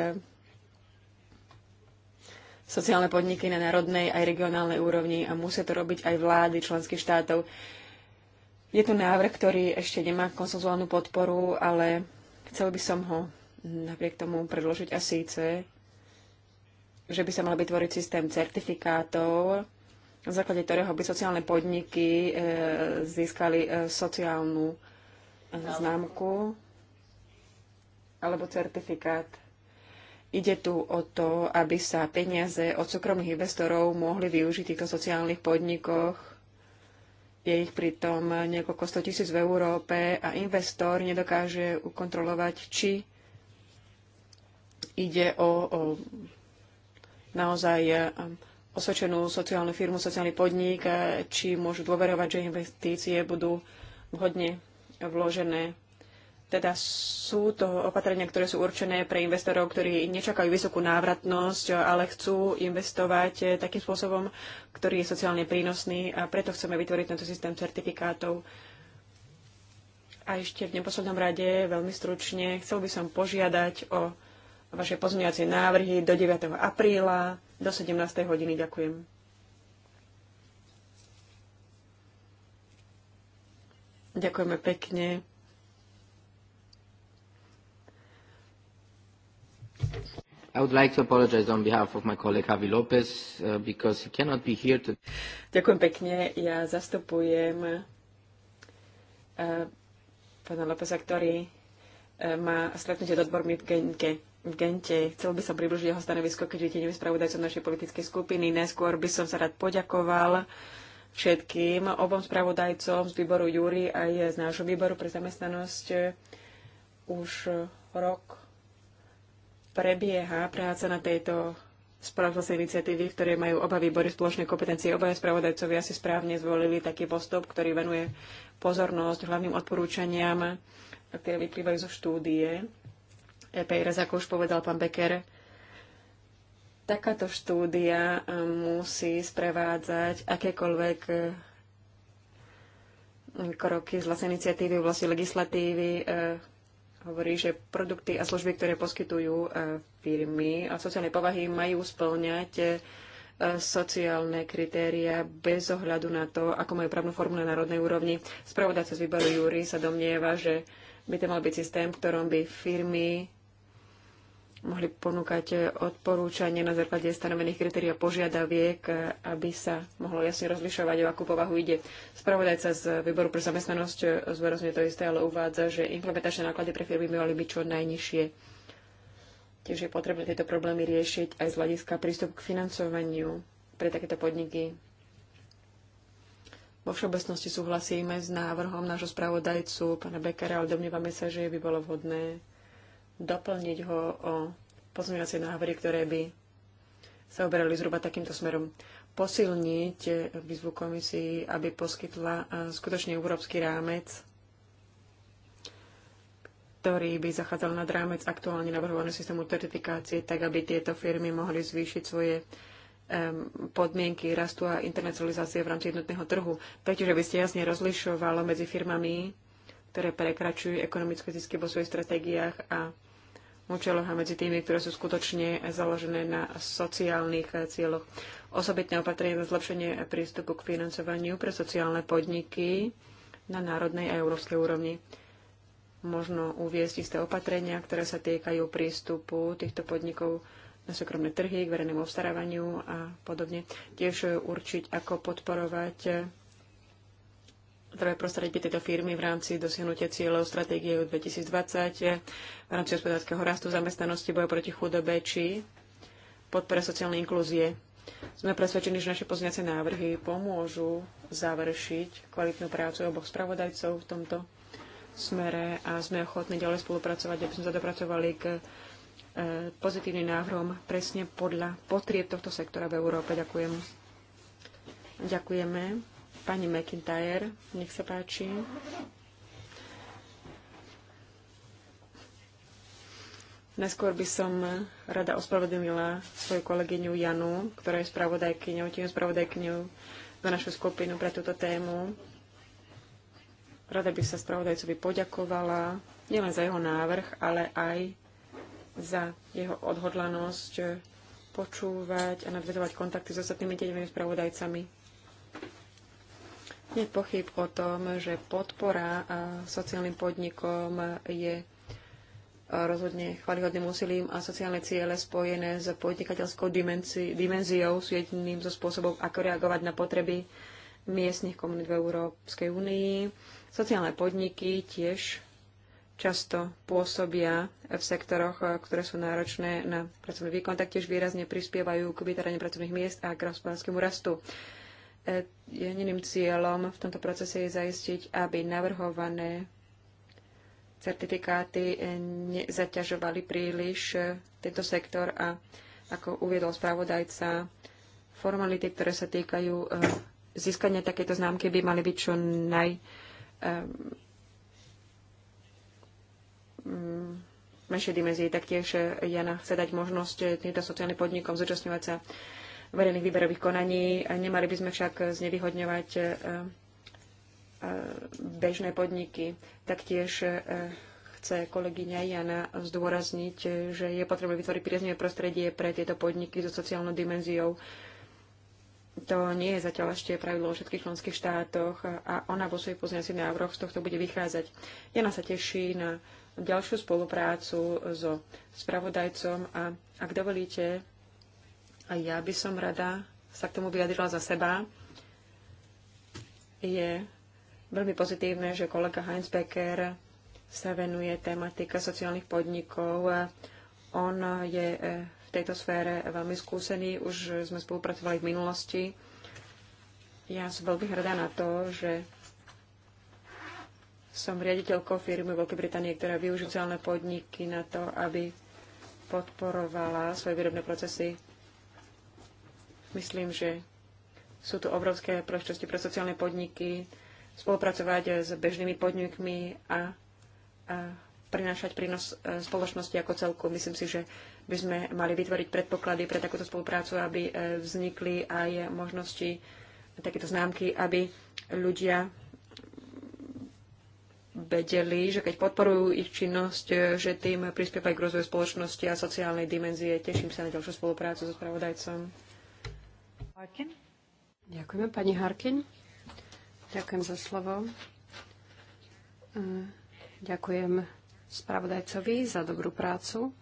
Speaker 2: sociálne podniky na národnej aj regionálnej úrovni a musia to robiť aj vlády členských štátov. Je to návrh, ktorý ešte nemá konsenzuálnu podporu, ale chcel by som ho napriek tomu predložiť a síce že by sa mal vytvoriť systém certifikátov, na základe ktorého by sociálne podniky e, získali e, sociálnu známku alebo certifikát. Ide tu o to, aby sa peniaze od súkromných investorov mohli využiť v týchto sociálnych podnikoch. Je ich pritom niekoľko 100 tisíc v Európe a investor nedokáže ukontrolovať, či ide o, o naozaj eh, osvedčenú sociálnu firmu, sociálny podnik, eh, či môžu dôverovať, že investície budú vhodne vložené. Teda sú to opatrenia, ktoré sú určené pre investorov, ktorí nečakajú vysokú návratnosť, eh, ale chcú investovať takým spôsobom, ktorý je sociálne prínosný a preto chceme vytvoriť tento systém certifikátov. A ešte v neposlednom rade veľmi stručne chcel by som požiadať o vaše pozmeňovacie návrhy do 9. apríla do 17. hodiny. Ďakujem. Ďakujeme pekne.
Speaker 3: I would like to apologize on behalf of my colleague Javi Lopez uh, because he cannot be here to...
Speaker 2: Ďakujem pekne. Ja zastupujem uh, pána Lopeza, ktorý uh, má stretnutie s odbormi v Genke v Gente. Chcel by som približiť jeho stanovisko, keď viete nevyspravodajcom našej politickej skupiny. Neskôr by som sa rád poďakoval všetkým obom spravodajcom z výboru Júri aj z nášho výboru pre zamestnanosť. Už rok prebieha práca na tejto spravodajskej iniciatívy, ktoré majú oba výbory spoločné kompetencie. Obaja spravodajcovia si správne zvolili taký postup, ktorý venuje pozornosť hlavným odporúčaniam, ktoré vyplývajú zo štúdie EPRS, ako už povedal pán Becker, takáto štúdia e, musí sprevádzať akékoľvek e, kroky z vlastnej iniciatívy v vlastnej legislatívy. E, hovorí, že produkty a služby, ktoré poskytujú firmy a sociálne povahy, majú splňať sociálne kritéria bez ohľadu na to, ako majú právnu formu na národnej úrovni. Spravodajca z výboru Júri sa domnieva, že by to mal byť systém, v ktorom by firmy mohli ponúkať odporúčanie na základe stanovených kritérií a požiadaviek, aby sa mohlo jasne rozlišovať, o akú povahu ide. Spravodajca z výboru pre zamestnanosť zverozne to isté, ale uvádza, že implementačné náklady pre firmy by mali byť čo najnižšie. Tiež je potrebné tieto problémy riešiť aj z hľadiska prístupu k financovaniu pre takéto podniky. Vo všeobecnosti súhlasíme s návrhom nášho spravodajcu, pána Bekera, ale domnievame sa, že by bolo vhodné doplniť ho o pozmeňovacie návrhy, ktoré by sa oberali zhruba takýmto smerom. Posilniť výzvu komisii, aby poskytla eh, skutočne európsky rámec, ktorý by zachádzal nad rámec aktuálne navrhovaného systému certifikácie, tak aby tieto firmy mohli zvýšiť svoje podmienky rastu a internacionalizácie v rámci jednotného trhu. Pretože by ste jasne rozlišovalo medzi firmami, ktoré prekračujú ekonomické zisky vo svojich stratégiách a účeloch a medzi tými, ktoré sú skutočne založené na sociálnych cieľoch. Osobitné opatrenie na zlepšenie prístupu k financovaniu pre sociálne podniky na národnej a európskej úrovni. Možno uviezť isté opatrenia, ktoré sa týkajú prístupu týchto podnikov na súkromné trhy, k verejnému obstarávaniu a podobne. Tiež určiť, ako podporovať Treba prostredie tejto firmy v rámci dosiahnutia cieľov stratégie 2020, v rámci hospodárskeho rastu, zamestnanosti, boja proti chudobe či podpora sociálnej inklúzie. Sme presvedčení, že naše pozniace návrhy pomôžu završiť kvalitnú prácu oboch spravodajcov v tomto smere a sme ochotní ďalej spolupracovať, aby sme sa dopracovali k e, pozitívnym návrhom presne podľa potrieb tohto sektora v Európe. Ďakujem. Ďakujeme. Pani McIntyre, nech sa páči. Najskôr by som rada ospravedlnila svoju kolegyňu Janu, ktorá je spravodajkyňou, tým spravodajkyňou za našu skupinu pre túto tému. Rada by sa spravodajcovi poďakovala nielen za jeho návrh, ale aj za jeho odhodlanosť počúvať a nadvedovať kontakty s ostatnými tieňovými spravodajcami. Nie pochyb o tom, že podpora sociálnym podnikom je rozhodne chvalihodným úsilím a sociálne ciele spojené s podnikateľskou dimenzi- dimenziou sú jediným zo spôsobov, ako reagovať na potreby miestnych komunít v Európskej únii. Sociálne podniky tiež často pôsobia v sektoroch, ktoré sú náročné na pracovný výkon, tak tiež výrazne prispievajú k vytvoreniu pracovných miest a k hospodárskému rastu jediným cieľom v tomto procese je zaistiť, aby navrhované certifikáty nezaťažovali príliš tento sektor a ako uviedol spravodajca, formality, ktoré sa týkajú e, získania takéto známky, by mali byť čo naj e, menšie dimenzie. Taktiež e, Jana chce dať možnosť týmto sociálnym podnikom zúčastňovať sa verejných výberových konaní. Nemali by sme však znevýhodňovať e, e, bežné podniky. Taktiež e, chce kolegyňa Jana zdôrazniť, že je potrebné vytvoriť priaznivé prostredie pre tieto podniky so sociálnou dimenziou. To nie je zatiaľ ešte pravidlo vo všetkých členských štátoch a ona vo svojich pozniacích návrhoch z tohto bude vychádzať. Jana sa teší na ďalšiu spoluprácu so spravodajcom a ak dovolíte, a ja by som rada sa k tomu vyjadrila za seba, je veľmi pozitívne, že kolega Heinz Becker sa venuje tematika sociálnych podnikov. On je e, v tejto sfére veľmi skúsený, už sme spolupracovali v minulosti. Ja som veľmi hrdá na to, že som riaditeľkou firmy Veľkej Británie, ktorá využíva sociálne podniky na to, aby podporovala svoje výrobné procesy Myslím, že sú tu obrovské príležitosti pre sociálne podniky spolupracovať s bežnými podnikmi a, a prinášať prínos e, spoločnosti ako celku. Myslím si, že by sme mali vytvoriť predpoklady pre takúto spoluprácu, aby e, vznikli aj možnosti takéto známky, aby ľudia vedeli, že keď podporujú ich činnosť, e, že tým prispievajú k rozvoju spoločnosti a sociálnej dimenzie. Teším sa na ďalšiu spoluprácu so spravodajcom. Harkin. Ďakujeme, pani Harkin. Ďakujem za slovo. E, ďakujem spravodajcovi za dobrú prácu.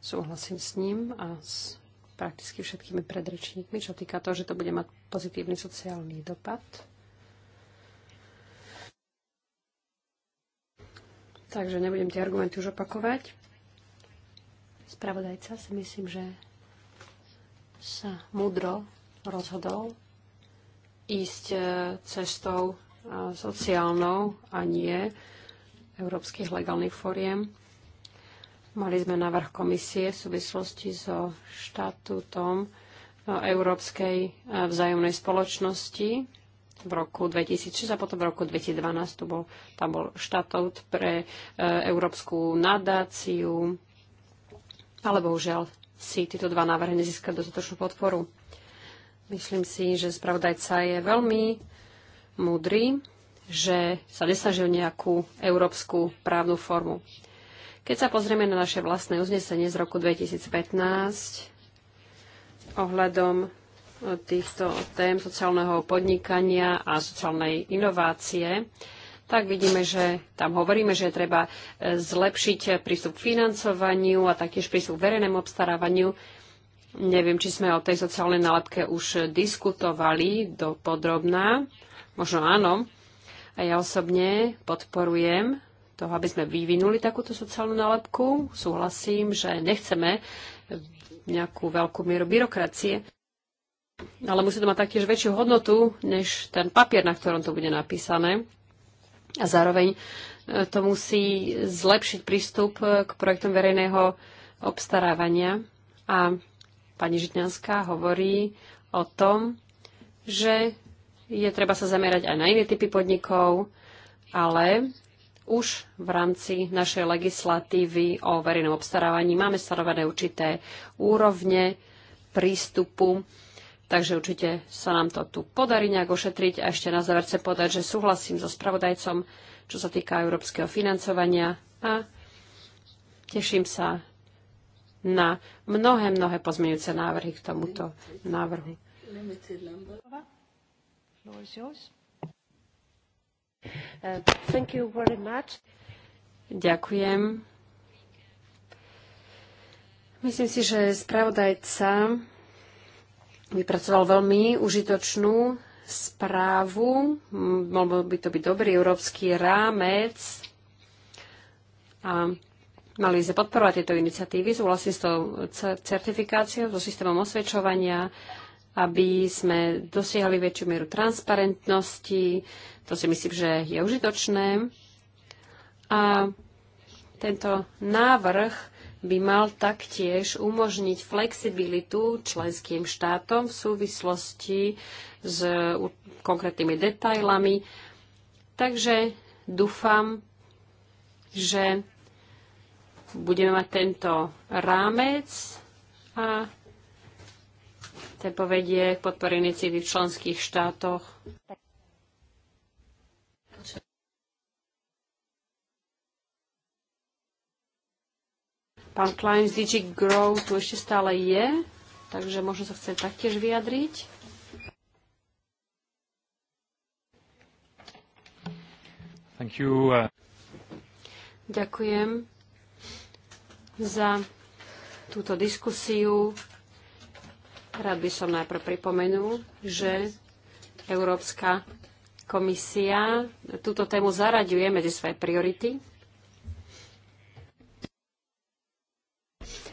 Speaker 2: Súhlasím s ním a s prakticky všetkými predrečníkmi, čo týka toho, že to bude mať pozitívny sociálny dopad. Takže nebudem tie argumenty už opakovať. Spravodajca si myslím, že sa mudro rozhodol ísť e, cestou e, sociálnou a nie európskych legálnych fóriem. Mali sme návrh komisie v súvislosti so štatútom e, Európskej vzájomnej spoločnosti v roku 2006 a potom v roku 2012 tu bol, tam bol štatút pre Európsku nadáciu, ale bohužiaľ si tieto dva návrhy nezískať dostatočnú podporu. Myslím si, že spravodajca je veľmi múdry, že sa nesnažil nejakú európsku právnu formu. Keď sa pozrieme na naše vlastné uznesenie z roku 2015 ohľadom týchto tém sociálneho podnikania a sociálnej inovácie, tak vidíme, že tam hovoríme, že treba e, zlepšiť prístup k financovaniu a taktiež prístup k verejnému obstarávaniu. Neviem, či sme o tej sociálnej nálepke už diskutovali do podrobná. Možno áno. A ja osobne podporujem toho, aby sme vyvinuli takúto sociálnu nálepku. Súhlasím, že nechceme nejakú veľkú mieru byrokracie, ale musí to mať taktiež väčšiu hodnotu než ten papier, na ktorom to bude napísané a zároveň e, to musí zlepšiť prístup e, k projektom verejného obstarávania. A pani Žitňanská hovorí o tom, že je treba sa zamerať aj na iné typy podnikov, ale už v rámci našej legislatívy o verejnom obstarávaní máme stanovené určité úrovne prístupu Takže určite sa nám to tu podarí nejak ošetriť. A ešte na záver chcem povedať, že súhlasím so spravodajcom, čo sa týka európskeho financovania a teším sa na mnohé, mnohé pozmeňujúce návrhy k tomuto návrhu.
Speaker 1: Uh,
Speaker 2: Ďakujem. Myslím si, že spravodajca vypracoval veľmi užitočnú správu. Mohol by to byť dobrý európsky rámec a mali sme podporovať tieto iniciatívy, súhlasím s tou certifikáciou, so systémom osvedčovania, aby sme dosiahli väčšiu mieru transparentnosti. To si myslím, že je užitočné. A tento návrh by mal taktiež umožniť flexibilitu členským štátom v súvislosti s konkrétnymi detailami. Takže dúfam, že budeme mať tento rámec a ten povedie k podpore v členských štátoch. Pán Klein z DG Grow tu ešte stále je, takže možno sa chce taktiež vyjadriť.
Speaker 4: Thank you. Uh,
Speaker 2: Ďakujem za túto diskusiu. Rád by som najprv pripomenul, že Európska komisia túto tému zaraďuje medzi svoje priority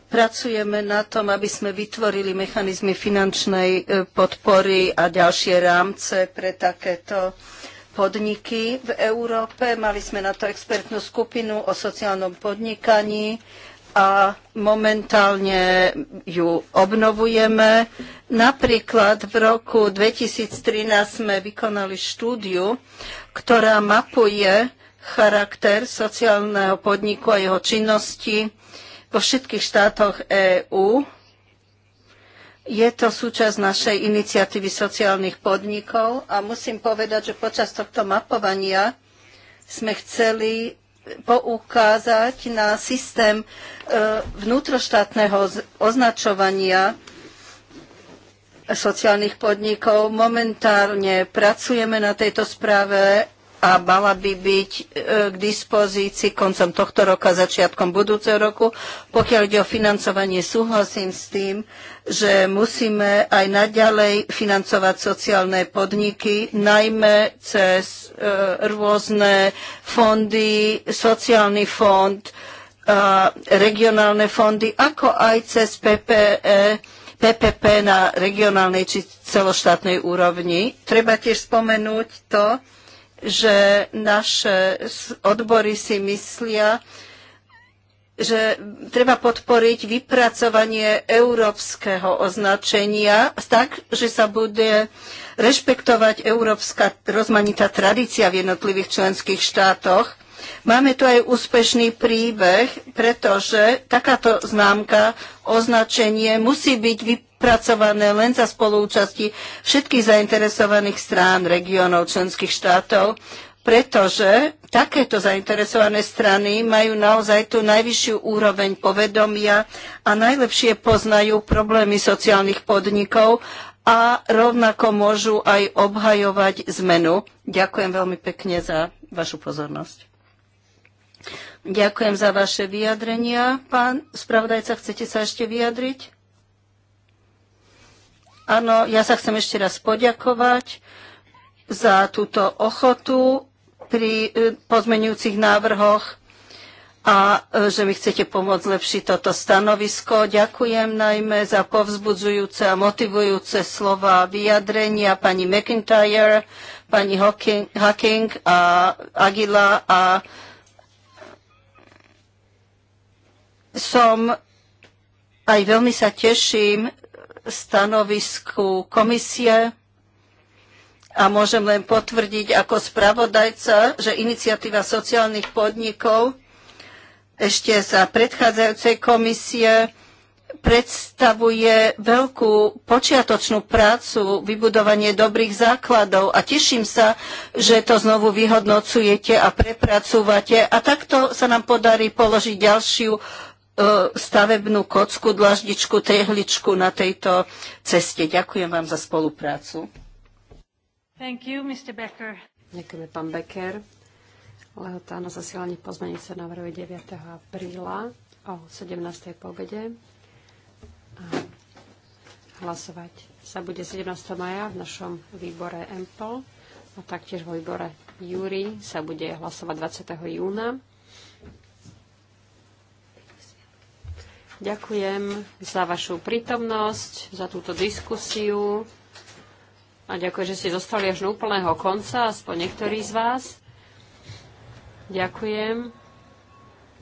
Speaker 3: Pracujeme na tom, aby sme vytvorili mechanizmy finančnej e, podpory a ďalšie rámce pre takéto podniky v Európe. Mali sme na to expertnú skupinu o sociálnom podnikaní a momentálne ju obnovujeme. Napríklad v roku 2013 sme vykonali štúdiu, ktorá mapuje charakter sociálneho podniku a jeho činnosti, vo všetkých štátoch EÚ. Je to súčasť našej iniciatívy sociálnych podnikov a musím povedať, že počas tohto mapovania sme chceli poukázať na systém e, vnútroštátneho označovania sociálnych podnikov. Momentálne pracujeme na tejto správe a mala by byť e, k dispozícii koncom tohto roka, začiatkom budúceho roku. Pokiaľ ide o financovanie, súhlasím s tým, že musíme aj naďalej financovať sociálne podniky, najmä cez e, rôzne fondy, sociálny fond, e, regionálne fondy, ako aj cez PPE, PPP na regionálnej či celoštátnej úrovni. Treba tiež spomenúť to, že naše odbory si myslia, že treba podporiť vypracovanie európskeho označenia tak, že sa bude rešpektovať európska rozmanitá tradícia v jednotlivých členských štátoch Máme tu aj úspešný príbeh, pretože takáto známka, označenie musí byť vypracované len za spolúčasti všetkých zainteresovaných strán, regiónov, členských štátov, pretože takéto zainteresované strany majú naozaj tú najvyššiu úroveň povedomia a najlepšie poznajú problémy sociálnych podnikov a rovnako môžu aj obhajovať zmenu. Ďakujem veľmi pekne za vašu pozornosť. Ďakujem za vaše vyjadrenia. Pán spravodajca, chcete sa ešte vyjadriť? Áno, ja sa chcem ešte raz poďakovať za túto ochotu pri e, pozmenujúcich návrhoch a e, že mi chcete pomôcť lepšiť toto stanovisko. Ďakujem najmä za povzbudzujúce a motivujúce slova vyjadrenia pani McIntyre, pani Hawking a Agila a Som aj veľmi sa teším stanovisku komisie a môžem len potvrdiť ako spravodajca, že iniciatíva sociálnych podnikov ešte za predchádzajúcej komisie predstavuje veľkú počiatočnú prácu, vybudovanie dobrých základov a teším sa, že to znovu vyhodnocujete a prepracúvate a takto sa nám podarí položiť ďalšiu E, stavebnú kocku, dlaždičku, tehličku na tejto ceste. Ďakujem vám za spoluprácu.
Speaker 1: Thank you, Mr. Becker.
Speaker 3: Ďakujeme, pán Becker. Lehota na zasielanie
Speaker 2: sa návrhu 9. apríla o 17. povede. A hlasovať sa bude 17. maja v našom výbore EMPL a taktiež vo výbore Júri sa bude hlasovať 20. júna. Ďakujem za vašu prítomnosť, za túto diskusiu a ďakujem, že ste zostali až do úplného konca, aspoň niektorí z vás. Ďakujem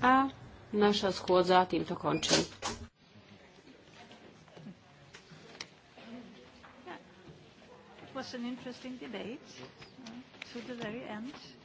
Speaker 2: a naša schôdza týmto končí.
Speaker 1: was an interesting debate uh, to the very end.